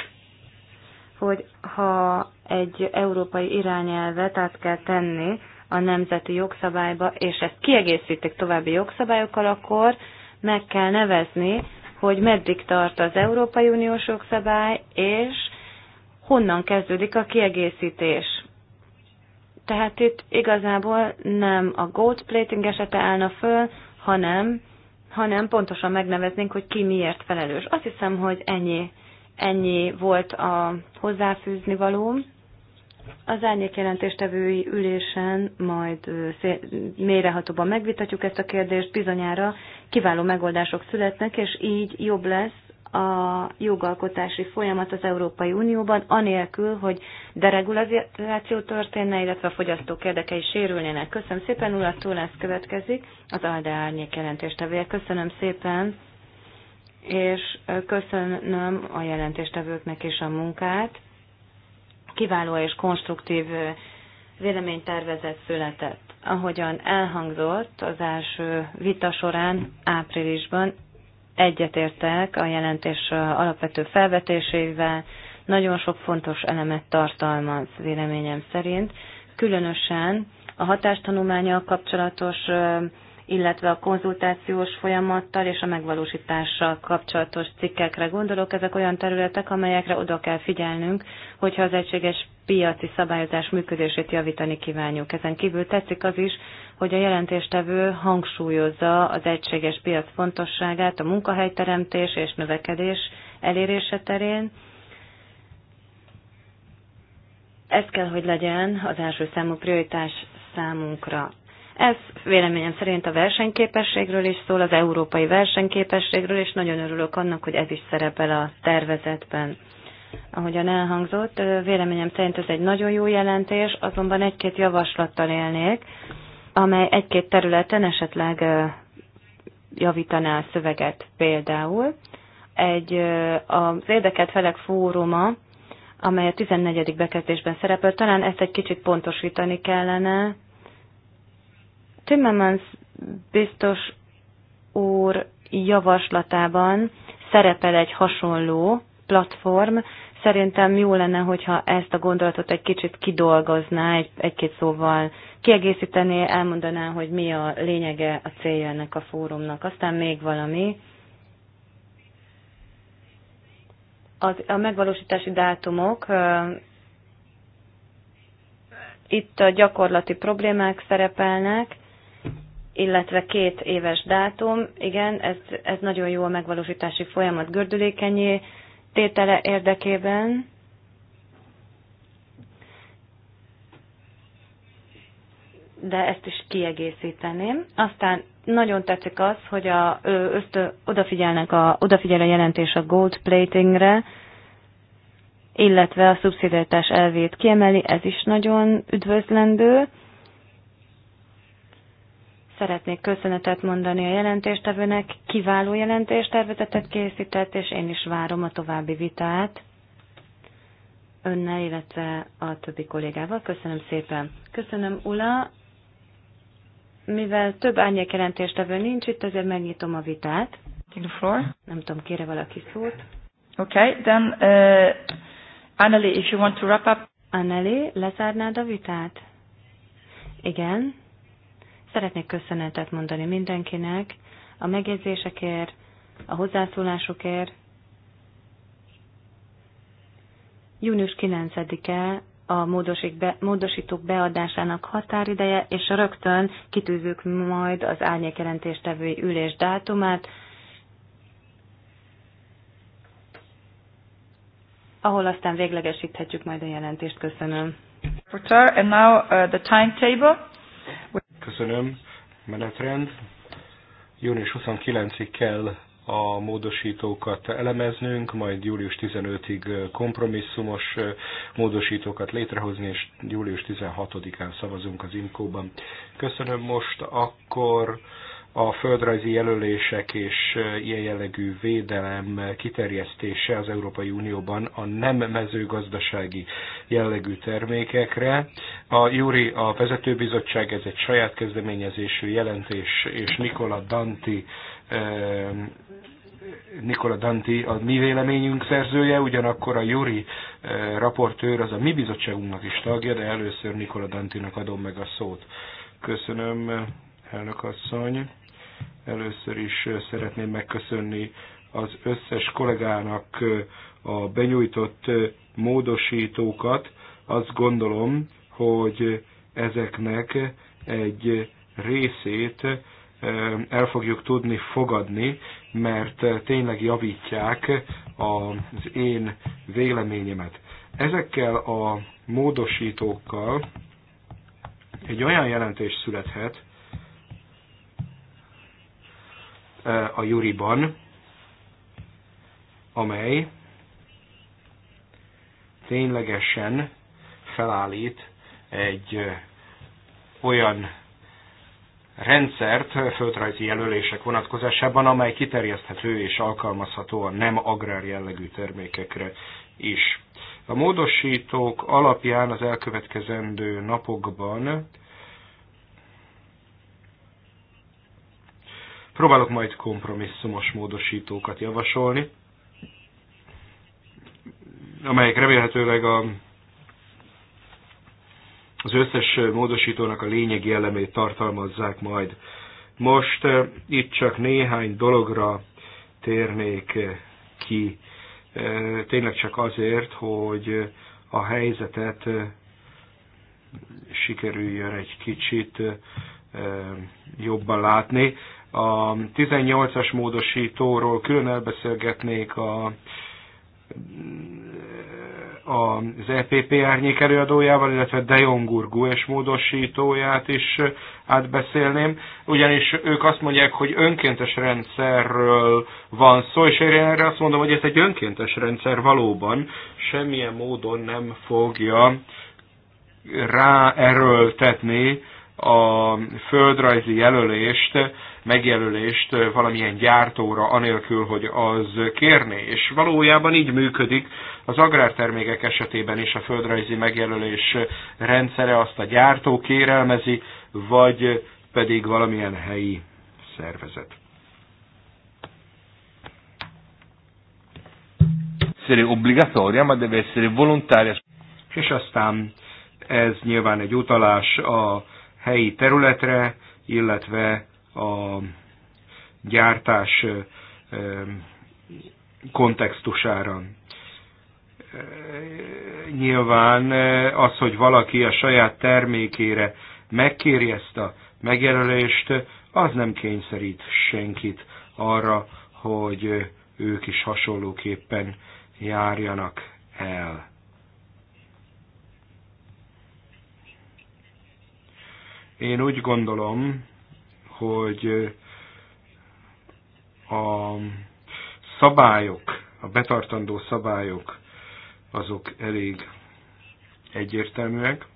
hogy ha egy európai irányelvet át kell tenni a nemzeti jogszabályba, és ezt kiegészítik további jogszabályokkal, akkor meg kell nevezni, hogy meddig tart az Európai Uniós jogszabály, és honnan kezdődik a kiegészítés. Tehát itt igazából nem a gold plating esete állna föl, hanem hanem pontosan megneveznénk, hogy ki miért felelős. Azt hiszem, hogy ennyi, ennyi volt a hozzáfűzni való. Az árnyék jelentéstevői ülésen majd mélyrehatóban megvitatjuk ezt a kérdést, bizonyára kiváló megoldások születnek, és így jobb lesz a jogalkotási folyamat az Európai Unióban, anélkül, hogy dereguláció történne, illetve a fogyasztók érdekei sérülnének. Köszönöm szépen, Ula Tólász következik, az ALDE árnyék jelentéstevője. Köszönöm szépen, és köszönöm a jelentéstevőknek is a munkát. Kiváló és konstruktív véleménytervezet született ahogyan elhangzott az első vita során áprilisban, egyetértek a jelentés alapvető felvetésével, nagyon sok fontos elemet tartalmaz véleményem szerint, különösen a hatástanulmányal kapcsolatos, illetve a konzultációs folyamattal és a megvalósítással kapcsolatos cikkekre gondolok. Ezek olyan területek, amelyekre oda kell figyelnünk, hogyha az egységes piaci szabályozás működését javítani kívánjuk. Ezen kívül tetszik az is, hogy a jelentéstevő hangsúlyozza az egységes piac fontosságát a munkahelyteremtés és növekedés elérése terén. Ez kell, hogy legyen az első számú prioritás számunkra. Ez véleményem szerint a versenyképességről is szól, az európai versenyképességről, és nagyon örülök annak, hogy ez is szerepel a tervezetben. Ahogyan elhangzott, véleményem szerint ez egy nagyon jó jelentés, azonban egy-két javaslattal élnék amely egy-két területen esetleg javítaná a szöveget például. Egy, az érdekelt felek fóruma, amely a 14. bekezdésben szerepel, talán ezt egy kicsit pontosítani kellene. Timmermans biztos úr javaslatában szerepel egy hasonló platform, Szerintem jó lenne, hogyha ezt a gondolatot egy kicsit kidolgozná, egy, egy-két szóval kiegészítené, elmondaná, hogy mi a lényege, a célja ennek a fórumnak. Aztán még valami. Az, a megvalósítási dátumok itt a gyakorlati problémák szerepelnek, illetve két éves dátum. Igen, ez, ez nagyon jó a megvalósítási folyamat gördülékenyé tétele érdekében. de ezt is kiegészíteném. Aztán nagyon tetszik az, hogy a, ösztö, odafigyelnek a, odafigyel a jelentés a gold platingre, illetve a szubszidiaritás elvét kiemeli, ez is nagyon üdvözlendő. Szeretnék köszönetet mondani a jelentéstevőnek, kiváló jelentéstervezetet készített, és én is várom a további vitát önnel, illetve a többi kollégával. Köszönöm szépen. Köszönöm, Ula. Mivel több árnyék jelentéstevő nincs itt, ezért megnyitom a vitát. Take the floor. Nem tudom, kére valaki szót. Okay, then uh, Anneli, if you want to wrap up. Anneli, lezárnád a vitát? Igen. Szeretnék köszönetet mondani mindenkinek a megjegyzésekért, a hozzászólásokért. Június 9-e a módosítók beadásának határideje, és rögtön kitűzük majd az árnyékjelentéstevői ülés dátumát, ahol aztán véglegesíthetjük majd a jelentést. Köszönöm. And now uh, the timetable. Köszönöm. Menetrend. Június 29-ig kell a módosítókat elemeznünk, majd július 15-ig kompromisszumos módosítókat létrehozni, és július 16-án szavazunk az imkóban. Köszönöm most akkor a földrajzi jelölések és e, ilyen jellegű védelem kiterjesztése az Európai Unióban a nem mezőgazdasági jellegű termékekre. A Júri, a vezetőbizottság, ez egy saját kezdeményezésű jelentés, és Nikola Danti e, Nikola Danti a mi véleményünk szerzője, ugyanakkor a eh, raportőr az a mi bizottságunknak is tagja, de először Nikola Dantinak adom meg a szót. Köszönöm, elnök asszony. Először is szeretném megköszönni az összes kollégának a benyújtott módosítókat. Azt gondolom, hogy ezeknek egy részét eh, el fogjuk tudni fogadni, mert tényleg javítják az én véleményemet. Ezekkel a módosítókkal egy olyan jelentés születhet, a Juriban, amely ténylegesen felállít egy olyan rendszert földrajzi jelölések vonatkozásában, amely kiterjeszthető és alkalmazható a nem agrár jellegű termékekre is. A módosítók alapján az elkövetkezendő napokban Próbálok majd kompromisszumos módosítókat javasolni, amelyek remélhetőleg a, az összes módosítónak a lényegi elemét tartalmazzák majd. Most eh, itt csak néhány dologra térnék eh, ki, eh, tényleg csak azért, hogy a helyzetet sikerüljön egy kicsit jobban látni. A 18-as módosítóról külön elbeszélgetnék a, az EPP árnyék előadójával, illetve De Jong úr GUES módosítóját is átbeszélném, ugyanis ők azt mondják, hogy önkéntes rendszerről van szó, és én erre azt mondom, hogy ez egy önkéntes rendszer valóban, semmilyen módon nem fogja ráerőltetni a földrajzi jelölést megjelölést valamilyen gyártóra, anélkül, hogy az kérné. És valójában így működik az agrártermékek esetében is a földrajzi megjelölés rendszere, azt a gyártó kérelmezi, vagy pedig valamilyen helyi szervezet. essere ma deve essere volontaria. És aztán ez nyilván egy utalás a helyi területre, illetve a gyártás kontextusára. Nyilván az, hogy valaki a saját termékére megkéri ezt a megjelölést, az nem kényszerít senkit arra, hogy ők is hasonlóképpen járjanak el. Én úgy gondolom, hogy a szabályok, a betartandó szabályok azok elég egyértelműek.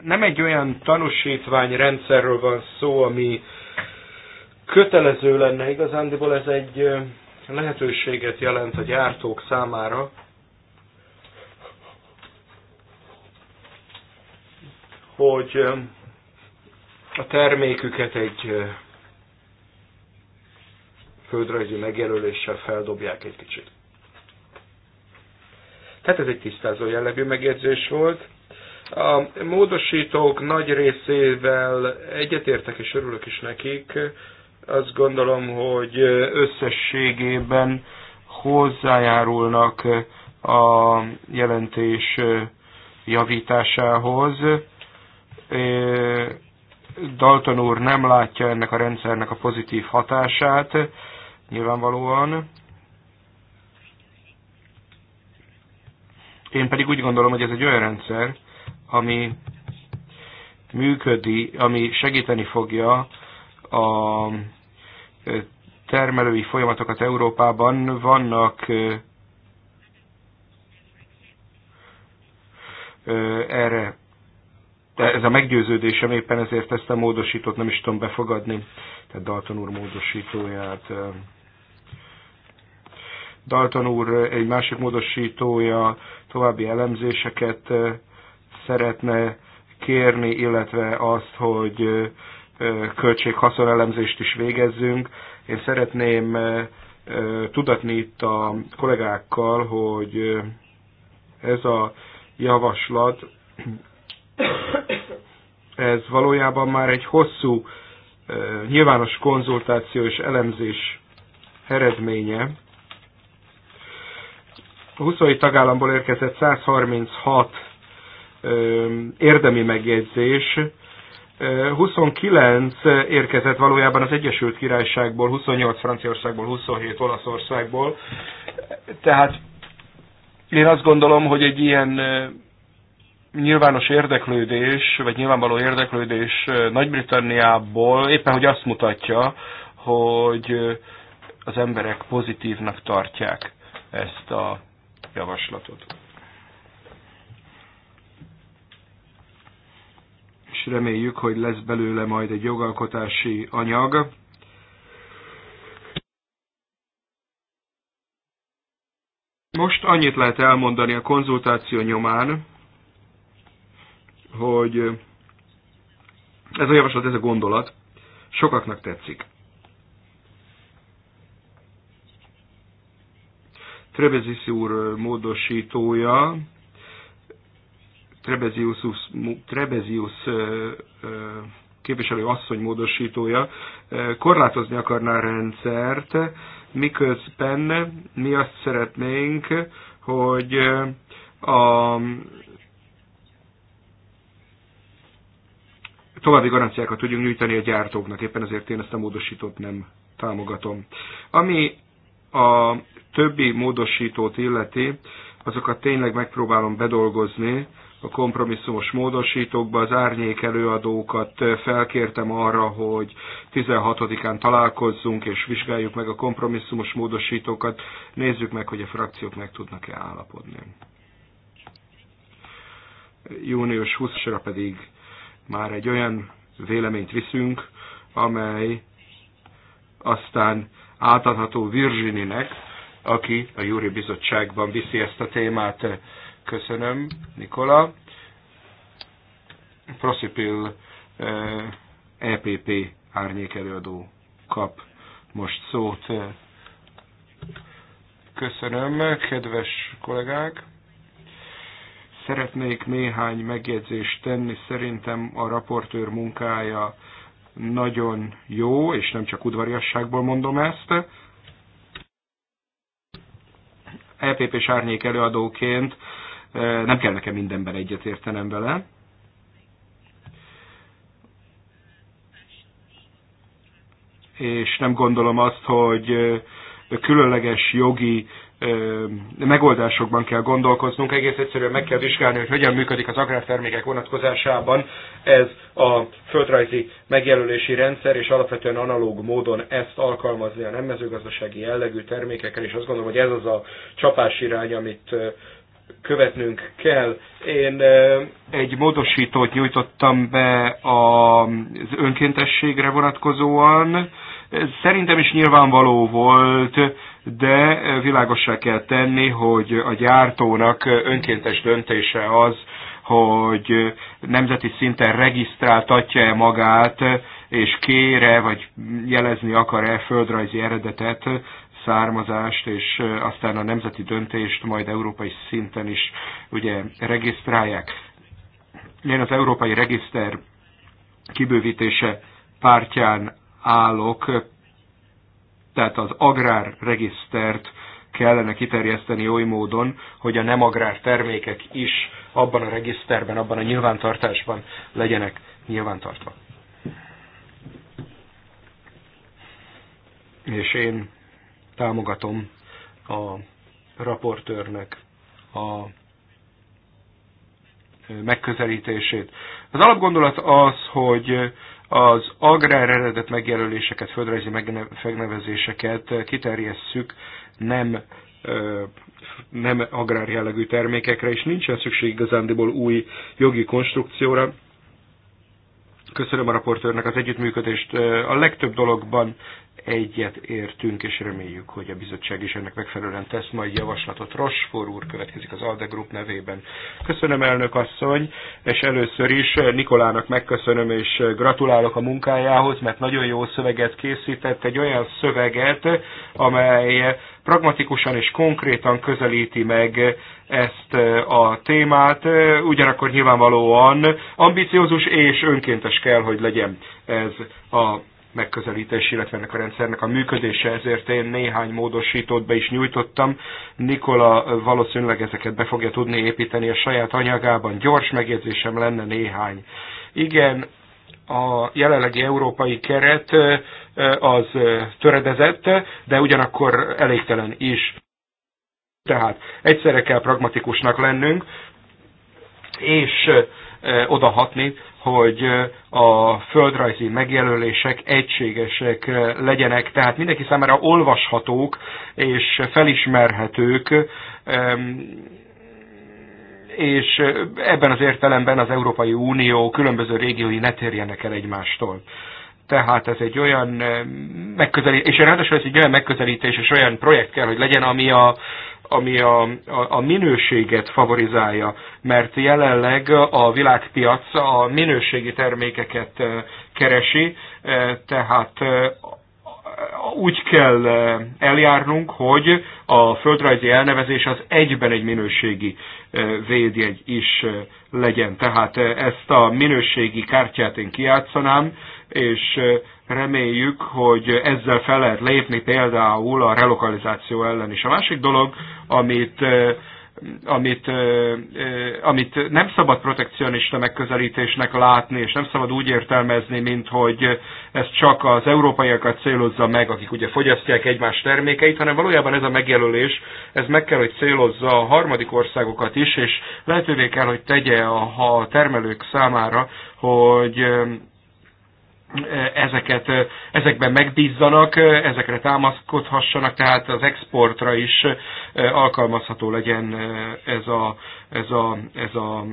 Nem egy olyan rendszerről van szó, ami kötelező lenne igazándiból, ez egy lehetőséget jelent a gyártók számára, hogy a terméküket egy földrajzi megjelöléssel feldobják egy kicsit. Tehát ez egy tisztázó jellegű megjegyzés volt. A módosítók nagy részével egyetértek és örülök is nekik. Azt gondolom, hogy összességében hozzájárulnak a jelentés javításához. Dalton úr nem látja ennek a rendszernek a pozitív hatását, nyilvánvalóan. Én pedig úgy gondolom, hogy ez egy olyan rendszer, ami működi, ami segíteni fogja a termelői folyamatokat Európában. Vannak erre de ez a meggyőződésem éppen ezért ezt a módosítót nem is tudom befogadni, tehát Dalton úr módosítóját. Dalton úr egy másik módosítója további elemzéseket szeretne kérni, illetve azt, hogy költség-haszon elemzést is végezzünk. Én szeretném tudatni itt a kollégákkal, hogy ez a javaslat ez valójában már egy hosszú eh, nyilvános konzultáció és elemzés eredménye. A 27 tagállamból érkezett 136 eh, érdemi megjegyzés, 29 eh, érkezett valójában az Egyesült Királyságból, 28 Franciaországból, 27 Olaszországból. Tehát én azt gondolom, hogy egy ilyen nyilvános érdeklődés, vagy nyilvánvaló érdeklődés Nagy-Britanniából éppen, hogy azt mutatja, hogy az emberek pozitívnak tartják ezt a javaslatot. És reméljük, hogy lesz belőle majd egy jogalkotási anyag. Most annyit lehet elmondani a konzultáció nyomán, hogy ez a javaslat, ez a gondolat sokaknak tetszik. Trebeziszi úr módosítója, Trebezius, Trebezius képviselő asszony módosítója korlátozni akarná a rendszert, miközben mi azt szeretnénk, hogy a további garanciákat tudjunk nyújtani a gyártóknak. Éppen ezért én ezt a módosítót nem támogatom. Ami a többi módosítót illeti, azokat tényleg megpróbálom bedolgozni a kompromisszumos módosítókba. Az árnyék előadókat eh, felkértem arra, hogy 16-án találkozzunk és vizsgáljuk meg a kompromisszumos módosítókat. Nézzük meg, hogy a frakciók meg tudnak-e állapodni. Június 20-ra pedig már egy olyan véleményt viszünk, amely aztán átadható Virgininek, aki a Júri Bizottságban viszi ezt a témát. Köszönöm, Nikola. Prosipil EPP eh, e árnyékelőadó kap most szót. Köszönöm, kedves kollégák! Szeretnék néhány megjegyzést tenni, szerintem a raportőr munkája nagyon jó, és nem csak udvariasságból mondom ezt. LPP e és árnyék előadóként eh, nem kell nekem mindenben egyetértenem vele. És nem gondolom azt, hogy eh, különleges jogi megoldásokban kell gondolkoznunk, egész egyszerűen meg kell vizsgálni, hogy hogyan működik az agrártermékek vonatkozásában ez a földrajzi megjelölési rendszer, és alapvetően analóg módon ezt alkalmazni a nem mezőgazdasági jellegű termékekkel, és azt gondolom, hogy ez az a csapás irány, amit követnünk kell. Én egy módosítót nyújtottam be az önkéntességre vonatkozóan. Szerintem is nyilvánvaló volt, de világosra kell tenni, hogy a gyártónak önkéntes döntése az, hogy nemzeti szinten regisztráltatja-e magát, és kére, vagy jelezni akar-e földrajzi eredetet, származást, és aztán a nemzeti döntést majd európai szinten is ugye regisztrálják. Én az európai regiszter kibővítése pártján állok, tehát az agrárregisztert kellene kiterjeszteni oly módon, hogy a nem agrár termékek is abban a regiszterben, abban a nyilvántartásban legyenek nyilvántartva. És én támogatom a raportőrnek a megközelítését. Az alapgondolat az, hogy az agrár eredet megjelöléseket, földrajzi megnevezéseket kiterjesszük nem, nem agrár jellegű termékekre, és nincsen szükség igazándiból új jogi konstrukcióra. Köszönöm a raportőrnek az együttműködést. A legtöbb dologban egyet értünk, és reméljük, hogy a bizottság is ennek megfelelően tesz majd javaslatot. Rosfor úr következik az ALDE Group nevében. Köszönöm, elnök asszony, és először is Nikolának megköszönöm, és gratulálok a munkájához, mert nagyon jó szöveget készített, egy olyan szöveget, amely pragmatikusan és konkrétan közelíti meg ezt a témát, ugyanakkor nyilvánvalóan ambiciózus és önkéntes kell, hogy legyen ez a megközelítés, illetve ennek a rendszernek a működése, ezért én néhány módosítót be is nyújtottam. Nikola valószínűleg ezeket be fogja tudni építeni a saját anyagában. Gyors megjegyzésem lenne néhány. Igen, a jelenlegi európai keret az töredezett, de ugyanakkor elégtelen is. Tehát egyszerre kell pragmatikusnak lennünk, és odahatni hogy a földrajzi megjelölések egységesek legyenek, tehát mindenki számára olvashatók és felismerhetők, és ebben az értelemben az Európai Unió különböző régiói ne térjenek el egymástól. Tehát ez egy olyan megközelítés, és ráadásul ez egy olyan megközelítés és olyan projekt kell, hogy legyen, ami a ami a, a, a minőséget favorizálja, mert jelenleg a világpiac a minőségi termékeket eh, keresi, eh, tehát eh, úgy kell eljárnunk, hogy a földrajzi elnevezés az egyben egy minőségi védjegy is legyen. Tehát ezt a minőségi kártyát én kiátszanám, és reméljük, hogy ezzel fel lehet lépni például a relokalizáció ellen is. A másik dolog, amit amit, amit nem szabad protekcionista megközelítésnek látni, és nem szabad úgy értelmezni, mint hogy ez csak az európaiakat célozza meg, akik ugye fogyasztják egymás termékeit, hanem valójában ez a megjelölés, ez meg kell, hogy célozza a harmadik országokat is, és lehetővé kell, hogy tegye a, a termelők számára, hogy ezeket, ezekben megbízzanak, ezekre támaszkodhassanak, tehát az exportra is alkalmazható legyen ez a, ez a, ez a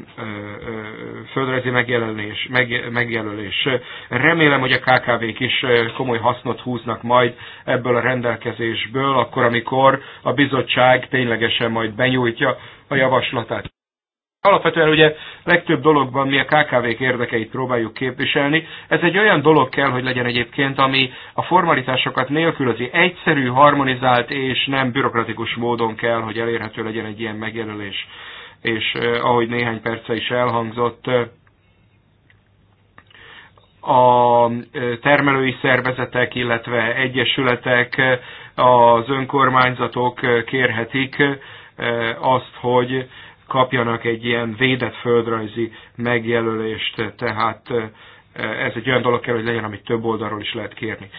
földrajzi megjelölés, meg, megjelölés. Remélem, hogy a KKV-k is komoly hasznot húznak majd ebből a rendelkezésből, akkor, amikor a bizottság ténylegesen majd benyújtja a javaslatát. Alapvetően ugye legtöbb dologban mi a KKV-k érdekeit próbáljuk képviselni. Ez egy olyan dolog kell, hogy legyen egyébként, ami a formalitásokat nélkülözi. Egyszerű, harmonizált és nem bürokratikus módon kell, hogy elérhető legyen egy ilyen megjelölés. És eh, ahogy néhány perce is elhangzott, eh, a eh, termelői szervezetek, illetve egyesületek, eh, az önkormányzatok kérhetik azt, hogy kapjanak egy ilyen védett földrajzi megjelölést, tehát ez egy olyan dolog kell, hogy legyen, amit több oldalról is lehet kérni.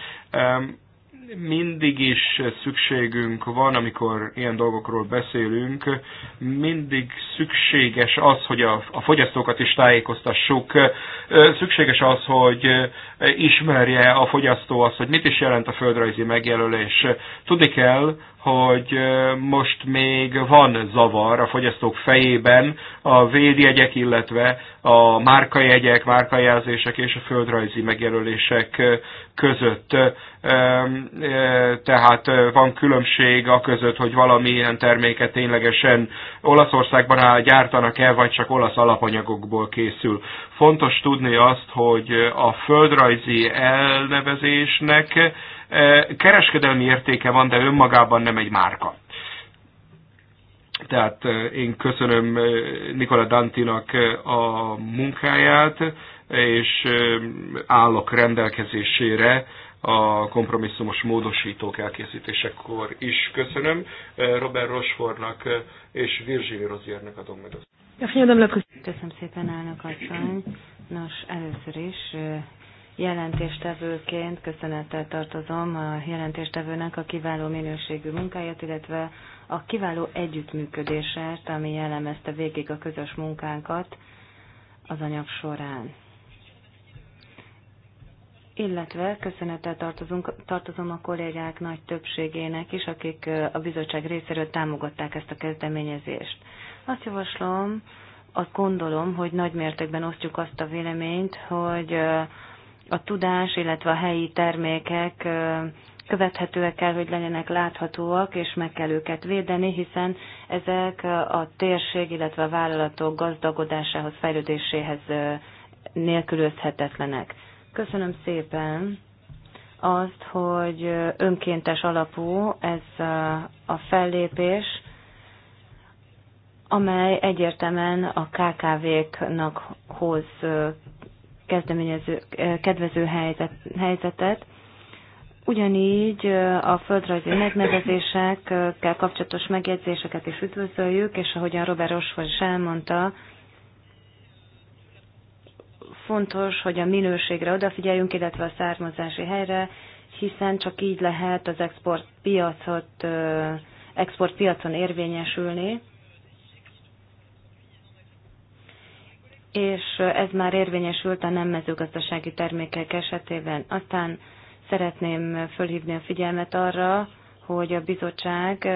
Mindig is szükségünk van, amikor ilyen dolgokról beszélünk, mindig szükséges az, hogy a, a fogyasztókat is tájékoztassuk, szükséges az, hogy ismerje a fogyasztó azt, hogy mit is jelent a földrajzi megjelölés. Tudni kell, hogy most még van zavar a fogyasztók fejében a védjegyek, illetve a márkajegyek, márkajelzések és a földrajzi megjelölések között. Tehát van különbség a között, hogy valamilyen terméket ténylegesen Olaszországban gyártanak el, vagy csak olasz alapanyagokból készül. Fontos tudni azt, hogy a földrajzi elnevezésnek kereskedelmi értéke van, de önmagában nem egy márka. Tehát én köszönöm Nikola Dantinak a munkáját, és állok rendelkezésére a kompromisszumos módosítók elkészítésekor is köszönöm. Robert Rosfornak és Virginie Roziernek adom meg azt. Köszönöm szépen, elnök asszony. Nos, először is jelentéstevőként köszönettel tartozom a jelentéstevőnek a kiváló minőségű munkáját, illetve a kiváló együttműködésért, ami jellemezte végig a közös munkánkat az anyag során. Illetve köszönettel tartozunk, tartozom a kollégák nagy többségének is, akik a bizottság részéről támogatták ezt a kezdeményezést. Azt javaslom, azt gondolom, hogy nagy mértékben osztjuk azt a véleményt, hogy a tudás, illetve a helyi termékek követhetőek kell, hogy legyenek láthatóak, és meg kell őket védeni, hiszen ezek a térség, illetve a vállalatok gazdagodásához, fejlődéséhez nélkülözhetetlenek. Köszönöm szépen azt, hogy önkéntes alapú ez a fellépés, amely egyértelműen a KKV-knak hoz kezdeményező, eh, kedvező helyzet, helyzetet. Ugyanígy eh, a földrajzi megnevezésekkel kapcsolatos megjegyzéseket is üdvözöljük, és ahogyan Robert Osfors is elmondta, fontos, hogy a minőségre odafigyeljünk, illetve a származási helyre, hiszen csak így lehet az export piacot, eh, export piacon érvényesülni. és ez már érvényesült a nem mezőgazdasági termékek esetében. Aztán szeretném fölhívni a figyelmet arra, hogy a bizottság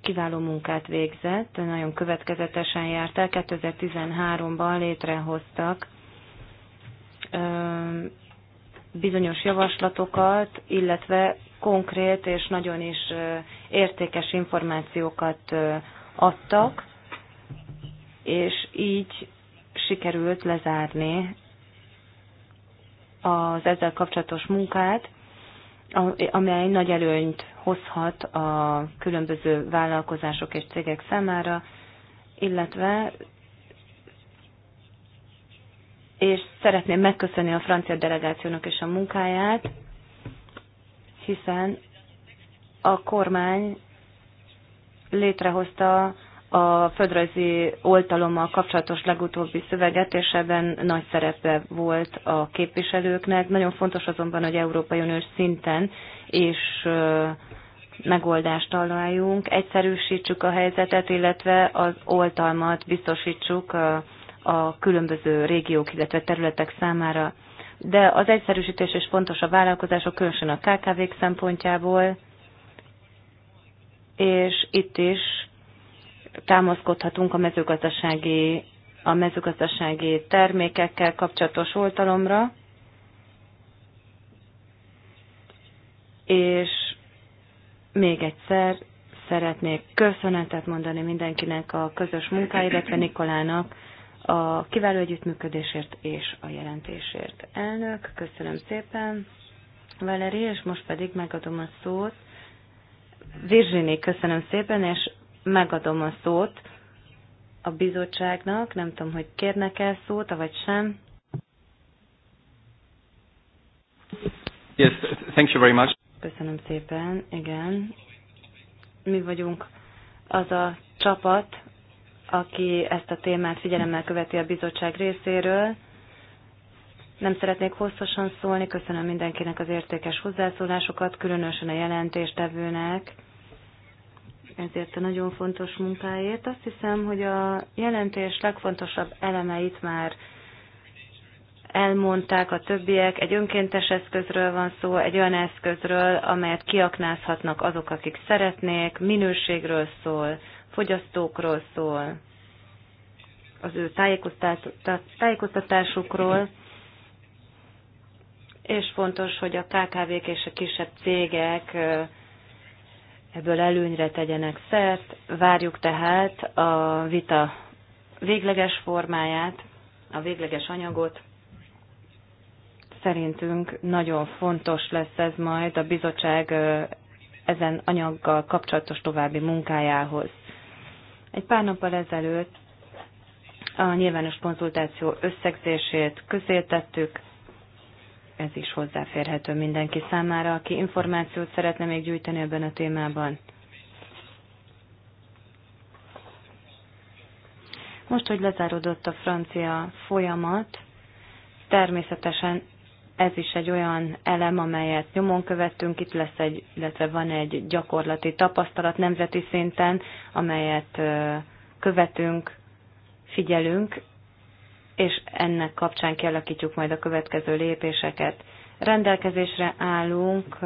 kiváló munkát végzett, nagyon következetesen járt el. 2013-ban létrehoztak bizonyos javaslatokat, illetve konkrét és nagyon is értékes információkat adtak és így sikerült lezárni az ezzel kapcsolatos munkát, amely nagy előnyt hozhat a különböző vállalkozások és cégek számára, illetve és szeretném megköszönni a francia delegációnak is a munkáját, hiszen a kormány létrehozta a földrajzi oltalommal kapcsolatos legutóbbi szöveget, és ebben nagy szerepe volt a képviselőknek. Nagyon fontos azonban, hogy Európai Uniós szinten és megoldást találjunk, egyszerűsítsük a helyzetet, illetve az oltalmat biztosítsuk a, a különböző régiók, illetve területek számára. De az egyszerűsítés és fontos a vállalkozások, különösen a KKV-k szempontjából, és itt is támaszkodhatunk a mezőgazdasági, a mezőgazdasági termékekkel kapcsolatos oltalomra, és még egyszer szeretnék köszönetet mondani mindenkinek a közös munkáért, illetve Nikolának a kiváló együttműködésért és a jelentésért. Elnök, köszönöm szépen, Valeri, és most pedig megadom a szót. Virzsini, köszönöm szépen, és megadom a szót a bizottságnak, nem tudom, hogy kérnek el szót, vagy sem. Yes, thank you very much. Köszönöm szépen, igen. Mi vagyunk az a csapat, aki ezt a témát figyelemmel követi a bizottság részéről. Nem szeretnék hosszasan szólni, köszönöm mindenkinek az értékes hozzászólásokat, különösen a jelentéstevőnek ezért a nagyon fontos munkáért. Azt hiszem, hogy a jelentés legfontosabb elemeit már elmondták a többiek, egy önkéntes eszközről van szó, egy olyan eszközről, amelyet kiaknázhatnak azok, akik szeretnék, minőségről szól, fogyasztókról szól, az ő tájékoztatásukról, és fontos, hogy a KKV-k és a kisebb cégek ebből előnyre tegyenek szert. Várjuk tehát a vita végleges formáját, a végleges anyagot. Szerintünk nagyon fontos lesz ez majd a bizottság ezen anyaggal kapcsolatos további munkájához. Egy pár nappal ezelőtt a nyilvános konzultáció összegzését közéltettük, ez is hozzáférhető mindenki számára, aki információt szeretne még gyűjteni ebben a témában. Most, hogy lezáródott a francia folyamat, természetesen ez is egy olyan elem, amelyet nyomon követtünk, itt lesz egy, illetve van egy gyakorlati tapasztalat nemzeti szinten, amelyet követünk, figyelünk, és ennek kapcsán kialakítjuk majd a következő lépéseket. Rendelkezésre állunk,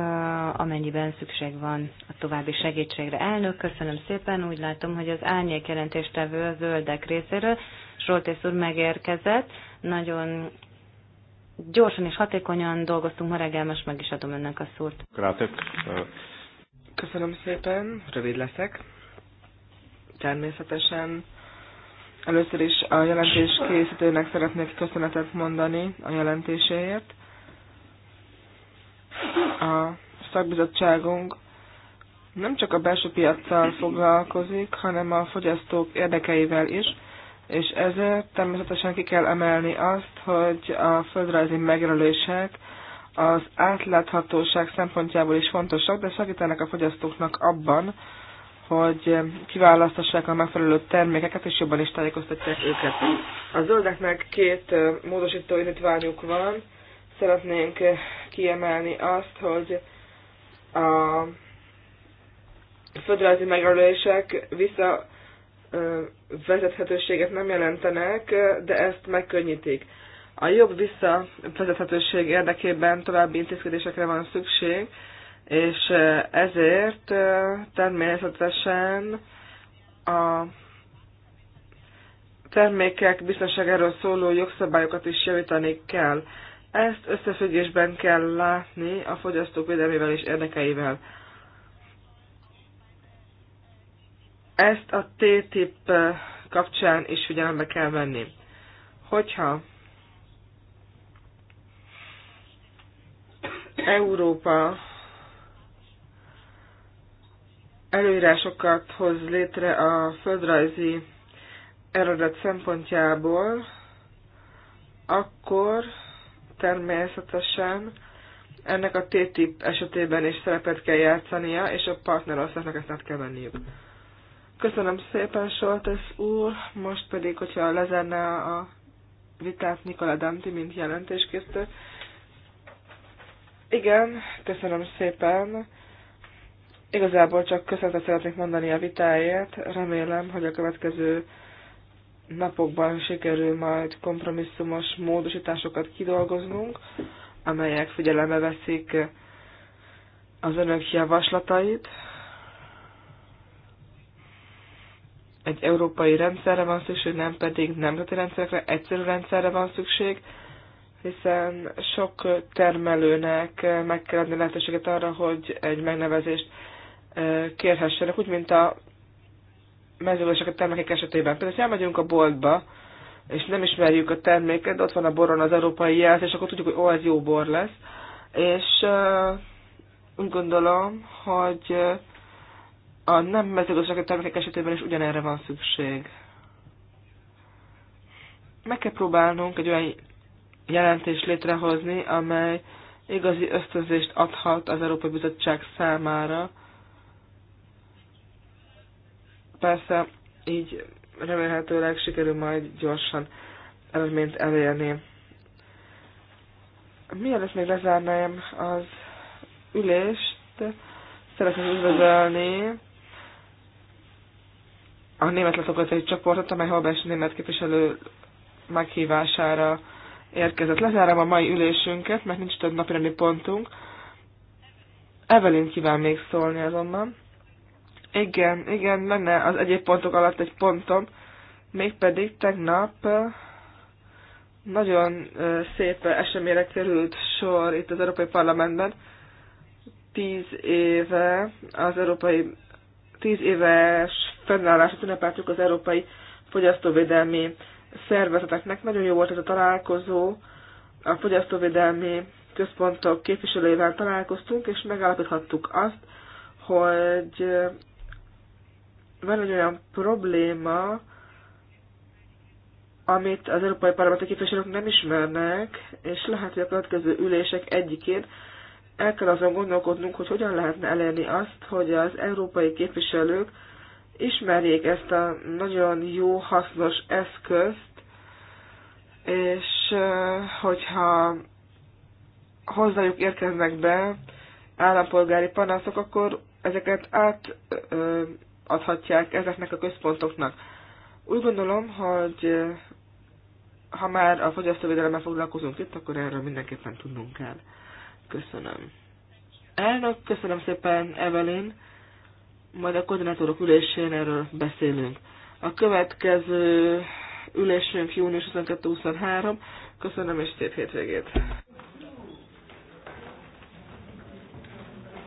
amennyiben szükség van a további segítségre. Elnök, köszönöm szépen, úgy látom, hogy az árnyék jelentéstevő a zöldek részéről, Soltész úr megérkezett, nagyon gyorsan és hatékonyan dolgoztunk ma reggel, most meg is adom önnek a szót. Köszönöm szépen, rövid leszek. Természetesen Először is a jelentés készítőnek szeretnék köszönetet mondani a jelentéséért. A szakbizottságunk nem csak a belső piaccal foglalkozik, hanem a fogyasztók érdekeivel is, és ezért természetesen ki kell emelni azt, hogy a földrajzi megjelölések az átláthatóság szempontjából is fontosak, de segítenek a fogyasztóknak abban, hogy kiválasztassák a megfelelő termékeket, és jobban is tájékoztatják őket. A zöldeknek két módosító indítványuk van. Szeretnénk kiemelni azt, hogy a földrajzi megjelölések vezethetőséget nem jelentenek, de ezt megkönnyítik. A jobb visszavezethetőség érdekében további intézkedésekre van szükség, és ezért természetesen a termékek biztonságáról szóló jogszabályokat is javítani kell. Ezt összefüggésben kell látni a fogyasztók védelmével és érdekeivel. Ezt a T-tip kapcsán is figyelembe kell venni. Hogyha Európa előírásokat hoz létre a földrajzi eredet szempontjából, akkor természetesen ennek a TTIP esetében is szerepet kell játszania, és a partnerországnak ezt át kell venniük. Köszönöm szépen, Soltesz úr, most pedig, hogyha lezárná a vitát Nikola Danti, mint jelentéskészítő. Igen, köszönöm szépen Igazából csak köszönetet szeretnék mondani a vitáért. Remélem, hogy a következő napokban sikerül majd kompromisszumos módosításokat kidolgoznunk, amelyek figyelembe veszik az önök javaslatait. Egy európai rendszerre van szükség, nem pedig nemzeti rendszerekre, egyszerű rendszerre van szükség, hiszen sok termelőnek meg kell adni lehetőséget arra, hogy egy megnevezést kérhessenek, úgy, mint a mezőgazdasági termékek esetében. Például, ha elmegyünk a boltba, és nem ismerjük a terméket, de ott van a boron az európai jelz, és akkor tudjuk, hogy ó, ez jó bor lesz. És uh, úgy gondolom, hogy a nem mezőgazdasági termékek esetében is ugyanerre van szükség. Meg kell próbálnunk egy olyan jelentést létrehozni, amely igazi ösztönzést adhat az Európai Bizottság számára, Persze így remélhetőleg sikerül majd gyorsan eredményt elérni. Mielőtt még lezárnám az ülést, szeretném üdvözölni a német egy csoportot, amely Holbein német képviselő meghívására érkezett. Lezárom a mai ülésünket, mert nincs több napirendi pontunk. Evelyn kíván még szólni azonban. Igen, igen, lenne az egyéb pontok alatt egy pontom, mégpedig tegnap nagyon szép eseményre került sor itt az Európai Parlamentben. Tíz éve az európai, tíz éves fennállását ünnepeltük az Európai Fogyasztóvédelmi Szervezeteknek. Nagyon jó volt ez a találkozó, a fogyasztóvédelmi központok képviselőivel találkoztunk, és megállapíthattuk azt, hogy van egy olyan probléma, amit az európai parlamenti képviselők nem ismernek, és lehet, hogy a következő ülések egyikén el kell azon gondolkodnunk, hogy hogyan lehetne elérni azt, hogy az európai képviselők ismerjék ezt a nagyon jó, hasznos eszközt, és hogyha hozzájuk érkeznek be állampolgári panaszok, akkor ezeket át adhatják ezeknek a központoknak. Úgy gondolom, hogy eh, ha már a fogyasztóvédelemmel foglalkozunk itt, akkor erről mindenképpen tudnunk kell. Köszönöm. Elnök, köszönöm szépen, Evelyn. Majd a koordinátorok ülésén erről beszélünk. A következő ülésünk június 22-23. Köszönöm és szép hétvégét!